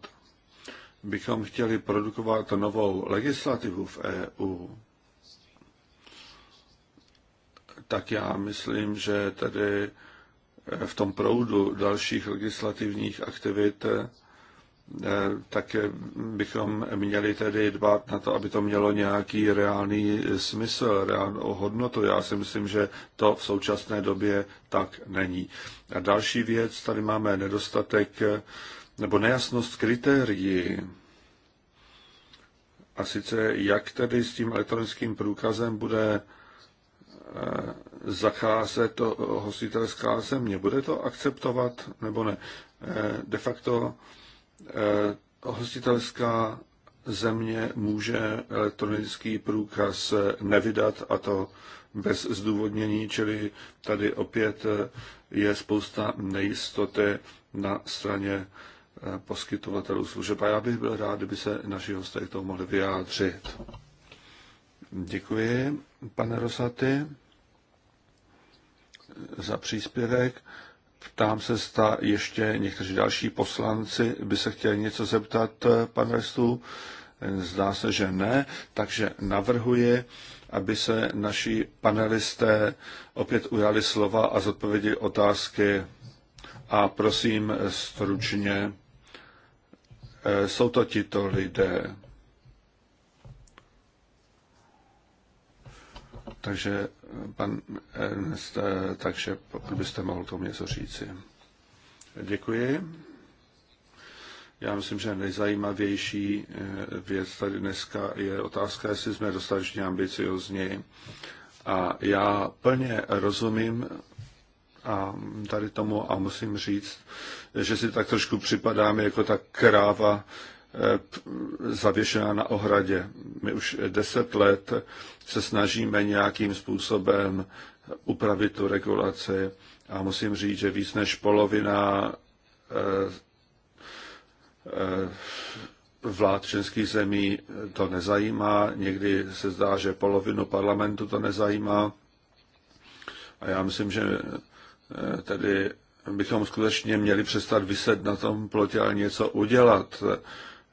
bychom chtěli produkovat novou legislativu v EU, tak já myslím, že tedy eh, v tom proudu dalších legislativních aktivit eh, tak bychom měli tedy dbát na to, aby to mělo nějaký reálný smysl, reálnou hodnotu. Já si myslím, že to v současné době tak není. A další věc, tady máme nedostatek eh, nebo nejasnost kritérií. A sice jak tedy s tím elektronickým průkazem bude Eh, zacházet to eh, hostitelská země. Bude to akceptovat nebo ne? Eh, de facto hostitelská země může elektronický průkaz nevydat a to bez zdůvodnění, čili tady opět je spousta nejistoty na straně poskytovatelů služeb. A já bych byl rád, kdyby se naši hosté k tomu mohli vyjádřit. Děkuji, pane Rosaty, za příspěvek. Ptám se, zda ještě někteří další poslanci by se chtěli něco zeptat panelistů. Zdá se, že ne, takže navrhuji, aby se naši panelisté opět ujali slova a zodpověděli otázky. A prosím stručně, jsou to tito lidé. Takže pan Ernst, takže pokud byste mohl tomu něco říci. Děkuji. Já myslím, že nejzajímavější eh, věc tady dneska je otázka, jestli jsme dostatečně ambiciozní. A já plně rozumím a tady tomu a musím říct, že si tak trošku připadám jako ta kráva, Eh, zavěšená na ohradě. My už deset let se snažíme nějakým způsobem upravit tu regulaci a musím říct, že víc než polovina eh, eh, vlád českých zemí to nezajímá, někdy se zdá, že polovinu parlamentu to nezajímá. A já myslím, že tedy bychom skutečně měli přestat vyset na tom plotě a něco udělat.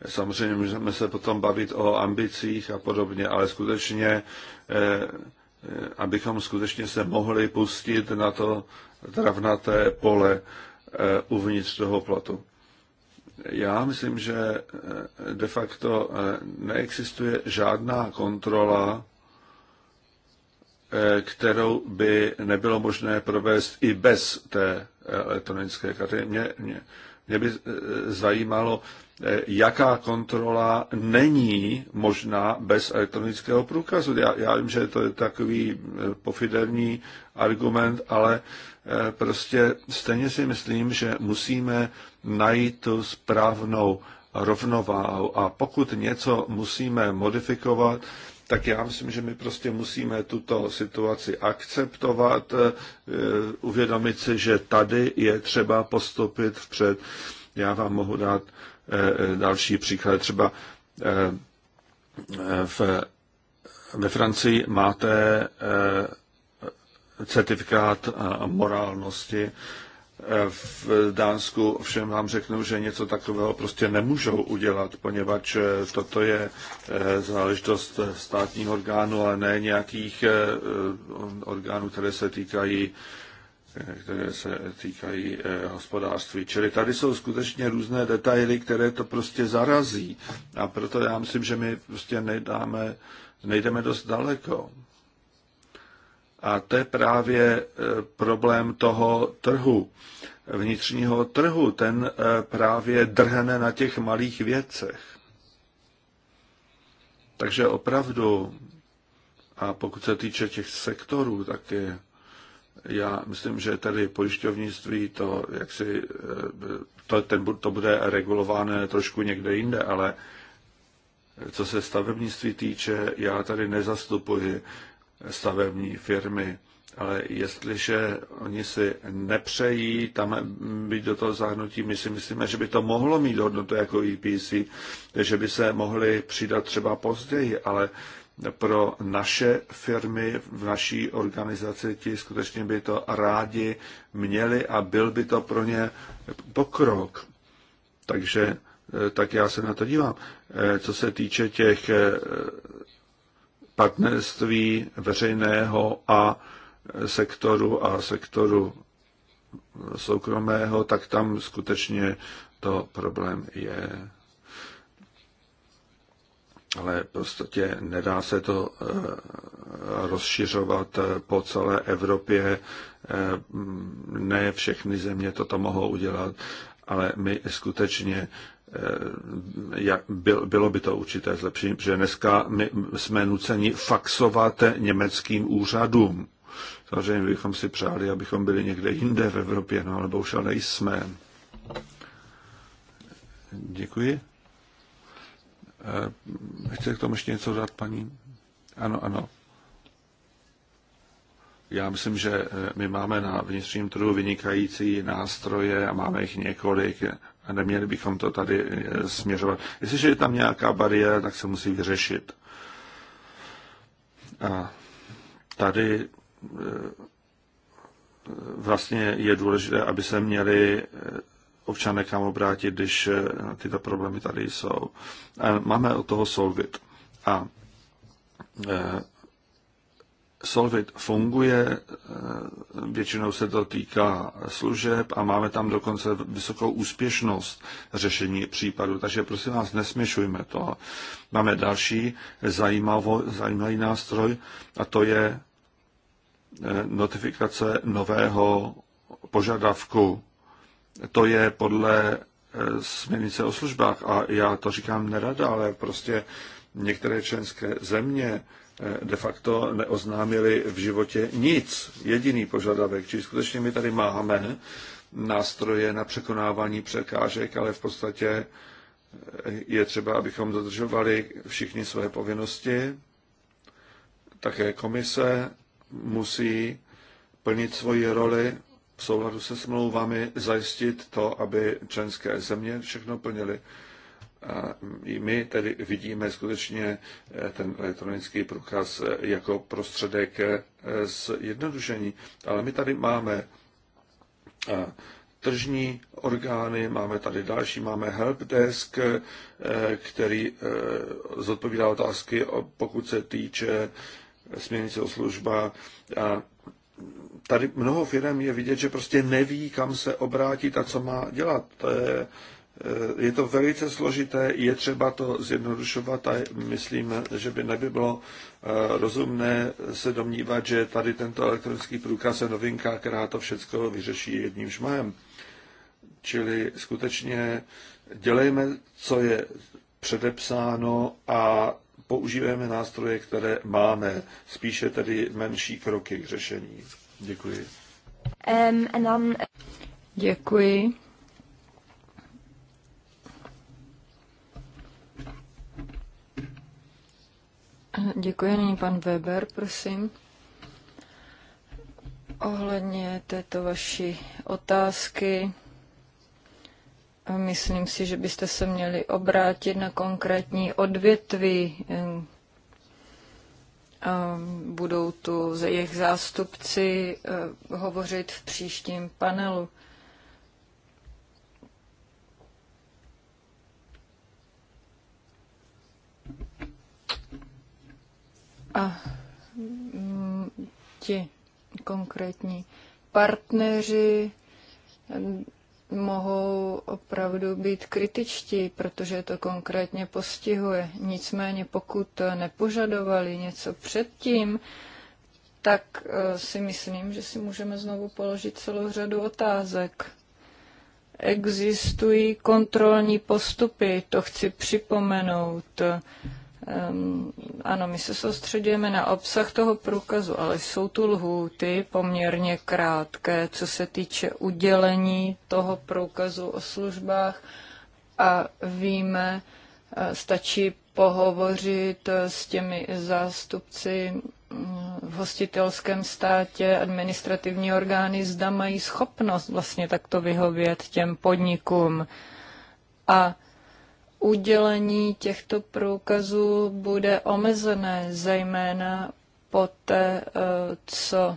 Samozřejmě můžeme se potom bavit o ambicích a podobně, ale skutečně, eh, eh, abychom skutečně se mohli pustit na to travnaté pole eh, uvnitř toho platu. Já myslím, že de facto neexistuje žádná kontrola, kterou by nebylo možné provést i bez té elektronické karty. Mě, mě, mě by zajímalo, Eh, jaká kontrola není možná bez elektronického průkazu. Já, já vím, že to je takový eh, pofiderní argument, ale eh, prostě stejně si myslím, že musíme najít tu správnou rovnováhu. A pokud něco musíme modifikovat, tak já myslím, že my prostě musíme tuto situaci akceptovat, uvědomit si, že tady je třeba postupit vpřed. Já vám mohu dát Eh, eh, další příklad třeba eh, v, ve Francii máte certifikát morálnosti, v Dánsku všem vám řeknu, že něco takového prostě nemůžou udělat, poněvadž toto je záležitost státních orgánů, ale ne nějakých orgánů, které se týkají které se týkají eh, hospodářství. Čili tady jsou skutečně různé detaily, které to prostě zarazí. A proto já myslím, že my prostě nejdáme, nejdeme dost daleko. A to je právě eh, problém toho trhu, vnitřního trhu. Ten eh, právě drhne na těch malých věcech. Takže opravdu, a pokud se týče těch sektorů, tak je já myslím, že tady pojišťovnictví to, jak si, eh, to, ten, to bude regulováno trošku někde jinde, ale co se stavebnictví týče, já tady nezastupuji stavební firmy, ale jestliže oni si nepřejí tam být do toho zahnutí, my si myslíme, že by to mohlo mít hodnotu jako EPC, že by se mohli přidat třeba později, ale pro naše firmy v naší organizaci, ti skutečně by to rádi měli a byl by to pro ně pokrok. Takže e, tak já se na to dívám. E, co se týče těch e, partnerství veřejného a sektoru a sektoru soukromého, tak tam skutečně to problém je ale prostě nedá se to eh, rozšiřovat eh, po celé Evropě. Eh, ne všechny země toto mohou udělat, ale my skutečně bylo by to určité zlepšení, protože dneska my jsme nuceni faxovat německým úřadům. Samozřejmě bychom si přáli, abychom byli někde jinde v Evropě, no ale bohužel nejsme. Děkuji. Eh, chce k tomu ještě něco dát paní? Ano, ano. Já myslím, že eh, my máme na vnitřním trhu vynikající nástroje a máme jich několik a neměli bychom to tady eh, směřovat. Jestliže je tam nějaká bariéra, tak se musí vyřešit. A tady vlastně je důležité, aby se měli občan kam obrátit, když eh, tyto problémy tady jsou. Máme od toho Solvit. A eh, Solvit funguje, eh, většinou se to týká služeb a máme tam dokonce vysokou úspěšnost řešení případů. Takže prosím vás, nesměšujme to. Máme další zajímavý, zajímavý nástroj a to je notifikace nového požadavku to je podle eh, směrnice o službách a já to říkám nerada, ale prostě některé členské země eh, de facto neoznámili v životě nic, jediný požadavek. či skutečně my tady máme nástroje na překonávání překážek, ale v podstatě eh, je třeba, abychom dodržovali všichni své povinnosti. Také komise musí plnit svoji roli souladu se smlouvami zajistit to, aby členské země všechno plnily. A my tedy vidíme skutečně eh, ten elektronický průkaz eh, jako prostředek eh, zjednodušení. Ale my tady máme tržní orgány, máme tady další, máme helpdesk, který zodpovídá otázky, pokud se týče směrnice o služba a tady mnoho firm je vidět, že prostě neví, kam se obrátit a co má dělat. To je, eh, je to velice složité, je třeba to zjednodušovat a myslím, že by nebylo eh, rozumné se domnívat, že tady tento elektronický průkaz je novinka, která to všechno vyřeší jedním šmajem. Čili skutečně dělejme, co je předepsáno a používáme nástroje, které máme, spíše tedy menší kroky k řešení. Děkuji. Um, and on... Děkuji. Děkuji. Nyní pan Weber, prosím. Ohledně této vaší otázky Myslím si, že byste se měli obrátit na konkrétní odvětví. Budou tu ze jejich zástupci eh, hovořit v příštím panelu. A mm, ti konkrétní partneři mohou opravdu být kritičtí, protože to konkrétně postihuje. Nicméně pokud nepožadovali něco předtím, tak eh, si myslím, že si můžeme znovu položit celou řadu otázek. Existují kontrolní postupy, to chci připomenout. Um, ano, my se soustředujeme na obsah toho průkazu, ale jsou tu lhůty poměrně krátké, co se týče udělení toho průkazu o službách a víme, eh, stačí pohovořit eh, s těmi zástupci mm, v hostitelském státě, administrativní orgány, zda mají schopnost vlastně takto vyhovět těm podnikům. A udělení těchto průkazů bude omezené, zejména poté, eh, co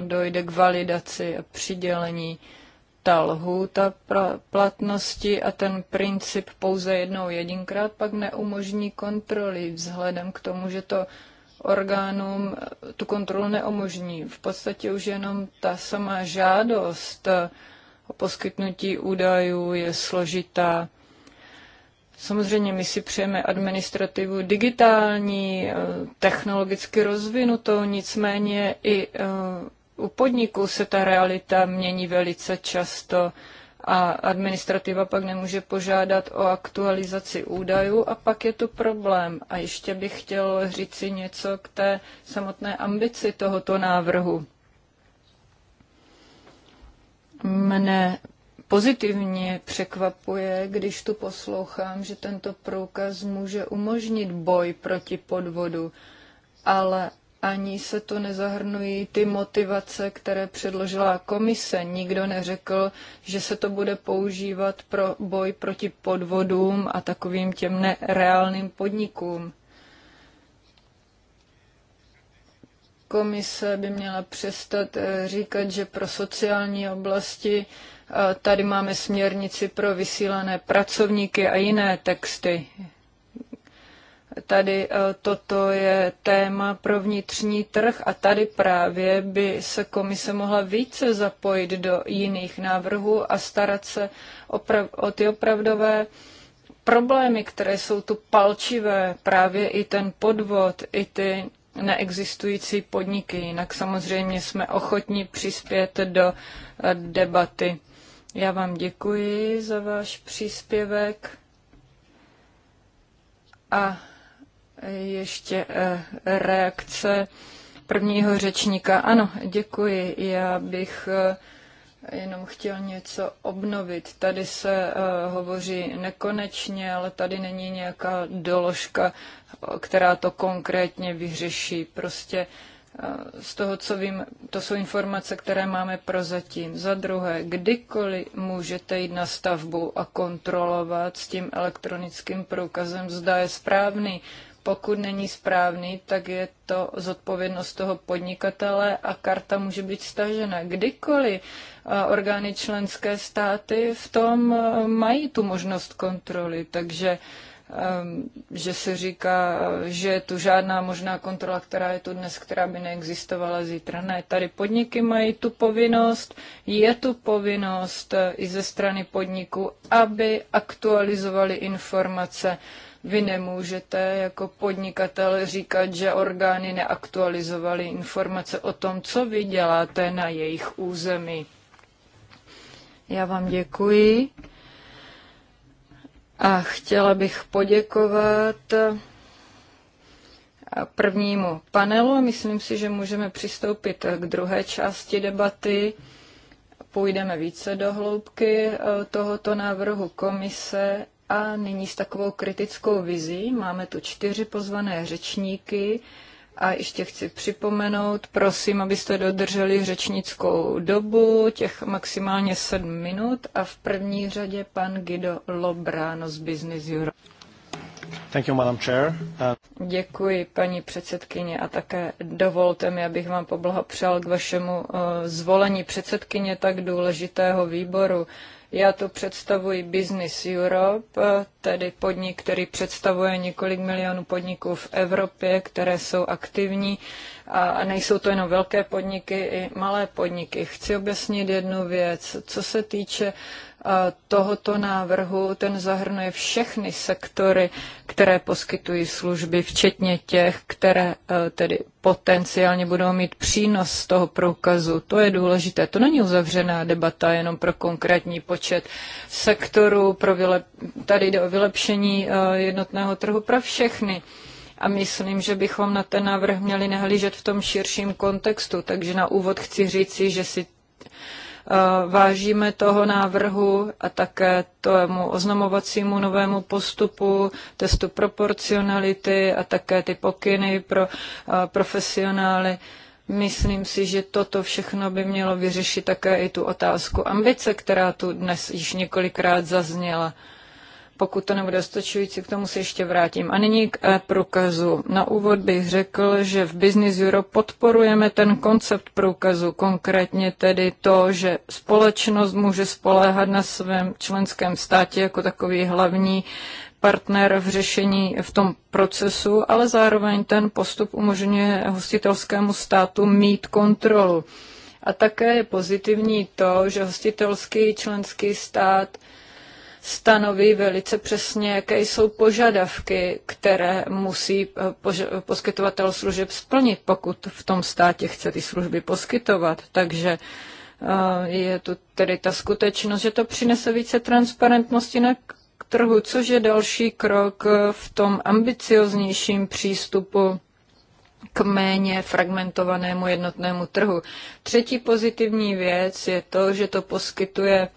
dojde k validaci a přidělení ta lhůta platnosti a ten princip pouze jednou jedinkrát pak neumožní kontroly vzhledem k tomu, že to orgánům eh, tu kontrolu neumožní. V podstatě už jenom ta sama žádost eh, o poskytnutí údajů je složitá Samozřejmě my si přejeme administrativu digitální, eh, technologicky rozvinutou, nicméně i eh, u podniků se ta realita mění velice často a administrativa pak nemůže požádat o aktualizaci údajů a pak je tu problém. A ještě bych chtěl říci něco k té samotné ambici tohoto návrhu. Mne pozitivně překvapuje, když tu poslouchám, že tento průkaz může umožnit boj proti podvodu, ale ani se to nezahrnují ty motivace, které předložila komise. Nikdo neřekl, že se to bude používat pro boj proti podvodům a takovým těm nereálným podnikům. Komise by měla přestat eh, říkat, že pro sociální oblasti Tady máme směrnici pro vysílané pracovníky a jiné texty. Tady e, toto je téma pro vnitřní trh a tady právě by se komise mohla více zapojit do jiných návrhů a starat se o ty opravdové problémy, které jsou tu palčivé, právě i ten podvod, i ty neexistující podniky. Jinak samozřejmě jsme ochotni přispět do e, debaty. Já vám děkuji za váš příspěvek a ještě eh, reakce prvního řečníka. Ano, děkuji. Já bych eh, jenom chtěl něco obnovit. Tady se eh, hovoří nekonečně, ale tady není nějaká doložka, která to konkrétně vyřeší. Prostě z toho, co vím, to jsou informace, které máme prozatím. Za druhé, kdykoliv můžete jít na stavbu a kontrolovat s tím elektronickým průkazem, zda je správný. Pokud není správný, tak je to zodpovědnost toho podnikatele a karta může být stažena. Kdykoliv orgány členské státy v tom e, mají tu možnost kontroly, takže uh, Ehm, že se říká, že je tu žádná možná kontrola, která je tu dnes, která by neexistovala zítra. Ne, tady podniky mají tu povinnost, je tu povinnost eh, i ze strany podniku, aby aktualizovali informace. Vy nemůžete jako podnikatel říkat, že orgány neaktualizovaly informace o tom, co vy děláte na jejich území. Já vám děkuji. A chtěla bych poděkovat prvnímu panelu. Myslím si, že můžeme přistoupit k druhé části debaty. Půjdeme více do hloubky eh, tohoto návrhu komise a nyní s takovou kritickou vizí máme tu čtyři pozvané řečníky a ještě chci připomenout, prosím, abyste dodrželi řečnickou dobu, těch maximálně sedm minut a v první řadě pan Guido Lobrano z Business Europe. Thank you, Madam Chair. Uh... Děkuji, paní předsedkyně, a také dovolte mi, abych vám poblahopřál k vašemu uh, zvolení předsedkyně tak důležitého výboru. Já tu představuji Business Europe, eh, tedy podnik, který představuje několik milionů podniků v Evropě, které jsou aktivní a nejsou to jenom velké podniky, i malé podniky. Chci objasnit jednu věc. Co se týče tohoto návrhu, ten zahrnuje všechny sektory, které poskytují služby, včetně těch, které e, tedy potenciálně budou mít přínos z toho průkazu. To je důležité. To není uzavřená debata jenom pro konkrétní počet sektorů. Pro vylep... Tady jde o vylepšení e, jednotného trhu pro všechny a myslím, že bychom na ten návrh měli nehlížet v tom širším kontextu. Takže na úvod chci říci, že si Eh, vážíme toho návrhu a také tomu oznamovacímu novému postupu, testu proporcionality a také ty pokyny pro eh, profesionály. Myslím si, že toto všechno by mělo vyřešit také i tu otázku ambice, která tu dnes již několikrát zazněla pokud to nebude dostačující, k tomu se ještě vrátím. A nyní k e-průkazu. Na úvod bych řekl, že v Business Europe podporujeme ten koncept průkazu, konkrétně tedy to, že společnost může spoléhat na svém členském státě jako takový hlavní partner v řešení v tom procesu, ale zároveň ten postup umožňuje hostitelskému státu mít kontrolu. A také je pozitivní to, že hostitelský členský stát stanoví velice přesně, jaké jsou požadavky, které musí eh, poskytovatel služeb splnit, pokud v tom státě chce ty služby poskytovat. Takže eh, je tu tedy ta skutečnost, že to přinese více transparentnosti na trhu, což je další krok eh, v tom ambicioznějším přístupu k méně fragmentovanému jednotnému trhu. Třetí pozitivní věc je to, že to poskytuje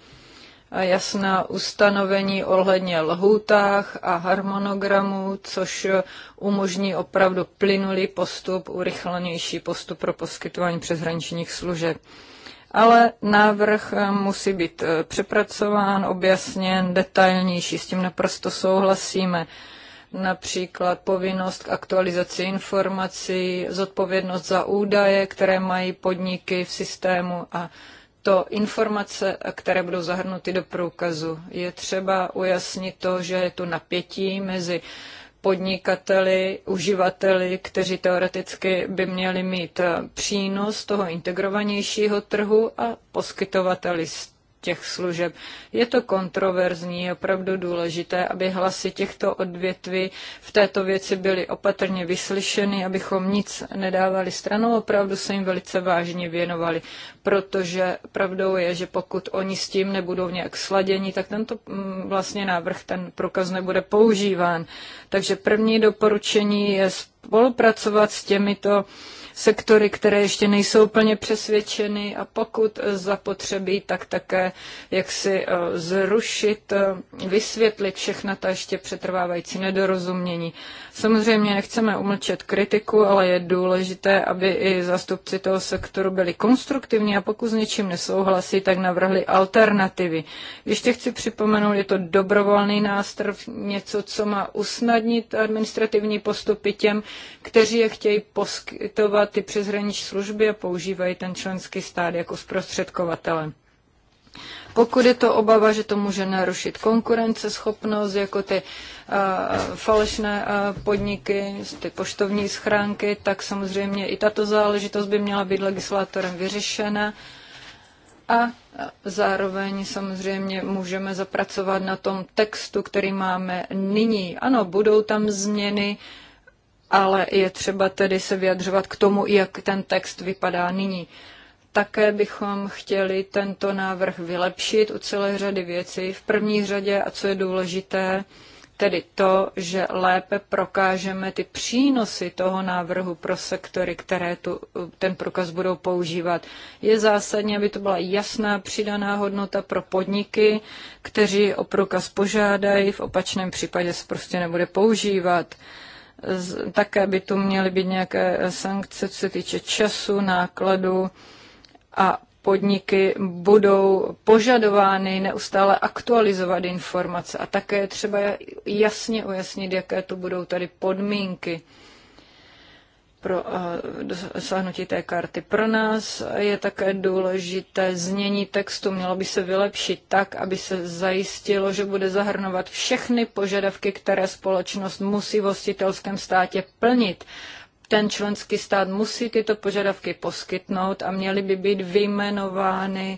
jasná ustanovení ohledně lhůtách a harmonogramu, což umožní opravdu plynulý postup, urychlenější postup pro poskytování přeshraničních služeb. Ale návrh musí být eh, přepracován, objasněn, detailnější, s tím naprosto souhlasíme například povinnost k aktualizaci informací, zodpovědnost za údaje, které mají podniky v systému a to informace, které budou zahrnuty do průkazu. Je třeba ujasnit to, že je tu napětí mezi podnikateli, uživateli, kteří teoreticky by měli mít přínos toho integrovanějšího trhu a poskytovateli těch služeb. Je to kontroverzní, je opravdu důležité, aby hlasy těchto odvětví v této věci byly opatrně vyslyšeny, abychom nic nedávali stranou, opravdu se jim velice vážně věnovali, protože pravdou je, že pokud oni s tím nebudou nějak sladěni, tak tento mm, vlastně návrh, ten průkaz nebude používán. Takže první doporučení je spolupracovat s těmito sektory, které ještě nejsou plně přesvědčeny a pokud eh, zapotřebí, tak také jak si eh, zrušit, eh, vysvětlit všechna ta ještě přetrvávající nedorozumění. Samozřejmě nechceme umlčet kritiku, ale je důležité, aby i zástupci toho sektoru byli konstruktivní a pokud s něčím nesouhlasí, tak navrhli alternativy. Ještě chci připomenout, je to dobrovolný nástroj, něco, co má usnadnit administrativní postupy těm, kteří je chtějí poskytovat poskytovat ty přeshraniční služby a používají ten členský stát jako zprostředkovatele. Pokud je to obava, že to může narušit konkurenceschopnost, jako ty uh, falešné uh, podniky, ty poštovní schránky, tak samozřejmě i tato záležitost by měla být legislátorem vyřešena. A zároveň samozřejmě můžeme zapracovat na tom textu, který máme nyní. Ano, budou tam změny, uh, ale je třeba tedy se vyjadřovat k tomu, jak ten text vypadá nyní. Také bychom chtěli tento návrh vylepšit u celé řady věcí. V první řadě, a co je důležité, tedy to, že lépe prokážeme ty přínosy toho návrhu pro sektory, které tu, ten prokaz budou používat. Je zásadní, aby to byla jasná přidaná hodnota pro podniky, kteří o prokaz požádají, v opačném případě se prostě nebude používat. Také by tu měly být nějaké sankce, co se týče času, nákladu a podniky budou požadovány neustále aktualizovat informace a také třeba jasně ujasnit, jaké to budou tady podmínky pro dosáhnutí té karty. Pro nás je také důležité znění textu, mělo by se vylepšit tak, aby se zajistilo, že bude zahrnovat všechny požadavky, které společnost musí v hostitelském státě plnit. Ten členský stát musí tyto požadavky poskytnout a měly by být vyjmenovány e,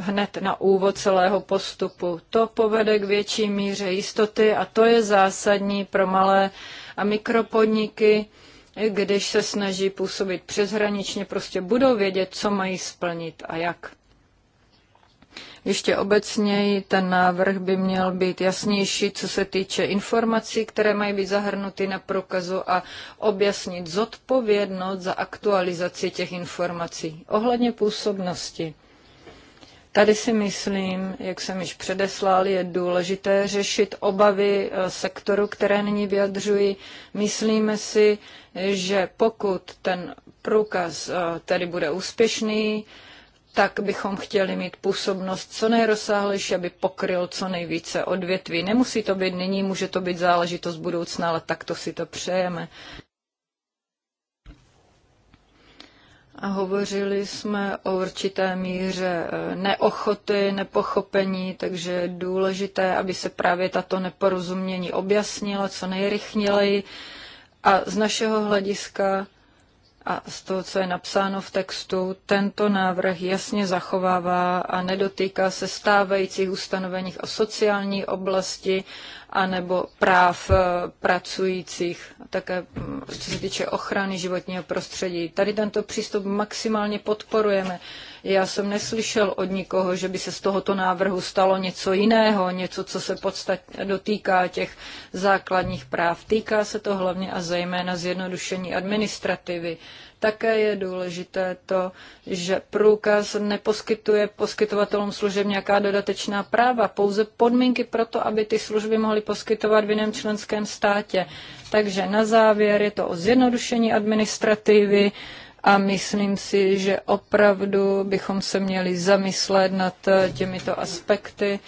hned na úvod celého postupu. To povede k větší míře jistoty a to je zásadní pro malé a mikropodniky když se snaží působit přeshraničně, prostě budou vědět, co mají splnit a jak. Ještě obecněji ten návrh by měl být jasnější, co se týče informací, které mají být zahrnuty na prokazu a objasnit zodpovědnost za aktualizaci těch informací ohledně působnosti. Tady si myslím, jak jsem již předeslal, je důležité řešit obavy eh, sektoru, které nyní vyjadřují. Myslíme si, že pokud ten průkaz eh, tedy bude úspěšný, tak bychom chtěli mít působnost co nejrozsáhlejší, aby pokryl co nejvíce odvětví. Nemusí to být nyní, může to být záležitost budoucna, ale takto si to přejeme. a hovořili jsme o určité míře e, neochoty, nepochopení, takže je důležité, aby se právě tato neporozumění objasnila co nejrychněji. A z našeho hlediska a z toho, co je napsáno v textu, tento návrh jasně zachovává a nedotýká se stávajících ustanoveních o sociální oblasti anebo práv eh, pracujících, také mm, co se týče ochrany životního prostředí. Tady tento přístup maximálně podporujeme. Já jsem neslyšel od nikoho, že by se z tohoto návrhu stalo něco jiného, něco, co se podstatně dotýká těch základních práv. Týká se to hlavně a zejména zjednodušení administrativy. Také je důležité to, že průkaz neposkytuje poskytovatelům služeb nějaká dodatečná práva, pouze podmínky pro to, aby ty služby mohly poskytovat v jiném členském státě. Takže na závěr je to o zjednodušení administrativy, a myslím si, že opravdu bychom se měli zamyslet nad eh, těmito aspekty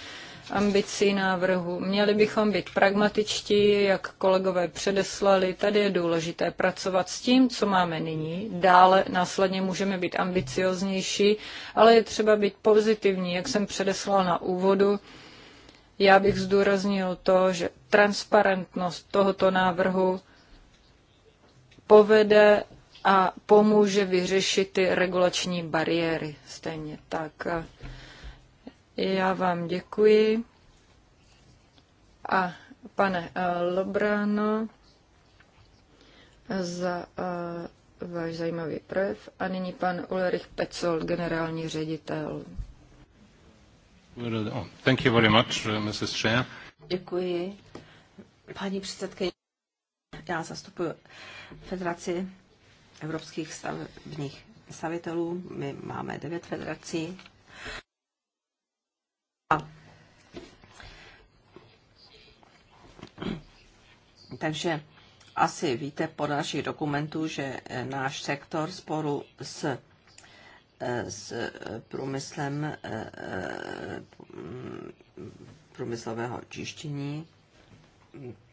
ambicí návrhu. Měli bychom být pragmatičtí, jak kolegové předeslali. Tady je důležité pracovat s tím, co máme nyní. Dále následně můžeme být ambicioznější, ale je třeba být pozitivní, jak jsem předeslal na úvodu. Já bych zdůraznil to, že transparentnost tohoto návrhu povede a pomůže vyřešit ty regulační bariéry. Stejně tak. Já vám děkuji. A pane eh, Lobrano za eh, váš zajímavý projev. A nyní pan Ulrich Pecol, generální ředitel. Oh, thank you very much, uh, Mrs. Chair. Děkuji. Paní předsedkyně, já zastupuji Federaci evropských stavebních stavitelů. My máme devět federací. A takže asi víte po našich dokumentů, že eh, náš sektor sporu s, eh, s průmyslem eh, průmyslového čištění,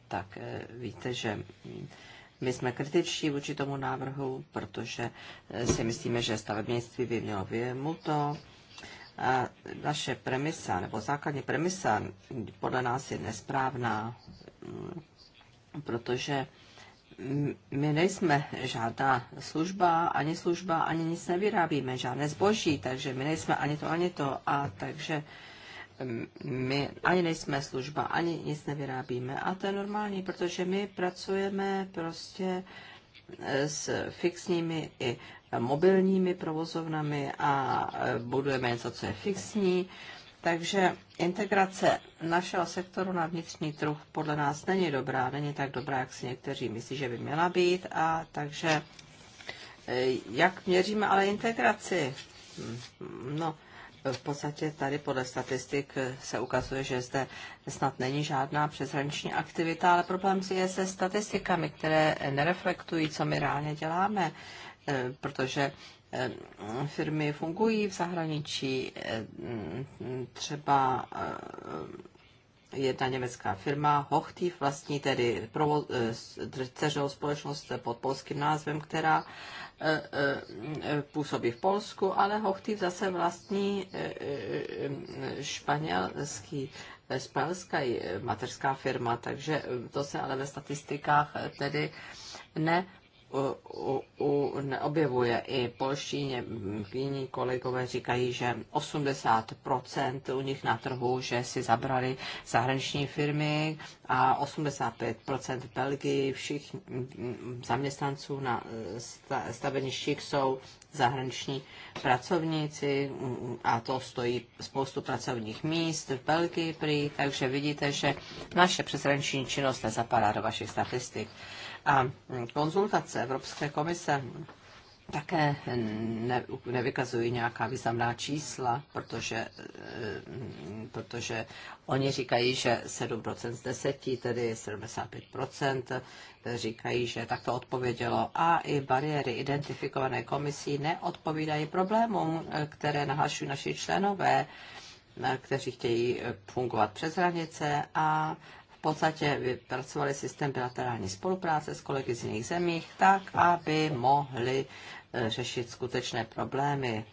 tak víte, že hm, my jsme kritičtí vůči tomu návrhu, protože eh, si myslíme, že stavebnictví by mělo vymuto. A naše premisa, nebo základní premisa, podle nás je nesprávná, mm, protože my nejsme žádná služba, ani služba, ani nic nevyrábíme, žádné zboží, takže my nejsme ani to, ani to. A takže my ani nejsme služba, ani nic nevyrábíme. A to je normální, protože my pracujeme prostě e, s fixními i mobilními provozovnami a e, budujeme něco, co je fixní. Takže integrace našeho sektoru na vnitřní trh podle nás není dobrá, není tak dobrá, jak si někteří myslí, že by měla být. A takže e, jak měříme ale integraci? Hm, no, v podstatě tady podle statistik se ukazuje, že zde snad není žádná přeshraniční aktivita, ale problém je se statistikami, které nereflektují, co my reálně děláme, eh, protože eh, firmy fungují v zahraničí, eh, třeba jedna německá firma Hochtief vlastní tedy dceřinou společnost pod polským názvem, která E, e, působí v Polsku, ale Hochtiv zase vlastní e, španělský španělská mateřská firma, takže to se ale ve statistikách tedy ne u, u, neobjevuje i polští jiní kolegové říkají, že 80% u nich na trhu, že si zabrali zahraniční firmy a 85% v Belgii všech zaměstnanců na staveništích jsou zahraniční pracovníci a to stojí spoustu pracovních míst v Belgii prý, takže vidíte, že naše přeshraniční činnost nezapadá do vašich statistik. A konzultace Evropské komise také ne, nevykazují nějaká významná čísla, protože, eh, protože oni říkají, že 7% z 10, tedy 75%, říkají, že tak to odpovědělo. A i bariéry identifikované komisí neodpovídají problémům, které nahlašují naši členové, kteří chtějí fungovat přes hranice a podstatě vypracovali systém bilaterální spolupráce s kolegy z jiných zemích, tak, aby mohli e, řešit skutečné problémy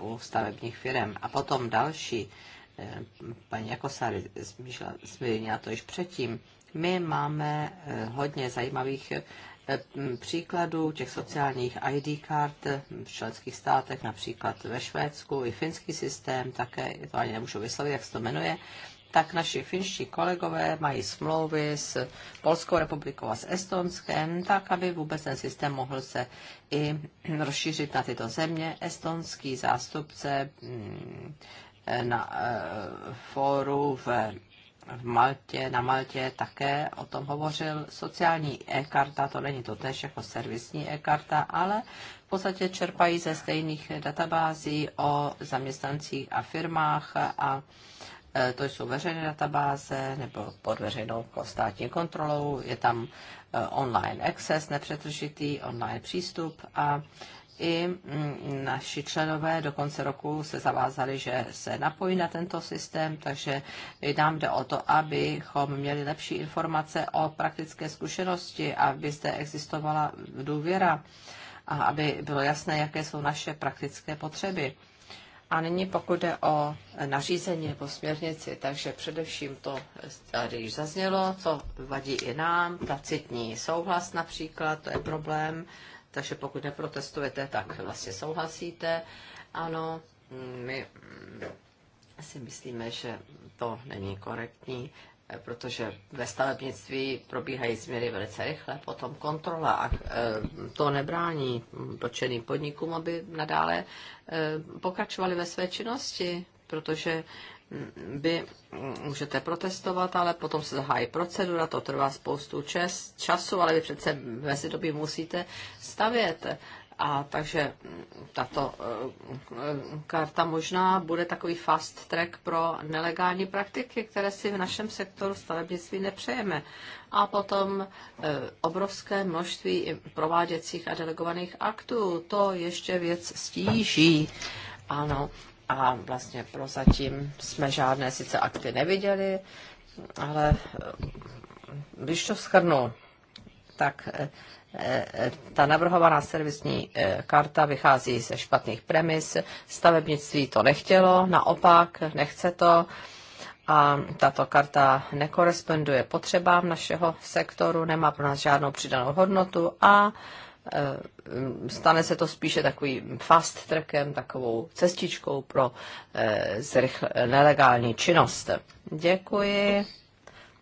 u stavebních firm. A potom další, e, paní Jakosary zmínila to již předtím, my máme e, hodně zajímavých příkladů těch sociálních ID kart v členských státech, například ve Švédsku, i finský systém, také to ani nemůžu vyslovit, jak se to jmenuje, tak naši finští kolegové mají smlouvy s Polskou republikou a s Estonskem, tak aby vůbec ten systém mohl se i rozšířit na tyto země. Estonský zástupce mm, eh, na eh, fóru v v Maltě, na Maltě také o tom hovořil. Sociální e-karta, to není to tež jako servisní e-karta, ale v podstatě čerpají ze stejných databází o zaměstnancích a firmách a Eh, to jsou veřejné databáze nebo pod veřejnou státní kontrolou, je tam eh, online access, nepřetržitý online přístup a i mm, naši členové do konce roku se zavázali, že se napojí na tento systém, takže nám jde o to, abychom měli lepší informace o praktické zkušenosti, aby zde existovala důvěra a aby bylo jasné, jaké jsou naše praktické potřeby. A nyní pokud jde o nařízení nebo směrnici, takže především to tady již zaznělo, co vadí i nám, tacitní souhlas například, to je problém, takže pokud neprotestujete, tak vlastně souhlasíte. Ano, my si myslíme, že to není korektní protože ve stavebnictví probíhají změny velice rychle, potom kontrola a e, to nebrání dotčeným podnikům, aby nadále e, pokračovali ve své činnosti, protože mm, vy mm, můžete protestovat, ale potom se zahájí procedura, to trvá spoustu čas, času, ale vy přece mezi době musíte stavět. A takže mm, tato eh, karta možná bude takový fast track pro nelegální praktiky, které si v našem sektoru stavebnictví nepřejeme. A potom eh, obrovské množství prováděcích a delegovaných aktů, to ještě věc stíží. Ano, a vlastně prozatím jsme žádné sice akty neviděli, ale eh, když to schrnu, tak ta navrhovaná servisní eh, karta vychází ze špatných premis. Stavebnictví to nechtělo, naopak nechce to. A tato karta nekoresponduje potřebám našeho sektoru, nemá pro nás žádnou přidanou hodnotu a eh, stane se to spíše takovým fast trackem, takovou cestičkou pro eh, zrychl- nelegální činnost. Děkuji.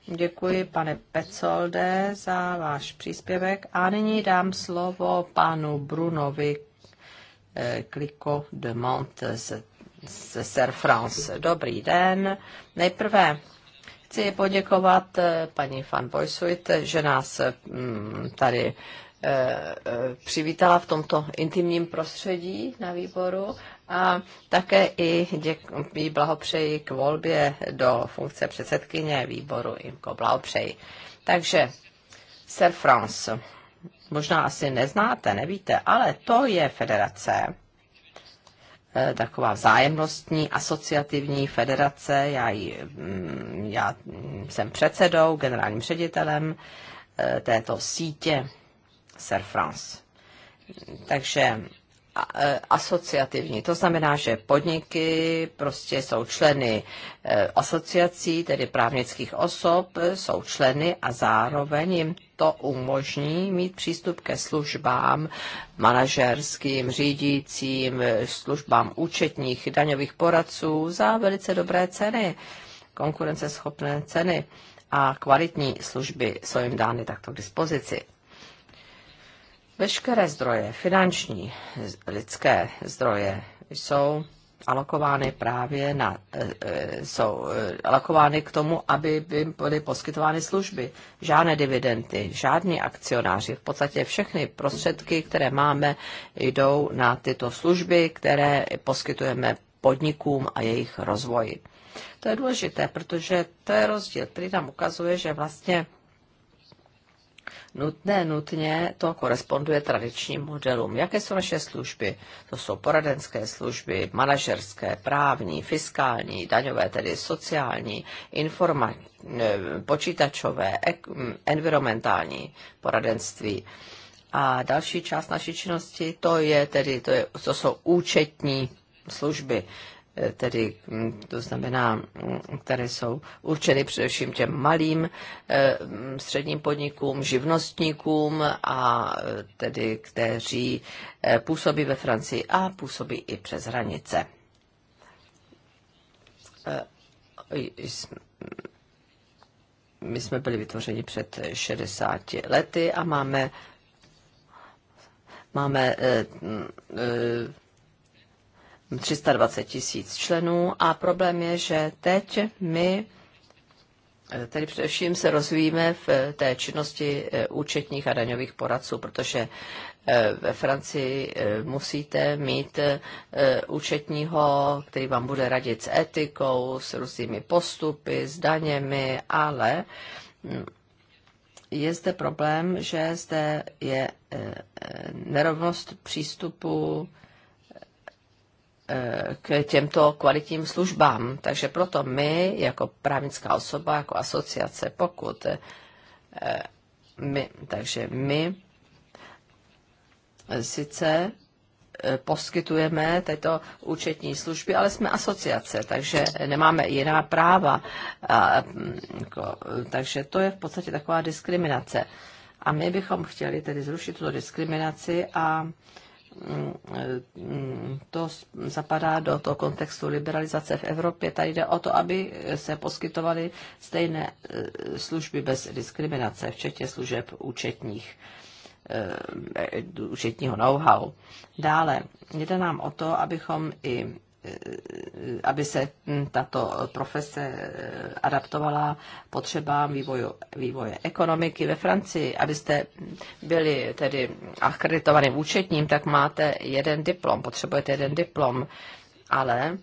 Děkuji, pane Pecolde, za váš příspěvek. A nyní dám slovo panu Brunovi Kliko eh, de Mont ze Ser France. Dobrý den. Nejprve chci poděkovat eh, paní Van Boysuit, že nás mm, tady eh, přivítala v tomto intimním prostředí na výboru a také i děkuji, blahopřeji k volbě do funkce předsedkyně výboru Imko, Blahopřeji. Takže Sir France, možná asi neznáte, nevíte, ale to je federace, e, taková vzájemnostní asociativní federace. Já, jí, mm, já jsem předsedou, generálním ředitelem e, této sítě Sir France. Takže E, asociativní. To znamená, že podniky prostě jsou členy e, asociací, tedy právnických osob, jsou členy a zároveň jim to umožní mít přístup ke službám manažerským, řídícím, službám účetních, daňových poradců za velice dobré ceny, konkurenceschopné ceny a kvalitní služby jsou jim dány takto k dispozici. Veškeré zdroje, finanční, lidské zdroje jsou alokovány právě na, e, e, jsou e, alokovány k tomu, aby byly poskytovány služby. Žádné dividendy, žádní akcionáři. V podstatě všechny prostředky, které máme, jdou na tyto služby, které poskytujeme podnikům a jejich rozvoji. To je důležité, protože to je rozdíl, který nám ukazuje, že vlastně nutné, nutně to koresponduje tradičním modelům. Jaké jsou naše služby? To jsou poradenské služby, manažerské, právní, fiskální, daňové, tedy sociální, informa- počítačové, environmentální poradenství. A další část naší činnosti, to je tedy, to, je, to jsou účetní služby tedy to znamená, které jsou určeny především těm malým eh, středním podnikům, živnostníkům a eh, tedy kteří eh, působí ve Francii a působí i přes hranice. My jsme byli vytvořeni před 60 lety a máme máme 320 tisíc členů a problém je, že teď my eh, Tedy především se rozvíjíme v eh, té činnosti eh, účetních a daňových poradců, protože ve Francii musíte mít účetního, který vám bude radit s etikou, s různými postupy, s daněmi, ale mm, je zde problém, že zde je nerovnost přístupu Eh, k těmto kvalitním službám. Takže proto my, jako právnická osoba, jako asociace, pokud eh, my, takže my sice eh, poskytujeme tyto účetní služby, ale jsme asociace, takže nemáme jiná práva. A, mm, jako, takže to je v podstatě taková diskriminace. A my bychom chtěli tedy zrušit tuto diskriminaci a to zapadá do toho kontextu liberalizace v Evropě. Tady jde o to, aby se poskytovaly stejné e, služby bez diskriminace, včetně služeb účetních e, e, účetního know-how. Dále jde nám o to, abychom i aby se hm, tato profese eh, adaptovala potřebám vývoju, vývoje ekonomiky ve Francii. Abyste byli tedy akreditovaným účetním, tak máte jeden diplom, potřebujete jeden diplom, ale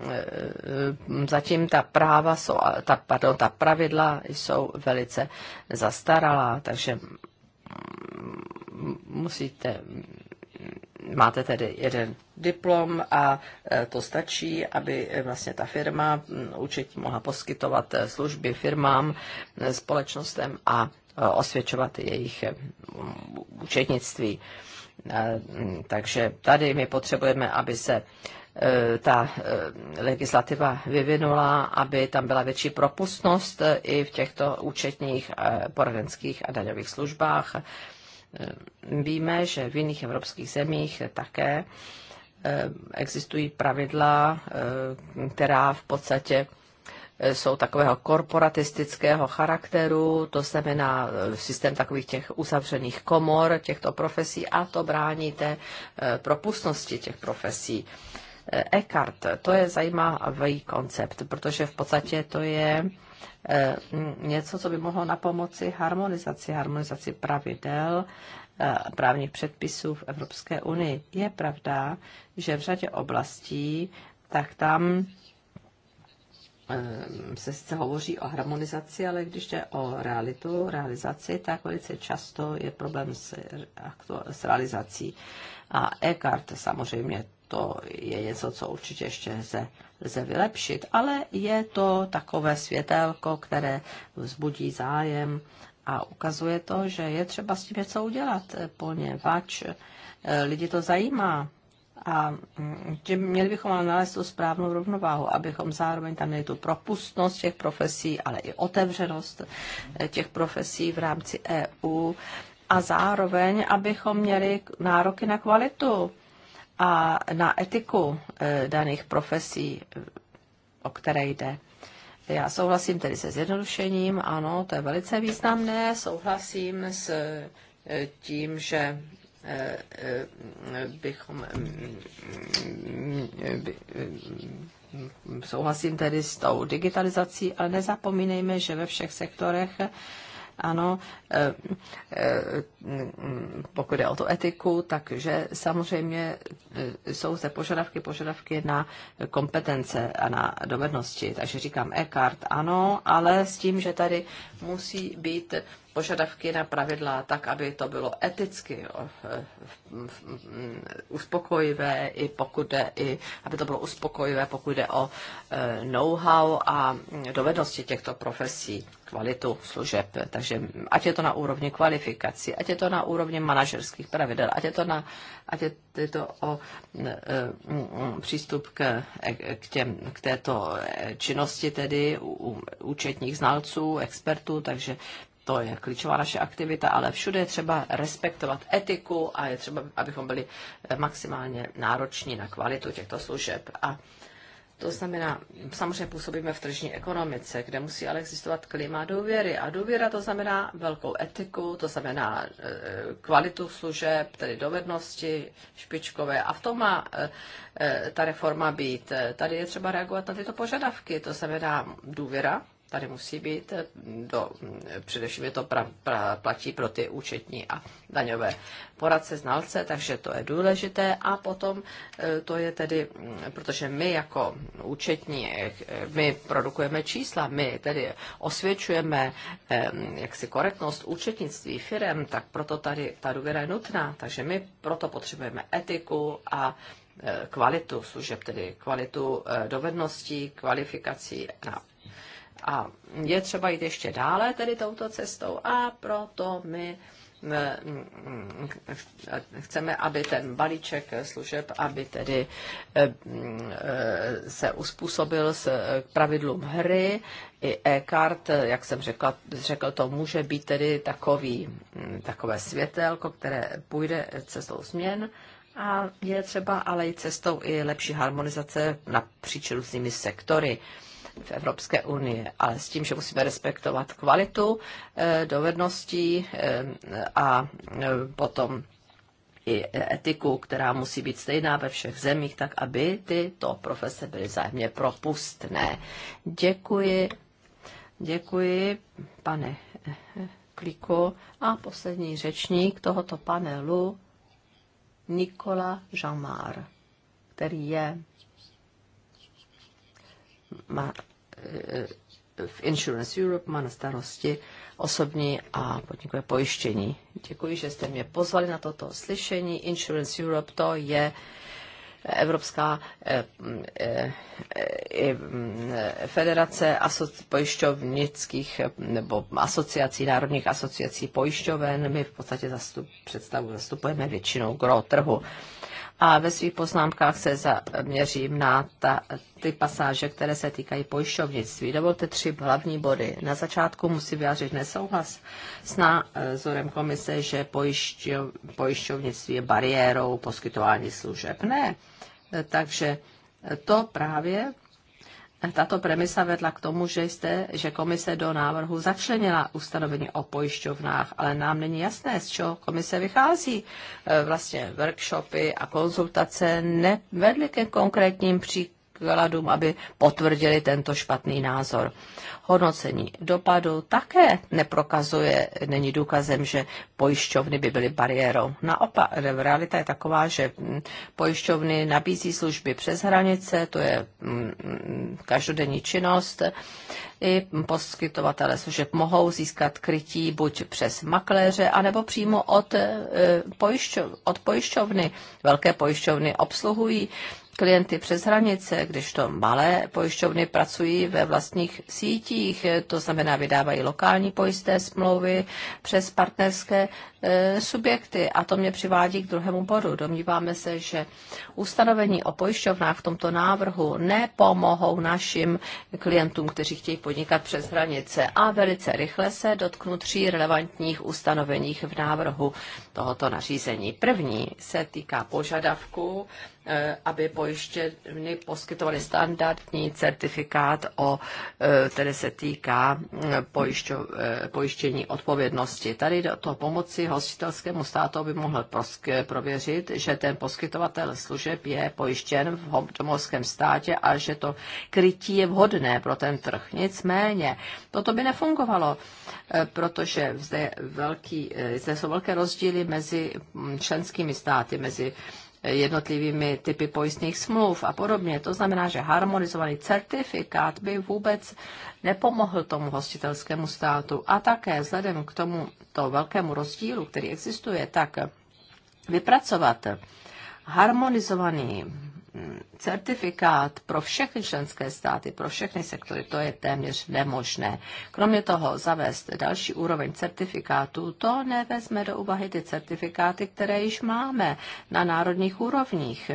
eh, zatím ta práva jsou, ta, pardon, ta pravidla jsou velice zastaralá, takže hm, musíte máte tedy jeden diplom a e, to stačí, aby e, vlastně ta firma účetní mohla poskytovat e, služby firmám, společnostem a osvědčovat jejich účetnictví. Takže tady my potřebujeme, aby se ta legislativa vyvinula, aby tam byla větší propustnost i v těchto účetních poradenských a daňových službách Eh, víme, že v jiných evropských zemích také eh, existují pravidla, eh, která v podstatě jsou takového korporatistického charakteru, to znamená systém takových těch uzavřených komor těchto profesí a to brání té propustnosti těch profesí e To je zajímavý koncept, protože v podstatě to je eh, mm, něco, co by mohlo na pomoci harmonizaci, harmonizaci pravidel, eh, právních předpisů v Evropské unii. Je pravda, že v řadě oblastí, tak tam se sice hovoří o harmonizaci, ale když jde o realitu, realizaci, tak velice často je problém s, s realizací. A e samozřejmě to je něco, co určitě ještě lze, lze vylepšit, ale je to takové světelko, které vzbudí zájem a ukazuje to, že je třeba s tím něco udělat, poněvadž eh, lidi to zajímá. A že mm, měli bychom ale nalézt tu správnou rovnováhu, abychom zároveň tam měli tu propustnost těch profesí, ale i otevřenost eh, těch profesí v rámci EU a zároveň, abychom měli nároky na kvalitu a na etiku eh, daných profesí, o které jde. Já souhlasím tedy se zjednodušením, ano, to je velice významné, souhlasím s eh, tím, že eh, bychom mm, mm, mm, souhlasím tedy s tou digitalizací, ale nezapomínejme, že ve všech sektorech ano, eh, eh, pokud je o tu etiku, takže samozřejmě eh, jsou zde požadavky, požadavky na kompetence a na dovednosti. Takže říkám e ano, ale s tím, že tady musí být požadavky na pravidla tak, aby to bylo eticky eh, eh, uspokojivé, i pokud jde, i, aby to bylo uspokojivé, pokud jde o eh, know-how a dovednosti těchto profesí, kvalitu služeb. Takže ať je to na úrovni kvalifikací, ať je to na úrovni manažerských pravidel, ať je to, na, ať je to o mm, přístup k, k, těm, k této činnosti, tedy u, u účetních znalců, expertů, takže to je klíčová naše aktivita, ale všude je třeba respektovat etiku a je třeba, abychom byli maximálně nároční na kvalitu těchto služeb. A to znamená, samozřejmě působíme v tržní ekonomice, kde musí ale existovat klima důvěry. A důvěra to znamená velkou etiku, to znamená e, kvalitu služeb, tedy dovednosti špičkové. A v tom má e, e, ta reforma být. Tady je třeba reagovat na tyto požadavky, to znamená důvěra tady musí být, do, eh, mm, především je to pra, pra, platí pro ty účetní a daňové poradce, znalce, takže to je důležité. A potom eh, to je tedy, mm, protože my jako účetní, eh, my produkujeme čísla, my tedy osvědčujeme mm, jaksi korektnost účetnictví firem, tak proto tady ta důvěra je nutná. Takže my proto potřebujeme etiku a kvalitu služeb, tedy kvalitu dovedností, kvalifikací na a je třeba jít ještě dále tedy touto cestou a proto my eh, chceme, aby ten balíček služeb, aby tedy eh, se uspůsobil s eh, pravidlům hry. I e-kart, jak jsem řekla, řekl, to může být tedy takový, hm, takové světelko, které půjde cestou změn. A je třeba ale i cestou i lepší harmonizace napříč různými sektory v Evropské unii, ale s tím, že musíme respektovat kvalitu eh, dovedností eh, a eh, potom i etiku, která musí být stejná ve všech zemích, tak aby tyto profese byly zájemně propustné. Děkuji. Děkuji, pane Kliku. A poslední řečník tohoto panelu, Nikola Jamar, který je v Insurance Europe má na starosti osobní a podnikové pojištění. Děkuji, že jste mě pozvali na toto slyšení. Insurance Europe to je eh, Evropská eh, eh, federace pojišťovnických nebo asociací, národních asociací pojišťoven. My v podstatě zastup, představu, zastupujeme většinou gro trhu a ve svých poznámkách se zaměřím na ta, ty pasáže, které se týkají pojišťovnictví. Dovolte tři hlavní body. Na začátku musí vyjádřit nesouhlas s názorem komise, že pojišťo, pojišťovnictví je bariérou poskytování služeb. Ne. Takže to právě tato premisa vedla k tomu, že jste, že komise do návrhu začlenila ustanovení o pojišťovnách, ale nám není jasné, z čeho komise vychází. E, vlastně workshopy a konzultace nevedly ke konkrétním příkladům výkladům, aby potvrdili tento špatný názor. Hodnocení dopadu také neprokazuje, není důkazem, že pojišťovny by byly bariérou. Naopak, realita je taková, že mm, pojišťovny nabízí služby přes hranice, to je mm, každodenní činnost. I poskytovatele služeb mohou získat krytí buď přes makléře, anebo přímo od, eh, pojišťov, od pojišťovny. Velké pojišťovny obsluhují klienty přes hranice, když to malé pojišťovny pracují ve vlastních sítích, to znamená vydávají lokální pojisté smlouvy přes partnerské e, subjekty. A to mě přivádí k druhému bodu. Domníváme se, že ustanovení o pojišťovnách v tomto návrhu nepomohou našim klientům, kteří chtějí podnikat přes hranice. A velice rychle se dotknu tří relevantních ustanoveních v návrhu tohoto nařízení. První se týká požadavku, eh, aby pojišťovny poskytovaly standardní certifikát, o, který eh, se týká eh, pojišťo, pojištění odpovědnosti. Tady do toho pomoci hostitelskému státu by mohl prověřit, že ten poskytovatel služeb je pojištěn v domovském státě a že to krytí je vhodné pro ten trh. Nicméně, toto by nefungovalo, protože zde, velký, zde jsou velké rozdíly mezi členskými státy, mezi jednotlivými typy pojistných smluv a podobně. To znamená, že harmonizovaný certifikát by vůbec nepomohl tomu hostitelskému státu. A také vzhledem k tomu to velkému rozdílu, který existuje, tak vypracovat harmonizovaný certifikát pro všechny členské státy, pro všechny sektory, to je téměř nemožné. Kromě toho zavést další úroveň certifikátů, to nevezme do úvahy ty certifikáty, které již máme na národních úrovních.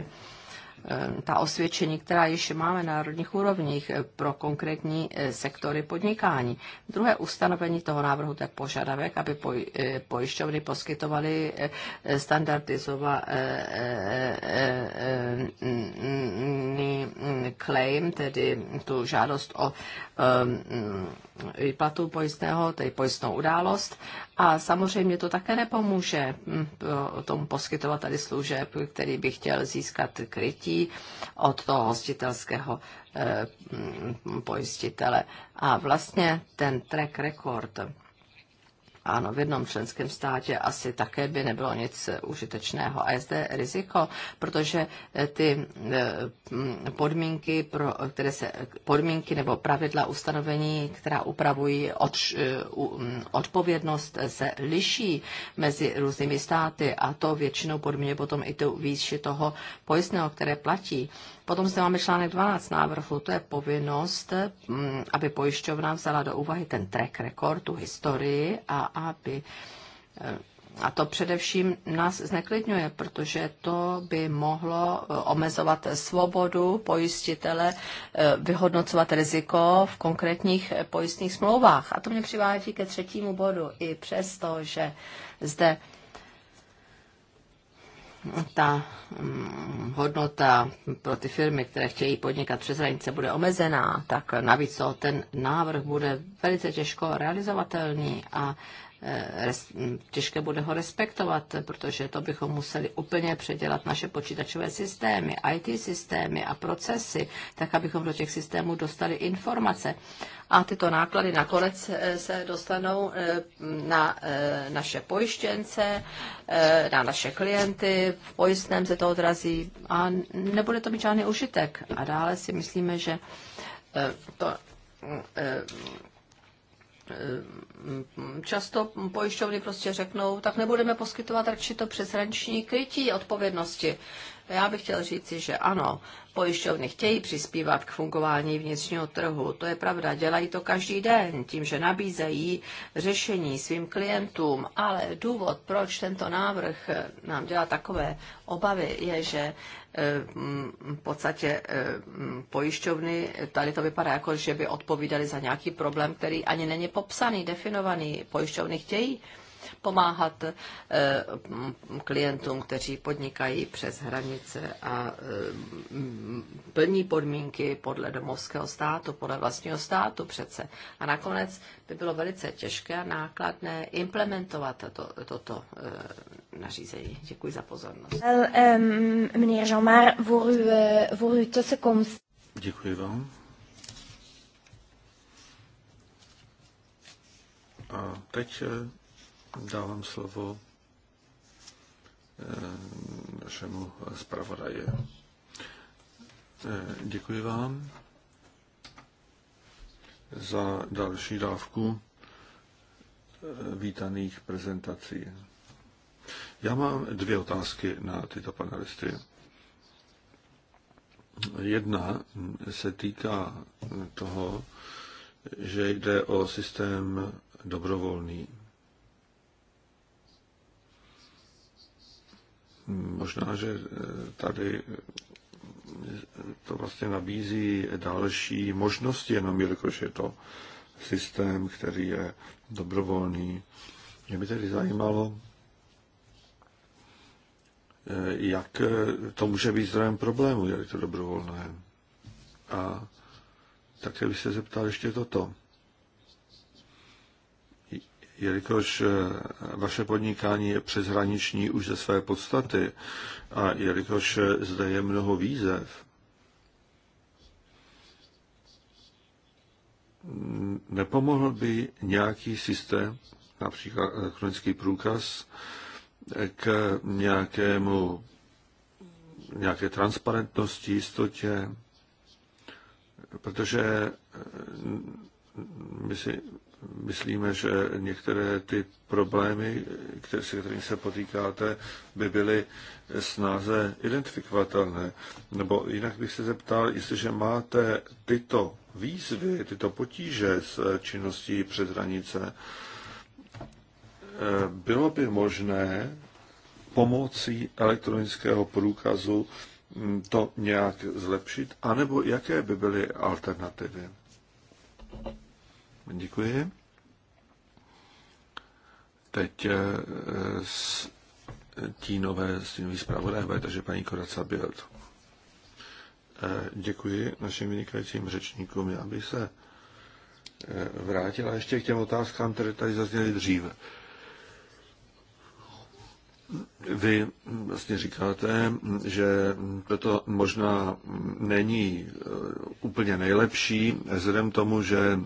Eh, ta osvědčení, která ještě máme na národních úrovních eh, pro konkrétní eh, sektory podnikání. Druhé ustanovení toho návrhu tak požadavek, aby pojišťovny poskytovaly standardizovaný mm, mm, mm, claim, tedy tu žádost o výplatu pojistného, tedy pojistnou událost. A samozřejmě to také nepomůže hm, tomu poskytovateli služeb, který by chtěl získat krytí od toho hostitelského eh, hm, pojistitele. A vlastně ten track record ano, v jednom členském státě asi také by nebylo nic užitečného. A je zde riziko, protože eh, ty eh, mm, podmínky, pro, které se, podmínky nebo pravidla ustanovení, která upravují od, eh, mm, odpovědnost, se liší mezi různými státy a to většinou podmíně potom i tu výši toho pojistného, které platí. Potom zde máme článek 12 návrhu, to je povinnost, mm, aby pojišťovna vzala do úvahy ten track record, tu historii a aby eh, a to především nás zneklidňuje, protože to by mohlo eh, omezovat svobodu pojistitele eh, vyhodnocovat riziko v konkrétních pojistných smlouvách. A to mě přivádí ke třetímu bodu. I přesto, že zde ta mm, hodnota pro ty firmy, které chtějí podnikat přes hranice, bude omezená, tak navíc to, ten návrh bude velice těžko realizovatelný a Eh, těžké bude ho respektovat, protože to bychom museli úplně předělat naše počítačové systémy, IT systémy a procesy, tak abychom do těch systémů dostali informace. A tyto náklady nakonec eh, se dostanou eh, na naše pojištěnce, na naše klienty, v pojistném se to odrazí a nebude to mít žádný užitek. A dále si myslíme, že to Eh, často pojišťovny prostě řeknou, tak nebudeme poskytovat radši to přeshraniční krytí odpovědnosti. Já bych chtěl říci, že ano, Pojišťovny chtějí přispívat k fungování vnitřního trhu. To je pravda, dělají to každý den tím, že nabízejí řešení svým klientům, ale důvod, proč tento návrh nám dělá takové obavy, je, že eh, v podstatě eh, pojišťovny, tady to vypadá jako, že by odpovídali za nějaký problém, který ani není popsaný, definovaný. Pojišťovny chtějí pomáhat eh, klientům, kteří podnikají přes hranice a eh, plní podmínky podle domovského státu, podle vlastního státu přece. A nakonec by bylo velice těžké a nákladné implementovat to, to, eh, nařízení. Děkuji za pozornost. Um, uh, Děkuji vám. A teď Dávám slovo eh, našemu zpravodaji. Eh, děkuji vám za další dávku eh, vítaných prezentací. Já mám dvě otázky na tyto panelisty. Jedna se týká toho, že jde o systém dobrovolný. Možná, že eh, tady eh, to vlastně nabízí další možnosti, jenom jelikož je to systém, který je dobrovolný. Mě by tedy zajímalo, eh, jak to může být zdrojem problému, je to dobrovolné. A také bych se zeptal ještě toto jelikož eh, vaše podnikání je přeshraniční už ze své podstaty a jelikož eh, zde je mnoho výzev, nepomohl by nějaký systém, například elektronický průkaz, k nějakému, nějaké transparentnosti, jistotě, protože eh, my si myslíme, že některé ty problémy, které, se kterými se potýkáte, by byly snáze identifikovatelné. Nebo jinak bych se zeptal, jestliže máte tyto výzvy, tyto potíže s činností přes hranice, eh, bylo by možné pomocí elektronického průkazu hm, to nějak zlepšit, anebo jaké by byly alternativy? Děkuji. Teď eh, s tínové tím zpravodajové, takže paní Koraca Bělt. Eh, děkuji našim vynikajícím řečníkům. Já bych se eh, vrátila ještě k těm otázkám, které tady zazněly dříve. Vy vlastně říkáte, že to možná není úplně nejlepší, vzhledem tomu, že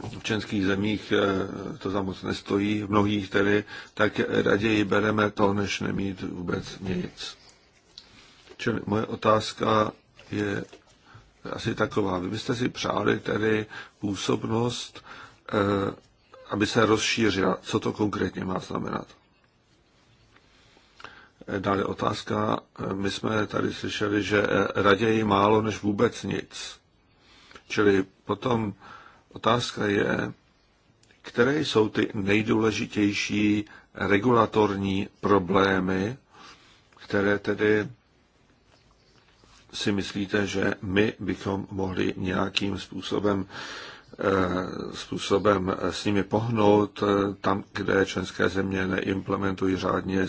v českých zemích eh, to za moc nestojí, v mnohých tedy, tak raději bereme to, než nemít vůbec nic. Čili moje otázka je asi taková. Vy byste si přáli tedy působnost, eh, aby se rozšířila. Co to konkrétně má znamenat? Dále otázka. My jsme tady slyšeli, že raději málo než vůbec nic. Čili potom Otázka je, které jsou ty nejdůležitější regulatorní problémy, které tedy si myslíte, že my bychom mohli nějakým způsobem, eh, způsobem s nimi pohnout eh, tam, kde členské země neimplementují řádně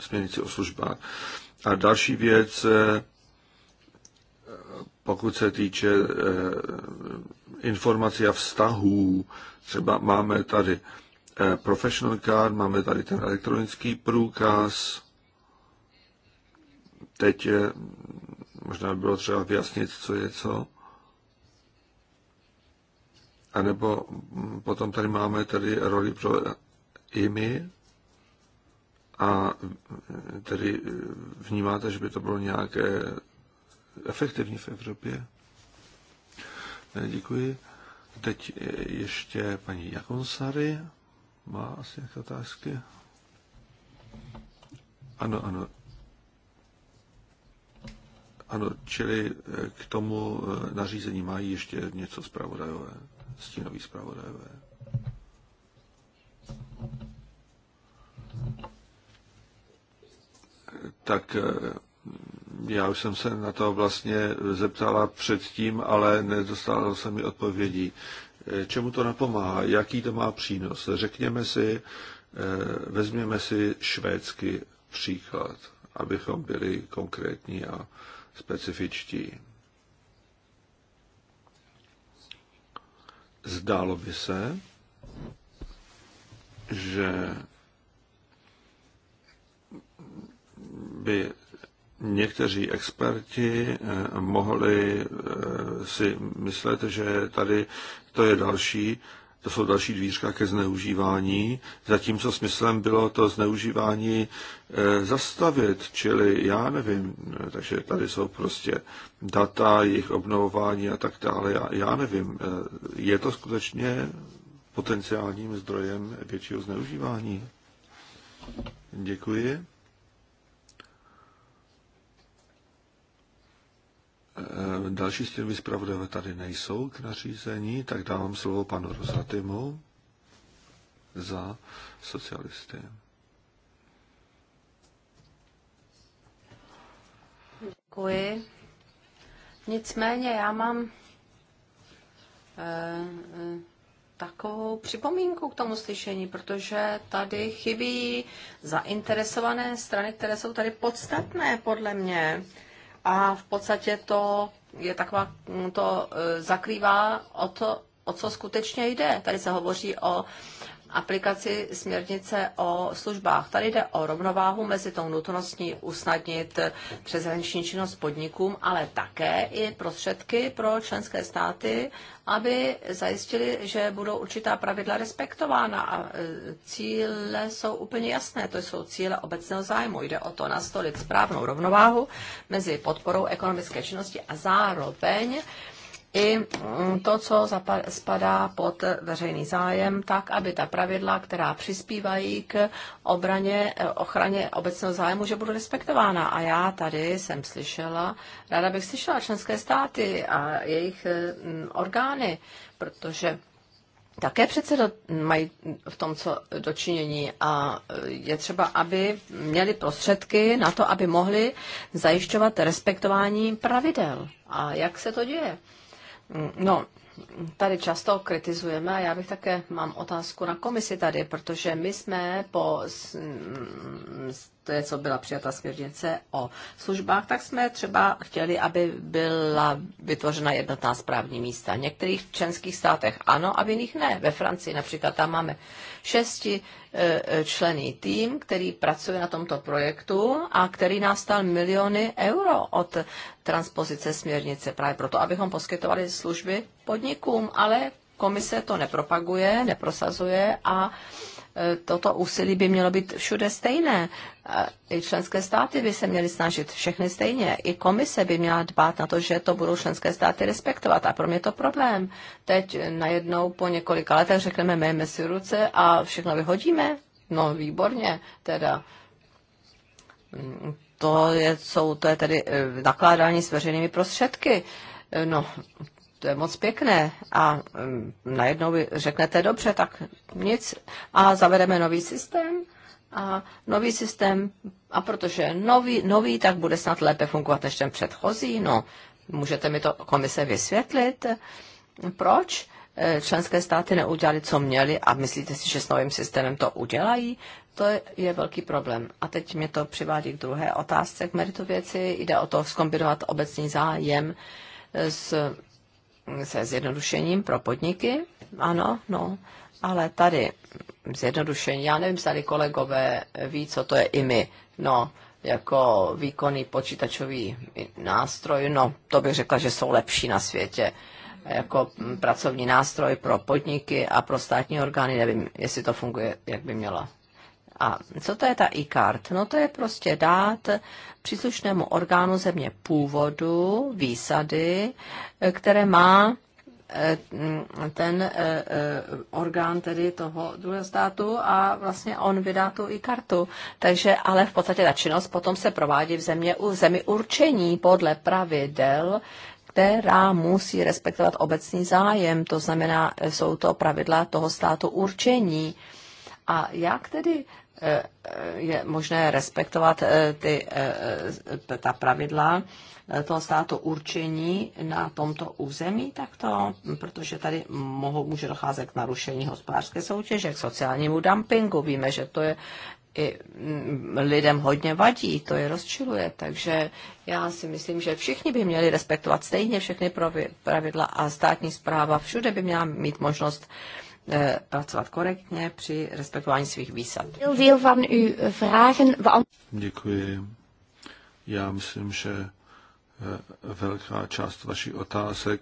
směrnici o službách. A další věc, eh, pokud se týče eh, informací a vztahů, třeba máme tady eh, professional card, máme tady ten elektronický průkaz, teď je, možná by bylo třeba vyjasnit, co je co. A nebo mm, potom tady máme tady roli pro IMI a mm, tedy eh, vnímáte, že by to bylo nějaké efektivní v Evropě. děkuji. Teď ještě paní Jakonsary má asi nějaké otázky. Ano, ano. Ano, čili eh, k tomu eh, nařízení mají ještě něco zpravodajové, stínový zpravodajové. Tak eh, já už jsem se na to vlastně zeptala předtím, ale nedostala se mi odpovědí. Eh, čemu to napomáhá? Jaký to má přínos? Řekněme si, eh, vezměme si švédský příklad, abychom byli konkrétní a specifičtí. Zdálo by se, že by někteří experti eh, mohli eh, si myslet, že tady to je další, to jsou další dvířka ke zneužívání, zatímco smyslem bylo to zneužívání eh, zastavit, čili já nevím, takže tady jsou prostě data, jejich obnovování a tak dále, já, já nevím, je to skutečně potenciálním zdrojem většího zneužívání? Děkuji. Eh, další stěnoví zpravodajové tady nejsou k nařízení, tak dávám slovo panu Rosatimu za socialisty. Děkuji. Nicméně já mám eh, eh, takovou připomínku k tomu slyšení, protože tady chybí zainteresované strany, které jsou tady podstatné podle mě a v podstatě to je taková, to e, zakrývá o to, o co skutečně jde. Tady se hovoří o aplikaci směrnice o službách. Tady jde o rovnováhu mezi tou nutností usnadnit přeshraniční činnost podnikům, ale také i prostředky pro členské státy, aby zajistili, že budou určitá pravidla respektována a e, cíle jsou úplně jasné. To jsou cíle obecného zájmu. Jde o to nastolit správnou rovnováhu mezi podporou ekonomické činnosti a zároveň i mm, to, co spadá pod veřejný zájem, tak, aby ta pravidla, která přispívají k obraně, eh, ochraně obecného zájmu, že budou respektována. A já tady jsem slyšela, ráda bych slyšela členské státy a jejich eh, mm, orgány, protože také přece do, mají v tom co dočinění a eh, je třeba, aby měli prostředky na to, aby mohli zajišťovat respektování pravidel. A jak se to děje? No, tady často kritizujeme a já bych také mám otázku na komisi tady, protože my jsme po to je, co byla přijata směrnice o službách, tak jsme třeba chtěli, aby byla vytvořena jednotná správní místa. V některých členských státech ano a v jiných ne. Ve Francii například tam máme šesti e, e, člený tým, který pracuje na tomto projektu a který nás stal miliony euro od transpozice směrnice právě proto, abychom poskytovali služby podnikům, ale komise to nepropaguje, neprosazuje a toto úsilí by mělo být všude stejné. I členské státy by se měly snažit všechny stejně. I komise by měla dbát na to, že to budou členské státy respektovat. A pro mě to problém. Teď najednou po několika letech řekneme, mejme si ruce a všechno vyhodíme. No výborně, teda mm, to je, jsou, to je tedy eh, nakládání s veřejnými prostředky. Eh, no, to je moc pěkné a mm, najednou vy řeknete, dobře, tak nic a zavedeme nový systém a nový systém a protože nový, nový, tak bude snad lépe fungovat než ten předchozí, no, můžete mi to komise vysvětlit, proč eh, členské státy neudělali, co měli a myslíte si, že s novým systémem to udělají? To je, velký problém. A teď mě to přivádí k druhé otázce, k meritu věci. Jde o to skombinovat obecný zájem s se zjednodušením pro podniky, ano, no, ale tady zjednodušení, já nevím, tady kolegové ví, co to je IMI, no, jako výkonný počítačový nástroj, no, to bych řekla, že jsou lepší na světě, jako pracovní nástroj pro podniky a pro státní orgány, nevím, jestli to funguje, jak by mělo a co to je ta e-card? No to je prostě dát příslušnému orgánu země původu výsady, které má eh, ten eh, eh, orgán tedy toho druhého státu a vlastně on vydá tu i kartu. Takže ale v podstatě ta činnost potom se provádí v země, u zemi určení podle pravidel, která musí respektovat obecný zájem. To znamená, jsou to pravidla toho státu určení. A jak tedy eh, eh, je možné respektovat eh, ty, ta pravidla toho státu určení na tomto území takto, protože tady mohou, může docházet k narušení hospodářské soutěže, k sociálnímu dumpingu. Víme, že to je i mm, lidem hodně vadí, to je rozčiluje, takže já si myslím, že všichni by měli respektovat stejně všechny pravidla a státní zpráva všude by měla mít možnost uh, Eh, pracovat korektně při respektování svých výsad. Eh, Děkuji. Já myslím, že eh, velká část vašich otázek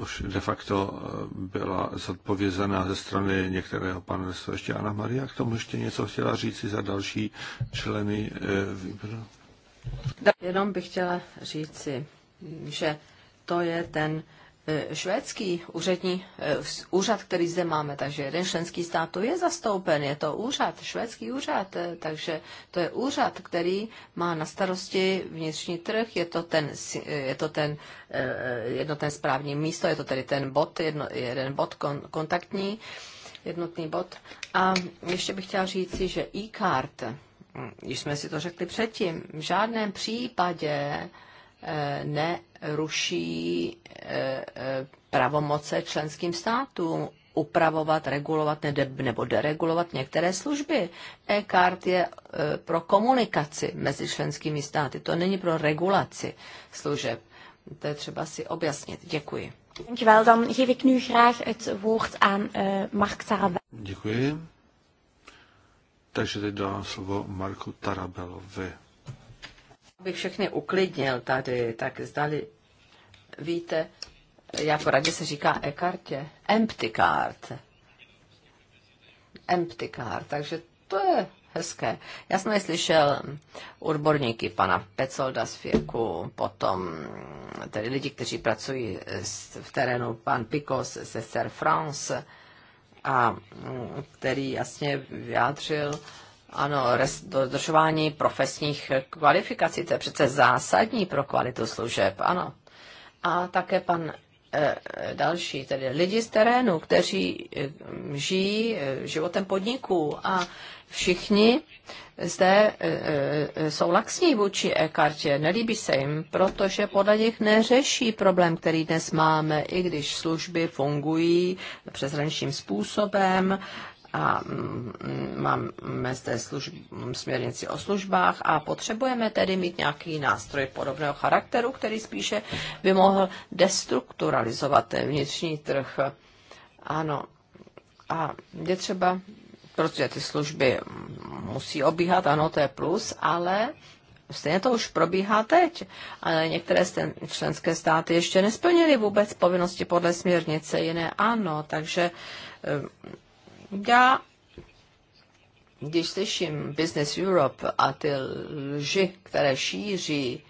už de facto byla zodpovězena ze strany některého panelistu. Ještě Anna Maria k tomu ještě něco chtěla říci za další členy výboru. Jenom bych chtěla říci, že to je ten švédský úřední eh, úřad, který zde máme, takže jeden členský stát to je zastoupen, je to úřad, švédský úřad, eh, takže to je úřad, který má na starosti vnitřní trh, je to ten, eh, je to ten jedno ten správní místo, je to tedy ten bod, jedno, jeden bod kon, kontaktní, jednotný bod. A ještě bych chtěla říci, že e-card, když hm, jsme si to řekli předtím, v žádném případě ne ruší eh, eh, pravomoce členským státům upravovat, regulovat nebo deregulovat některé služby. E-card je eh, pro komunikaci mezi členskými státy, to není pro regulaci služeb. To je třeba si objasnit. Děkuji. Dankjewel. Dan geef ik nu graag het woord aan Mark Děkuji. Takže teď dám slovo Marku Tarabelovi bych všechny uklidnil tady, tak zdali víte, já poradě se říká e-kartě, empty card. Empty card, takže to je hezké. Já jsem slyšel odborníky pana Pecolda z Firku, potom tedy lidi, kteří pracují v terénu, pan Picos se Ser France, a který jasně vyjádřil, ano, dodržování profesních kvalifikací, to je přece zásadní pro kvalitu služeb, ano. A také pan eh, další, tedy lidi z terénu, kteří eh, žijí eh, životem podniků a všichni zde jsou laxní vůči e-kartě, nelíbí se jim, protože podle nich neřeší problém, který dnes máme, i když služby fungují přeshraničním způsobem a mm, máme zde služb, směrnici o službách a potřebujeme tedy mít nějaký nástroj podobného charakteru, který spíše by mohl destrukturalizovat ten vnitřní trh. Ano, a je třeba, protože ty služby musí obíhat, ano, to je plus, ale Stejně to už probíhá teď, ale některé členské státy ještě nesplnily vůbec povinnosti podle směrnice, jiné ano, takže já, když slyším Business Europe a ty lži, které šíří,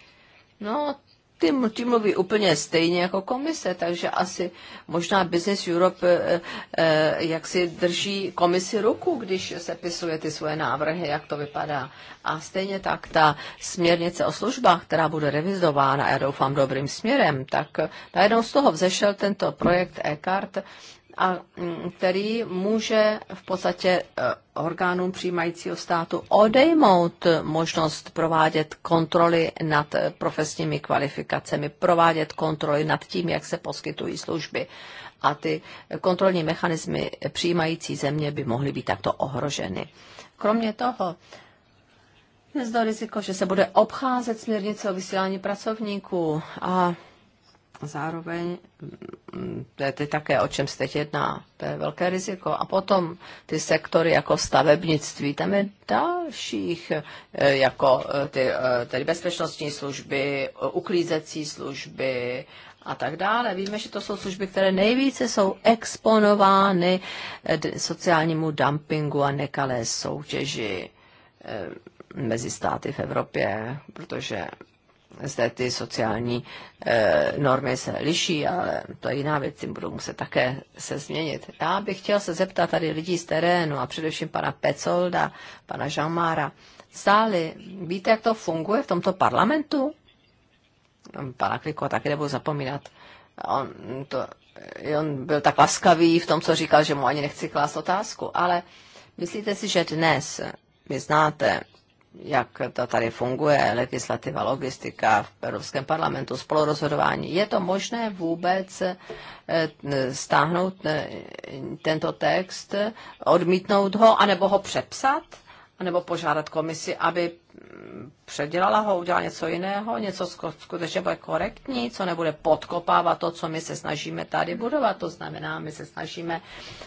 no ty, ty mluví úplně stejně jako komise, takže asi možná Business Europe eh, eh, jak si drží komisi ruku, když se pisuje ty svoje návrhy, jak to vypadá. A stejně tak ta směrnice o službách, která bude revizována, já doufám dobrým směrem, tak najednou z toho vzešel tento projekt e-card a mm, který může v podstatě e, orgánům přijímajícího státu odejmout možnost provádět kontroly nad profesními kvalifikacemi, provádět kontroly nad tím, jak se poskytují služby. A ty kontrolní mechanismy přijímající země by mohly být takto ohroženy. Kromě toho, je zde riziko, že se bude obcházet směrnice o vysílání pracovníků a zároveň, mm, to je ty také, o čem se teď jedná, to je velké riziko. A potom ty sektory jako stavebnictví, tam je dalších, eh, jako eh, ty, eh, tedy bezpečnostní služby, uklízecí služby a tak dále. Víme, že to jsou služby, které nejvíce jsou exponovány sociálnímu dumpingu a nekalé soutěži mezi státy v Evropě, protože zde ty sociální e, normy se liší, ale to je jiná věc, tím budou muset také se změnit. Já bych chtěl se zeptat tady lidí z terénu a především pana Pecolda, pana Žamára. Stáli, víte, jak to funguje v tomto parlamentu? Pana Kliko taky nebudu zapomínat. On, to, on byl tak laskavý v tom, co říkal, že mu ani nechci klást otázku, ale myslíte si, že dnes, vy znáte jak to tady funguje, legislativa, logistika v Evropském parlamentu, spolurozhodování. Je to možné vůbec eh, stáhnout eh, tento text, odmítnout ho, anebo ho přepsat? nebo požádat komisi, aby mm, předělala ho, udělala něco jiného, něco skutečně bude korektní, co nebude podkopávat to, co my se snažíme tady budovat. To znamená, my se snažíme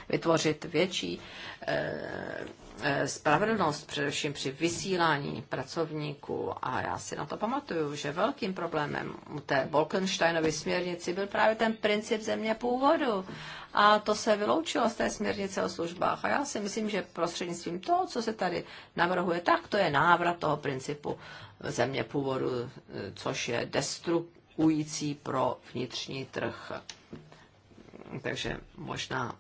vytvořit větší eh, Eh, spravedlnost, především při vysílání pracovníků. A já si na to pamatuju, že velkým problémem u té Bolkensteinovy směrnici byl právě ten princip země původu. A to se vyloučilo z té směrnice o službách. A já si myslím, že prostřednictvím toho, co se tady navrhuje, tak to je návrat toho principu země původu, eh, což je destrukující pro vnitřní trh. Takže možná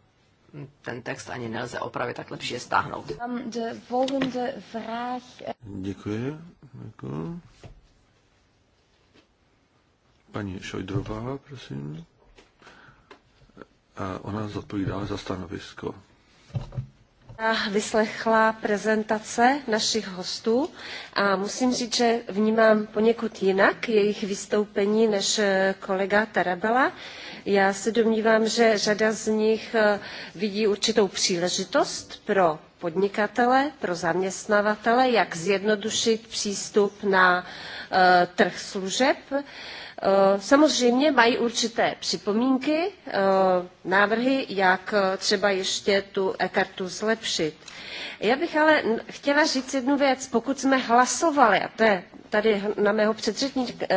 ten text ani nelze opravit, tak lepší je stáhnout. Eh, Děkuji. Paní Šojdrová, prosím. A ona zodpovídá za stanovisko vyslechla prezentace našich hostů a musím říct, že vnímám poněkud jinak jejich vystoupení než eh, kolega Tarabela. Já se domnívám, že řada z nich eh, vidí určitou příležitost pro podnikatele, pro zaměstnavatele, jak zjednodušit přístup na eh, trh služeb. Eh, samozřejmě mají určité připomínky, eh, návrhy, jak eh, třeba ještě tu e-kartu zlepšit. Já bych ale chtěla říct jednu věc. Pokud jsme hlasovali, a to je tady na mého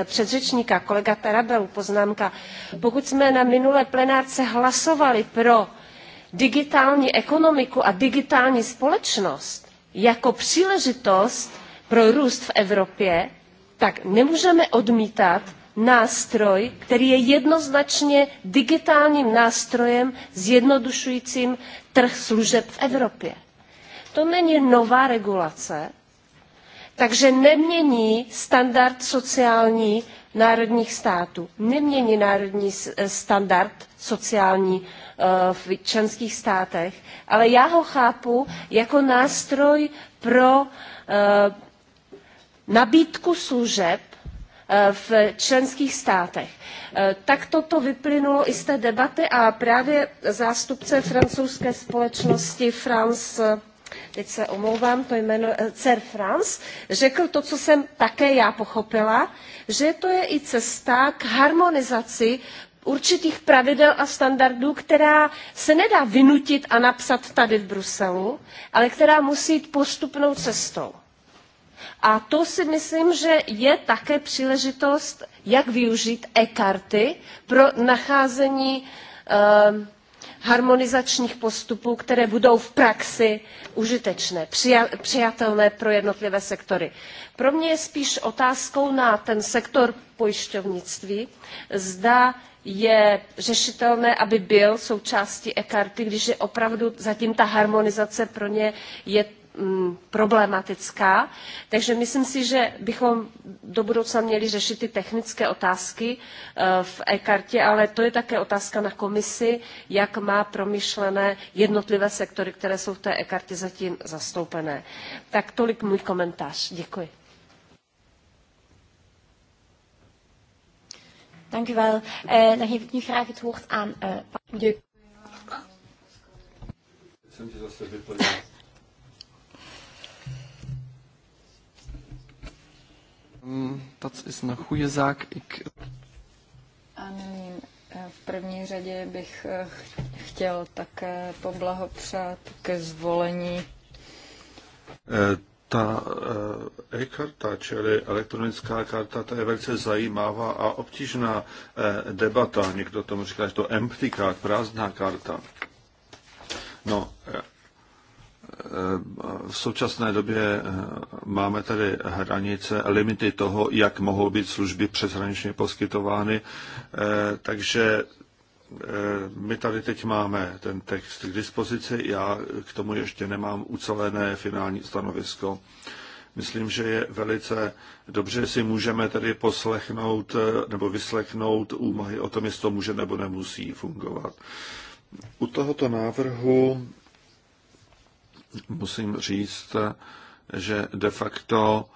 předřečníka, kolega Tarabelu, poznámka, pokud jsme na minulé plenárce hlasovali pro digitální ekonomiku a digitální společnost jako příležitost pro růst v Evropě, tak nemůžeme odmítat nástroj, který je jednoznačně digitálním nástrojem zjednodušujícím trh služeb v Evropě. To není nová regulace, takže nemění standard sociální národních států. Nemění národní eh, standard sociální eh, v členských státech, ale já ho chápu jako nástroj pro eh, nabídku služeb Eh, v členských státech. Eh, tak toto vyplynulo i z té debaty a právě zástupce francouzské společnosti France teď se omlouvám, to jméno eh, Cer France, řekl to, co jsem také já pochopila, že to je i cesta k harmonizaci určitých pravidel a standardů, která se nedá vynutit a napsat tady v Bruselu, ale která musí jít postupnou cestou. A to si myslím, že je také příležitost, jak využít e-karty pro nacházení eh, harmonizačních postupů, které budou v praxi užitečné, přijatelné pro jednotlivé sektory. Pro mě je spíš otázkou na ten sektor pojišťovnictví, zda je řešitelné, aby byl součástí e-karty, když je opravdu zatím ta harmonizace pro ně je Mm, problematická. Takže myslím si, že bychom do budoucna měli řešit ty technické otázky eh, v e-kartě, ale to je také otázka na komisi, jak má promyšlené jednotlivé sektory, které jsou v té e-kartě zatím zastoupené. Tak tolik můj komentář. Děkuji. Dank Uh, dan geef ik nu graag het woord aan... Uh... Mm, dat A nyní eh, v první řadě bych eh, chtěl také poblahopřát ke zvolení. Eh, ta e-karta, čili elektronická karta, to je velice zajímavá a obtížná debata. Někdo tomu říká, že to empty card, prázdná karta. No, v současné době eh, máme tady hranice, limity toho, jak mohou být služby přeshraničně poskytovány, eh, takže eh, my tady teď máme ten text k dispozici, já k tomu ještě nemám ucelené finální stanovisko. Myslím, že je velice dobře, si můžeme tedy poslechnout nebo vyslechnout úmahy o tom, jestli to může nebo nemusí fungovat. U tohoto návrhu musím říct, že de facto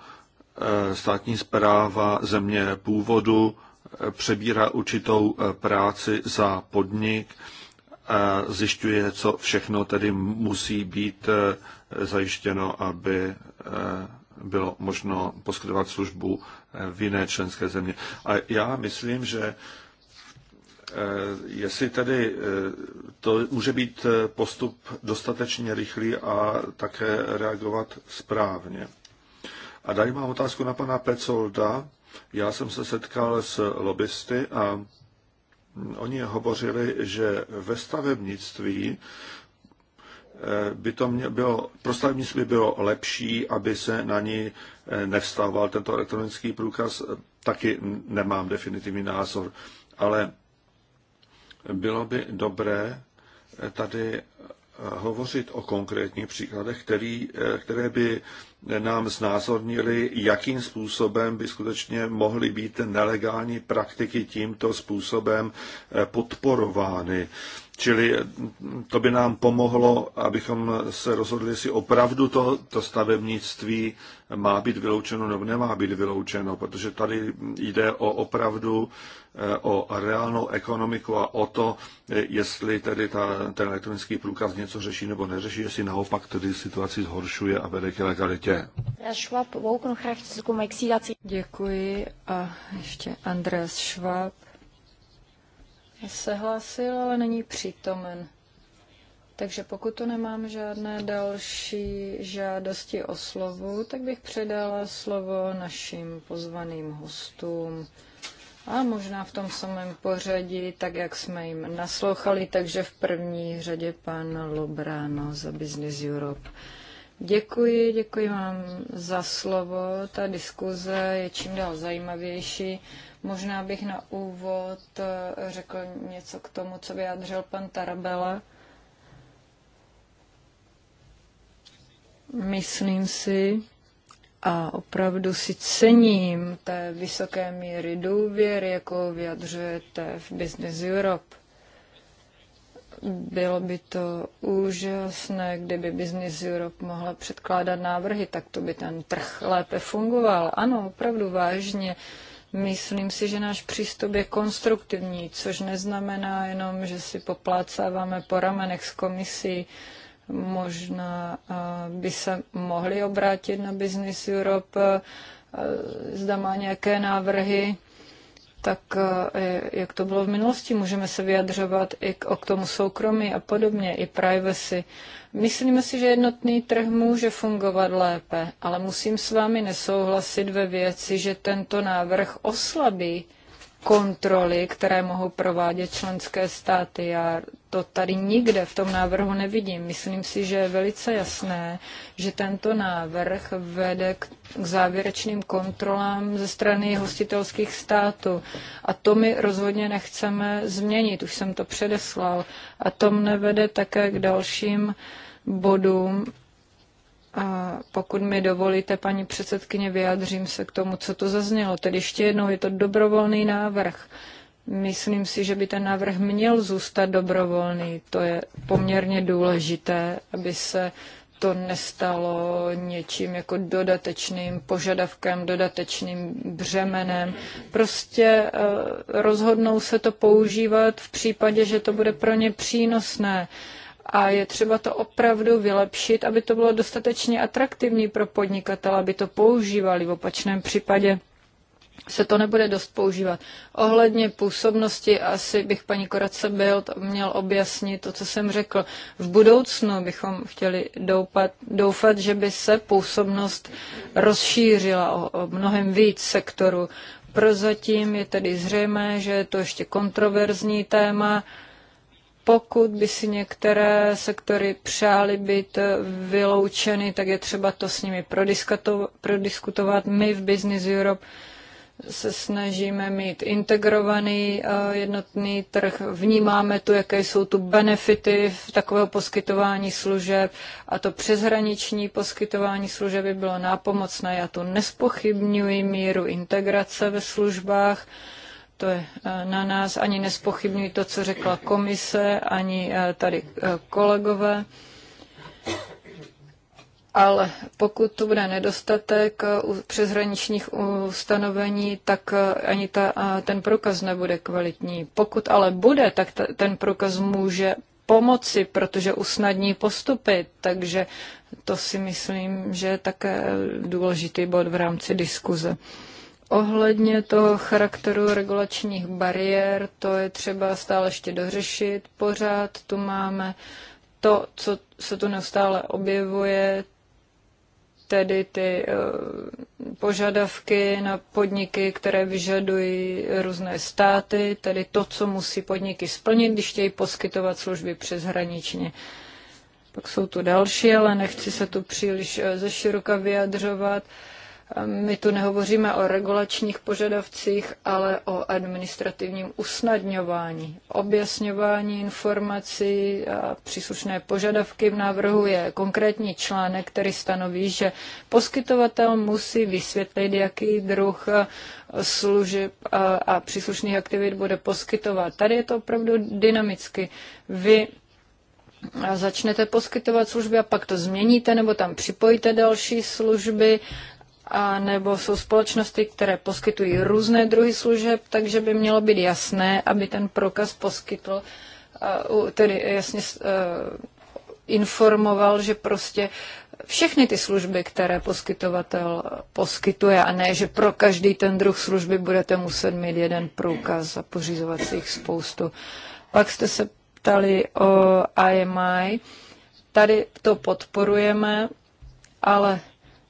eh, státní zpráva země původu eh, přebírá určitou eh, práci za podnik, a zjišťuje, co všechno tedy musí být zajištěno, aby bylo možno poskytovat službu v jiné členské země. A já myslím, že Eh, jestli tedy eh, to může být eh, postup dostatečně rychlý a také reagovat správně. A tady mám otázku na pana Pecolda. Já jsem se setkal s lobbysty a hm, oni hovořili, že ve stavebnictví by to mě bylo, pro stavebnictví by bylo lepší, aby se na ní nevstával tento elektronický průkaz. Taky nemám definitivní názor, ale bylo by dobré eh, tady eh, hovořit o konkrétních příkladech, který, eh, které by nám znázornili, jakým způsobem by skutečně mohly být nelegální praktiky tímto způsobem eh, podporovány. Čili eh, to by nám pomohlo, abychom se rozhodli, jestli opravdu to, to stavebnictví má být vyloučeno nebo nemá být vyloučeno, protože tady jde o opravdu eh, o reálnou ekonomiku a o to, jestli tedy ta, ten elektronický průkaz něco řeší nebo neřeší, jestli naopak tedy situaci zhoršuje a vede k ilegalitě. Určitě. Děkuji a ještě Andreas Schwab se hlásil, ale není přítomen. Takže pokud tu nemám žádné další žádosti o slovu, tak bych předala slovo našim pozvaným hostům. A možná v tom samém pořadí, tak jak jsme jim naslouchali, takže v první řadě pan Lobrano za Business Europe. Děkuji, děkuji vám za slovo. Ta diskuze je čím dál zajímavější. Možná bych na úvod eh, řekl něco k tomu, co vyjádřil pan Tarabela. Myslím si a opravdu si cením té vysoké míry důvěry, jakou vyjadřujete v Business Europe. Bylo by to úžasné, kdyby Business Europe mohla předkládat návrhy, tak to by ten trh lépe fungoval. Ano, opravdu vážně. Myslím si, že náš přístup je konstruktivní, což neznamená jenom, že si poplácáváme po ramenech s komisí. Možná eh, by se mohli obrátit na Business Europe, eh, zda má nějaké návrhy tak eh, jak to bylo v minulosti, můžeme se vyjadřovat i k, k tomu soukromí a podobně, i privacy. Myslíme si, že jednotný trh může fungovat lépe, ale musím s vámi nesouhlasit ve věci, že tento návrh oslabí kontroly, které mohou provádět členské státy. Já to tady nikde v tom návrhu nevidím. Myslím si, že je velice jasné, že tento návrh vede k závěrečným kontrolám ze strany hostitelských států. A to my rozhodně nechceme změnit, už jsem to předeslal. A to mne vede také k dalším bodům, pokud mi dovolíte, paní předsedkyně, vyjádřím se k tomu, co to zaznělo. Tedy ještě jednou, je to dobrovolný návrh. Myslím si, že by ten návrh měl zůstat dobrovolný. To je poměrně důležité, aby se to nestalo něčím jako dodatečným požadavkem, dodatečným břemenem. Prostě eh, rozhodnou se to používat v případě, že to bude pro ně přínosné a je třeba to opravdu vylepšit, aby to bylo dostatečně atraktivní pro podnikatele, aby to používali. V opačném případě se to nebude dost používat. Ohledně působnosti asi bych paní Koradce byl, měl objasnit to, co jsem řekl. V budoucnu bychom chtěli doufat, doufat že by se působnost rozšířila o, o mnohem víc sektorů. Prozatím je tedy zřejmé, že je to ještě kontroverzní téma, pokud by si některé sektory přáli být vyloučeny, tak je třeba to s nimi prodiskutovat. My v Business Europe se snažíme mít integrovaný eh, jednotný trh, vnímáme tu, jaké jsou tu benefity v takového poskytování služeb a to přeshraniční poskytování služeb by bylo nápomocné. Já tu nespochybňuji míru integrace ve službách, to je e, na nás. Ani nespochybňuji to, co řekla komise, ani e, tady e, kolegové. Ale pokud tu bude nedostatek přeshraničních ustanovení, tak ani ta, ten průkaz nebude kvalitní. Pokud ale bude, tak ta, ten průkaz může pomoci, protože usnadní postupy. Takže to si myslím, že je také důležitý bod v rámci diskuze. Ohledně toho charakteru regulačních bariér, to je třeba stále ještě dořešit. Pořád tu máme to, co se tu neustále objevuje, tedy ty eh, požadavky na podniky, které vyžadují různé státy, tedy to, co musí podniky splnit, když chtějí poskytovat služby přeshraničně. Pak jsou tu další, ale nechci se tu příliš eh, zeširoka vyjadřovat. Ehm, my tu nehovoříme o regulačních požadavcích, ale o administrativním usnadňování, objasňování informací a příslušné požadavky v návrhu je konkrétní článek, který stanoví, že poskytovatel musí vysvětlit, jaký druh eh, služeb eh, a příslušných aktivit bude poskytovat. Tady je to opravdu dynamicky. Vy eh, začnete poskytovat služby a pak to změníte nebo tam připojíte další služby a nebo jsou společnosti, které poskytují různé druhy služeb, takže by mělo být jasné, aby ten prokaz poskytl, tedy jasně informoval, že prostě všechny ty služby, které poskytovatel poskytuje, a ne, že pro každý ten druh služby budete muset mít jeden průkaz a pořizovat si jich spoustu. Pak jste se ptali o IMI. Tady to podporujeme, ale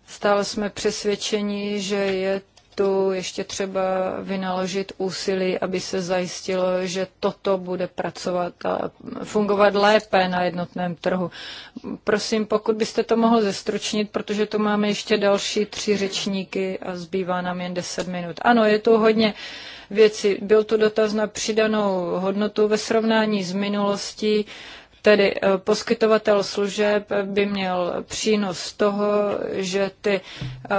Stále jsme přesvědčeni, že je tu ještě třeba vynaložit úsilí, aby se zajistilo, že toto bude pracovat a fungovat lépe na jednotném trhu. Prosím, pokud byste to mohl zestručnit, protože tu máme ještě další tři řečníky a zbývá nám jen 10 minut. Ano, je tu hodně věcí. Byl tu dotaz na přidanou hodnotu ve srovnání s minulostí. Tedy eh, poskytovatel služeb by měl přínos z toho, že ty eh,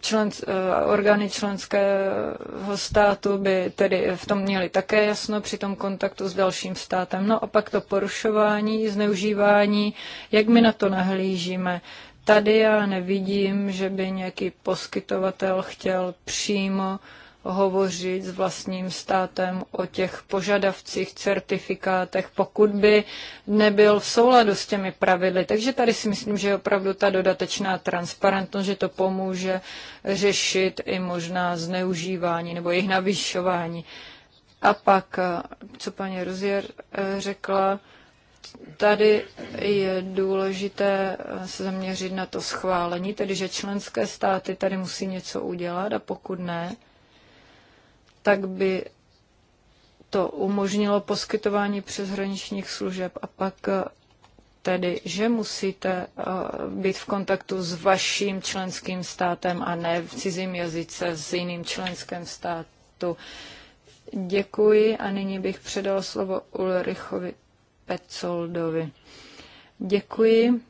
člen, eh, orgány členského státu by tedy v tom měly také jasno při tom kontaktu s dalším státem. No a pak to porušování, zneužívání, jak my na to nahlížíme. Tady já nevidím, že by nějaký poskytovatel chtěl přímo uh, hovořit s vlastním státem o těch požadavcích, certifikátech, pokud by nebyl v souladu s těmi pravidly. Takže tady si myslím, že je opravdu ta dodatečná transparentnost, že to pomůže řešit i možná zneužívání nebo jejich navýšování. A pak, eh, co paní Rozier eh, řekla, tady je důležité eh, se zaměřit na to schválení, tedy že členské státy tady musí něco udělat a pokud ne, tak by to umožnilo poskytování přeshraničních služeb a pak eh, tedy, že musíte eh, být v kontaktu s vaším členským státem a ne v cizím jazyce s jiným členským státu. Děkuji a nyní bych předal slovo Ulrichovi Petzoldovi. Děkuji.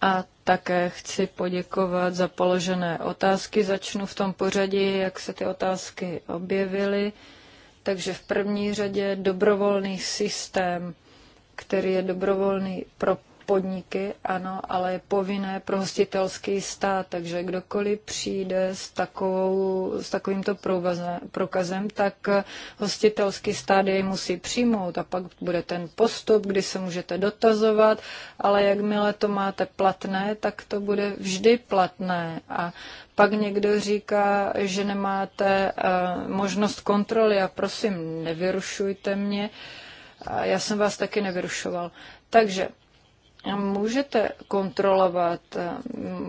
A také chci poděkovat za položené otázky. Začnu v tom pořadí, jak se ty otázky objevily. Takže v první řadě dobrovolný systém, který je dobrovolný pro podniky, ano, ale je povinné pro hostitelský stát, takže kdokoliv přijde s, takovou, s takovýmto prokazem, tak hostitelský stát jej musí přijmout a pak bude ten postup, kdy se můžete dotazovat, ale jakmile to máte platné, tak to bude vždy platné a pak někdo říká, že nemáte eh, možnost kontroly a prosím, nevyrušujte mě. Já jsem vás taky nevyrušoval. Takže můžete kontrolovat. Eh,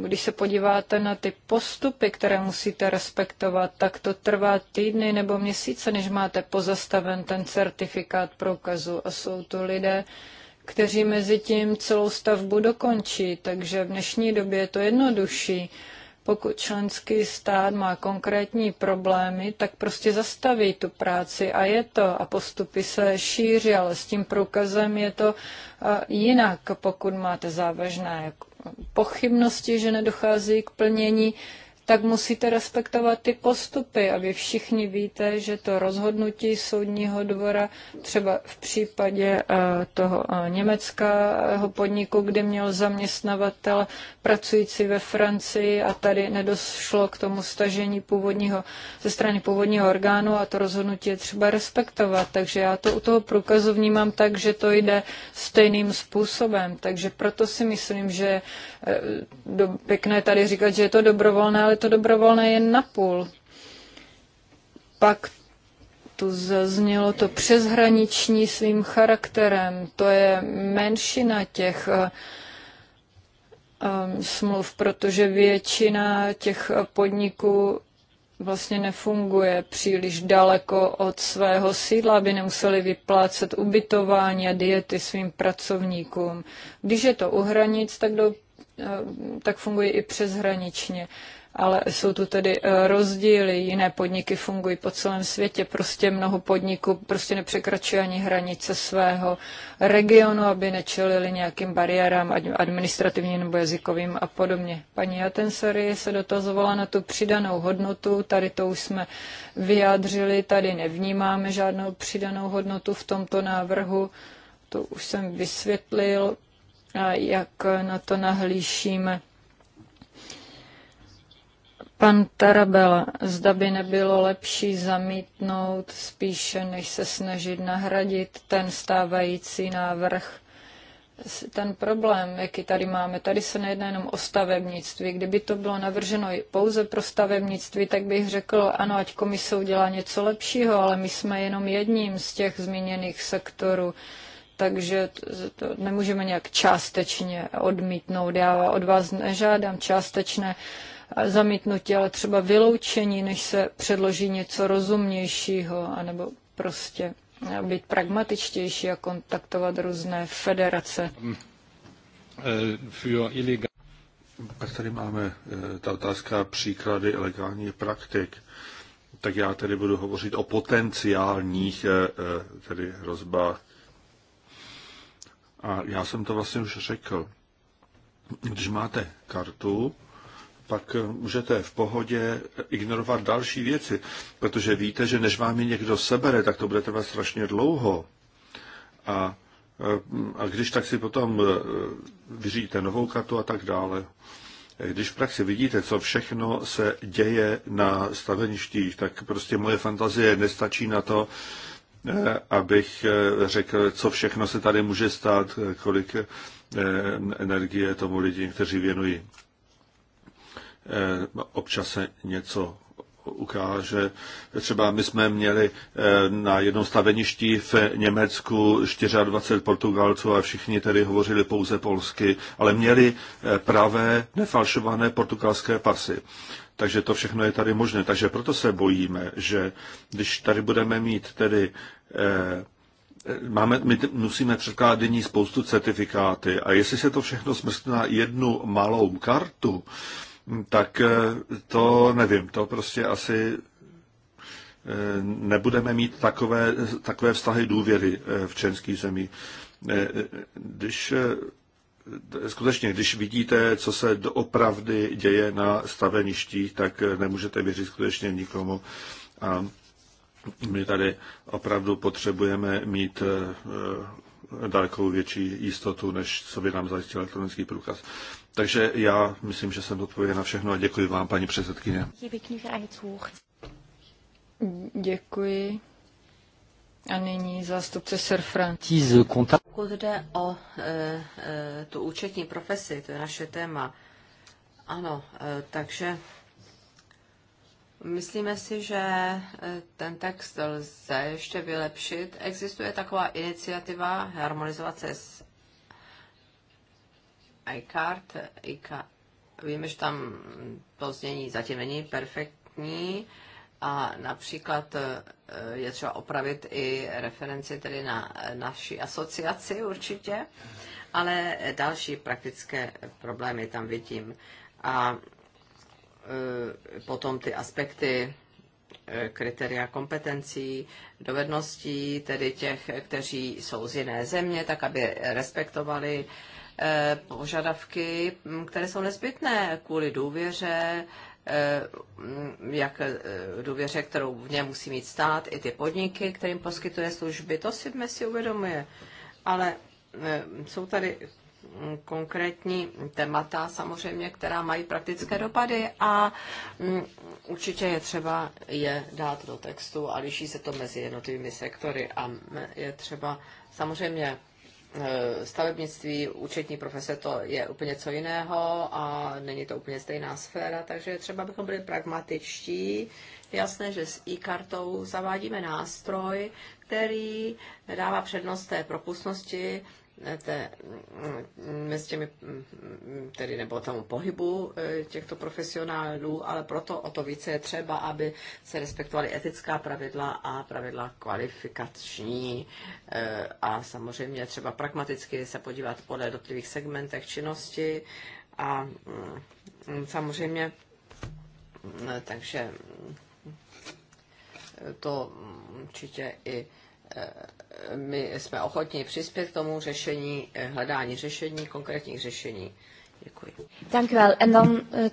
když se podíváte na ty postupy, které musíte respektovat, tak to trvá týdny nebo měsíce, než máte pozastaven ten certifikát průkazu. A jsou to lidé, kteří mezi tím celou stavbu dokončí, takže v dnešní době je to jednodušší. Pokud členský stát má konkrétní problémy, tak prostě zastaví tu práci a je to. A postupy se šíří, ale s tím průkazem je to jinak. Pokud máte závažné pochybnosti, že nedochází k plnění, tak musíte respektovat ty postupy. A vy všichni víte, že to rozhodnutí soudního dvora třeba v případě eh, toho eh, německého podniku, kde měl zaměstnavatel pracující ve Francii a tady nedošlo k tomu stažení původního, ze strany původního orgánu a to rozhodnutí je třeba respektovat. Takže já to u toho průkazu vnímám tak, že to jde stejným způsobem. Takže proto si myslím, že eh, do, pěkné tady říkat, že je to dobrovolné, ale to dobrovolné jen na půl. Pak tu zaznělo to přeshraniční svým charakterem. To je menšina těch eh, eh, smluv, protože většina těch podniků vlastně nefunguje příliš daleko od svého sídla, aby nemuseli vyplácet ubytování a diety svým pracovníkům. Když je to u hranic, tak, do, eh, tak funguje i přeshraničně ale jsou tu tedy eh, rozdíly. Jiné podniky fungují po celém světě. Prostě mnoho podniků prostě nepřekračuje ani hranice svého regionu, aby nečelili nějakým bariérám administrativním nebo jazykovým a podobně. Paní Atensory se dotazovala na tu přidanou hodnotu. Tady to už jsme vyjádřili. Tady nevnímáme žádnou přidanou hodnotu v tomto návrhu. To už jsem vysvětlil, jak na to nahlíšíme Pan Tarabel, zda by nebylo lepší zamítnout spíše, než se snažit nahradit ten stávající návrh. Ten problém, jaký tady máme, tady se nejedná jenom o stavebnictví. Kdyby to bylo navrženo pouze pro stavebnictví, tak bych řekl, ano, ať komise udělá něco lepšího, ale my jsme jenom jedním z těch zmíněných sektorů takže to nemůžeme nějak částečně odmítnout. Já od vás nežádám částečné zamítnutí, ale třeba vyloučení, než se předloží něco rozumnějšího, anebo prostě eh, být pragmatičtější a kontaktovat různé federace. Mm. Eh, Pak tady máme eh, ta otázka příklady ilegálních praktik. Tak já tedy budu hovořit o potenciálních tedy hrozbách. A já jsem to vlastně už řekl. Když máte kartu, pak můžete v pohodě ignorovat další věci, protože víte, že než vám je někdo sebere, tak to bude trvat strašně dlouho. A, a když tak si potom vyřídíte novou kartu a tak dále. Když v praxi vidíte, co všechno se děje na staveništích, tak prostě moje fantazie nestačí na to, abych řekl, co všechno se tady může stát, kolik energie tomu lidi, kteří věnují. Eh, občas se něco ukáže. Třeba my jsme měli eh, na jednom staveništi v Německu 24 Portugalců a všichni tedy hovořili pouze polsky, ale měli eh, pravé, nefalšované portugalské pasy. Takže to všechno je tady možné. Takže proto se bojíme, že když tady budeme mít tedy máme, my musíme předkládat denní spoustu certifikáty a jestli se to všechno smrskne na jednu malou kartu, tak eh, to nevím, to prostě asi eh, nebudeme mít takové, takové vztahy důvěry eh, v členských zemí. Když skutečně, když vidíte, co se doopravdy děje na staveništích, tak nemůžete věřit skutečně nikomu. A my tady opravdu potřebujeme mít dalekou větší jistotu, než co by nám zajistil elektronický průkaz. Takže já myslím, že jsem odpověděl na všechno a děkuji vám, paní předsedkyně. Děkuji. A nyní zástupce Sir Francis. Pokud jde o e, e, tu účetní profesi, to je naše téma, ano, e, takže myslíme si, že e, ten text lze ještě vylepšit. Existuje taková iniciativa harmonizovat se s iCard. ICA, víme, že tam to znění zatím není perfektní a například eh, je třeba opravit i referenci tedy na naší asociaci určitě, ale další praktické problémy tam vidím. A eh, potom ty aspekty eh, kritéria kompetencí, dovedností, tedy těch, kteří jsou z jiné země, tak aby respektovali uh, Eh, požadavky, mm, které jsou nezbytné kvůli důvěře, eh, jak eh, důvěře, kterou v něm musí mít stát, i ty podniky, kterým poskytuje služby, to si dnes si uvědomuje. Ale jsou tady mm, konkrétní témata samozřejmě, která mají praktické dopady a mm, určitě je třeba je dát do textu a liší se to mezi jednotlivými sektory a je třeba samozřejmě Eh, stavebnictví, účetní profese, to je úplně co jiného a není to úplně stejná sféra, takže třeba bychom byli pragmatičtí. Jasné, že s e-kartou zavádíme nástroj, který dává přednost té propustnosti té, mezi mm, těmi, mm, tedy nebo tomu pohybu e, těchto profesionálů, ale proto o to více je třeba, aby se respektovaly etická pravidla a pravidla kvalifikační e, a samozřejmě třeba pragmaticky se podívat podle jednotlivých segmentech činnosti a mm, samozřejmě takže to určitě i my jsme ochotni přispět k tomu řešení, eh, hledání řešení, konkrétních řešení. Děkuji. Eh,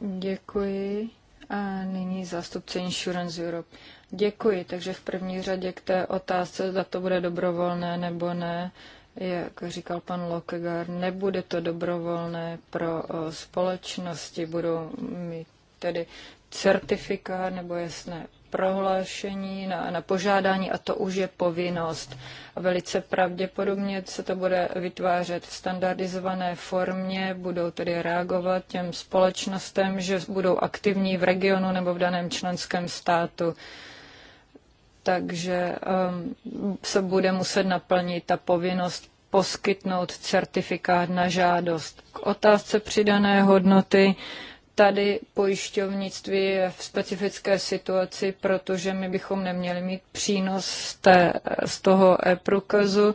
Děkuji. A nyní zástupce Insurance Europe. Děkuji. Takže v první řadě k té otázce, zda to bude dobrovolné nebo ne, jak říkal pan Lokegar, nebude to dobrovolné pro eh, společnosti, budou mít tedy certifikát nebo jasné prohlášení na, na požádání a to už je povinnost. A velice pravděpodobně se to bude vytvářet v standardizované formě, budou tedy reagovat těm společnostem, že budou aktivní v regionu nebo v daném členském státu takže um, se bude muset naplnit ta povinnost poskytnout certifikát na žádost. K otázce přidané hodnoty tady pojišťovnictví je v specifické situaci, protože my bychom neměli mít přínos z, té, z toho e-průkazu,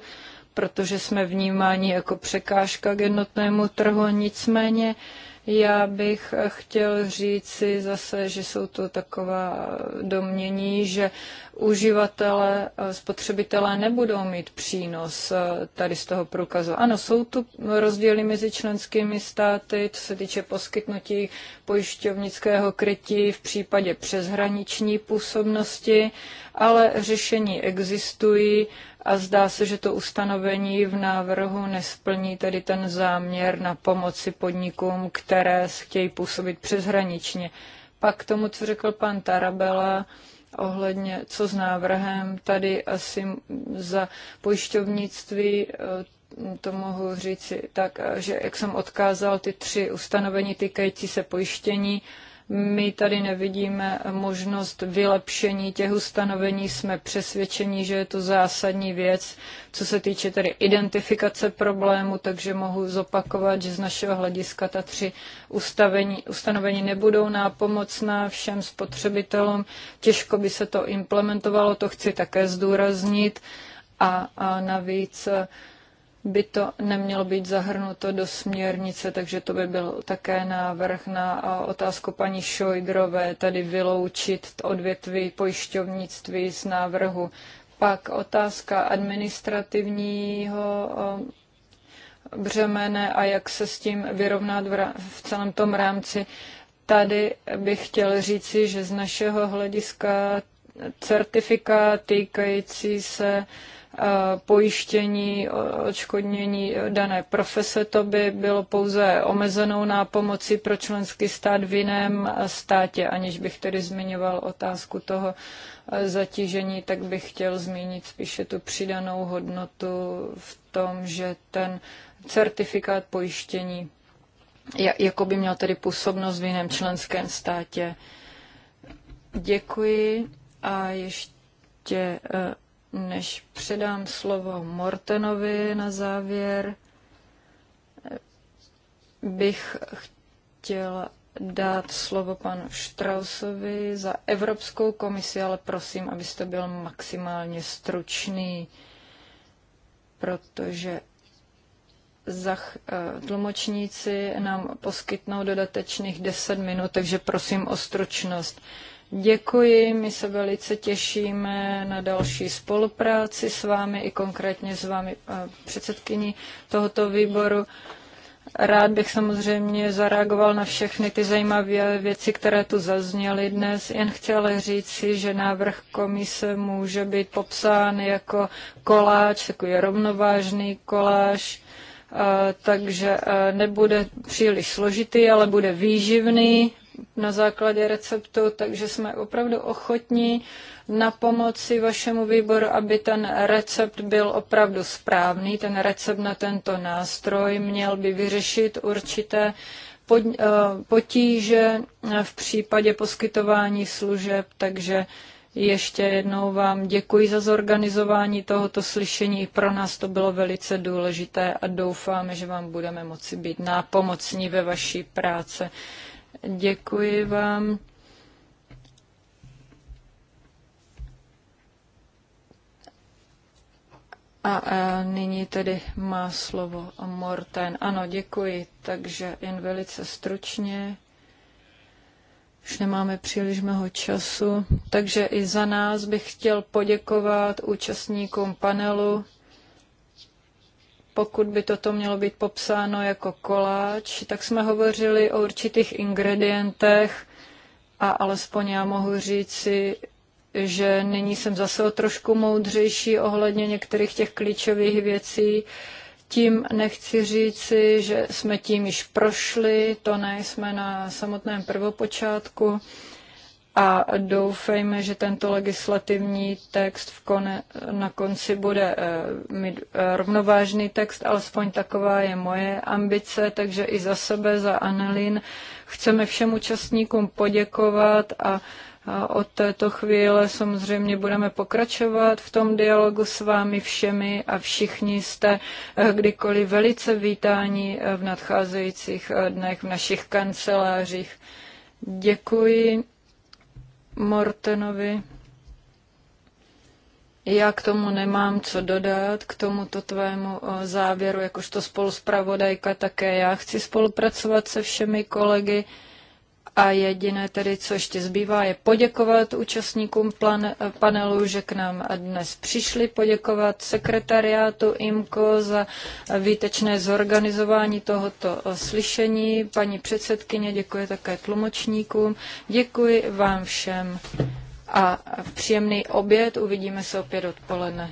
protože jsme vnímáni jako překážka k jednotnému trhu. Nicméně uh, já bych chtěl říci zase, že jsou to taková domnění, že uživatelé, spotřebitelé nebudou mít přínos e, tady z toho průkazu. Ano, jsou tu rozdíly mezi členskými státy, co se týče poskytnutí pojišťovnického krytí v případě přeshraniční působnosti, ale řešení existují a zdá se, že to ustanovení v návrhu nesplní tedy ten záměr na pomoci podnikům, které chtějí působit přeshraničně. Pak k tomu, co řekl pan Tarabela, ohledně co s návrhem, tady asi za pojišťovnictví e, to mohu říci tak, e, že jak jsem odkázal ty tři ustanovení týkající se pojištění, my tady nevidíme možnost vylepšení těch ustanovení, jsme přesvědčeni, že je to zásadní věc, co se týče tedy identifikace problému, takže mohu zopakovat, že z našeho hlediska ta tři ustavení, ustanovení nebudou nápomocná všem spotřebitelům. Těžko by se to implementovalo, to chci také zdůraznit. A, a navíc by to nemělo být zahrnuto do směrnice, takže to by byl také návrh na otázku paní Šojdrové, tady vyloučit odvětví pojišťovnictví z návrhu. Pak otázka administrativního břemene a jak se s tím vyrovnat v celém tom rámci. Tady bych chtěl říci, že z našeho hlediska certifikát týkající se Eh, pojištění, odškodnění dané profese, to by bylo pouze omezenou nápomocí pro členský stát v jiném státě, aniž bych tedy zmiňoval otázku toho eh, zatížení, tak bych chtěl zmínit spíše tu přidanou hodnotu v tom, že ten certifikát pojištění jako by měl tedy působnost v jiném členském státě. Děkuji a ještě ještě eh, než předám slovo Mortenovi na závěr, bych chtěla dát slovo panu Strausovi za Evropskou komisi, ale prosím, abyste byl maximálně stručný, protože zach, eh, tlumočníci nám poskytnou dodatečných 10 minut, takže prosím o stručnost. Děkuji, my se velice těšíme na další spolupráci s vámi i konkrétně s vámi eh, předsedkyní tohoto výboru. Rád bych samozřejmě zareagoval na všechny ty zajímavé věci, které tu zazněly dnes. Jen říct říci, že návrh komise může být popsán jako koláč, takový rovnovážný koláč, eh, takže eh, nebude příliš složitý, ale bude výživný, na základě receptu, takže jsme opravdu ochotní na pomoci vašemu výboru, aby ten recept byl opravdu správný. Ten recept na tento nástroj měl by vyřešit určité eh, potíže v případě poskytování služeb, takže ještě jednou vám děkuji za zorganizování tohoto slyšení. Pro nás to bylo velice důležité a doufáme, že vám budeme moci být nápomocní ve vaší práci. Děkuji vám. A, a nyní tedy má slovo Morten. Ano, děkuji. Takže jen velice stručně. Už nemáme příliš mnoho času. Takže i za nás bych chtěl poděkovat účastníkům panelu pokud by toto mělo být popsáno jako koláč, tak jsme hovořili o určitých ingredientech a alespoň já mohu říci, že nyní jsem zase o trošku moudřejší ohledně některých těch klíčových věcí. Tím nechci říci, že jsme tím již prošli, to nejsme na samotném prvopočátku a doufejme, že tento legislativní text v kone, na konci bude eh, mít eh, rovnovážný text, alespoň taková je moje ambice, takže i za sebe, za Anelin chceme všem účastníkům poděkovat a a od této chvíle samozřejmě budeme pokračovat v tom dialogu s vámi všemi a všichni jste eh, kdykoliv velice vítáni v nadcházejících dnech v našich kancelářích. Děkuji Mortenovi. Já k tomu nemám co dodat, k tomuto tvému závěru, jakožto spoluspravodajka také já chci spolupracovat se všemi kolegy, a jediné tedy, co ještě zbývá, je poděkovat účastníkům plan, panelu, že k nám dnes přišli, poděkovat sekretariátu IMCO za výtečné zorganizování tohoto slyšení. Paní předsedkyně děkuji také tlumočníkům. Děkuji vám všem a příjemný oběd. Uvidíme se opět odpoledne.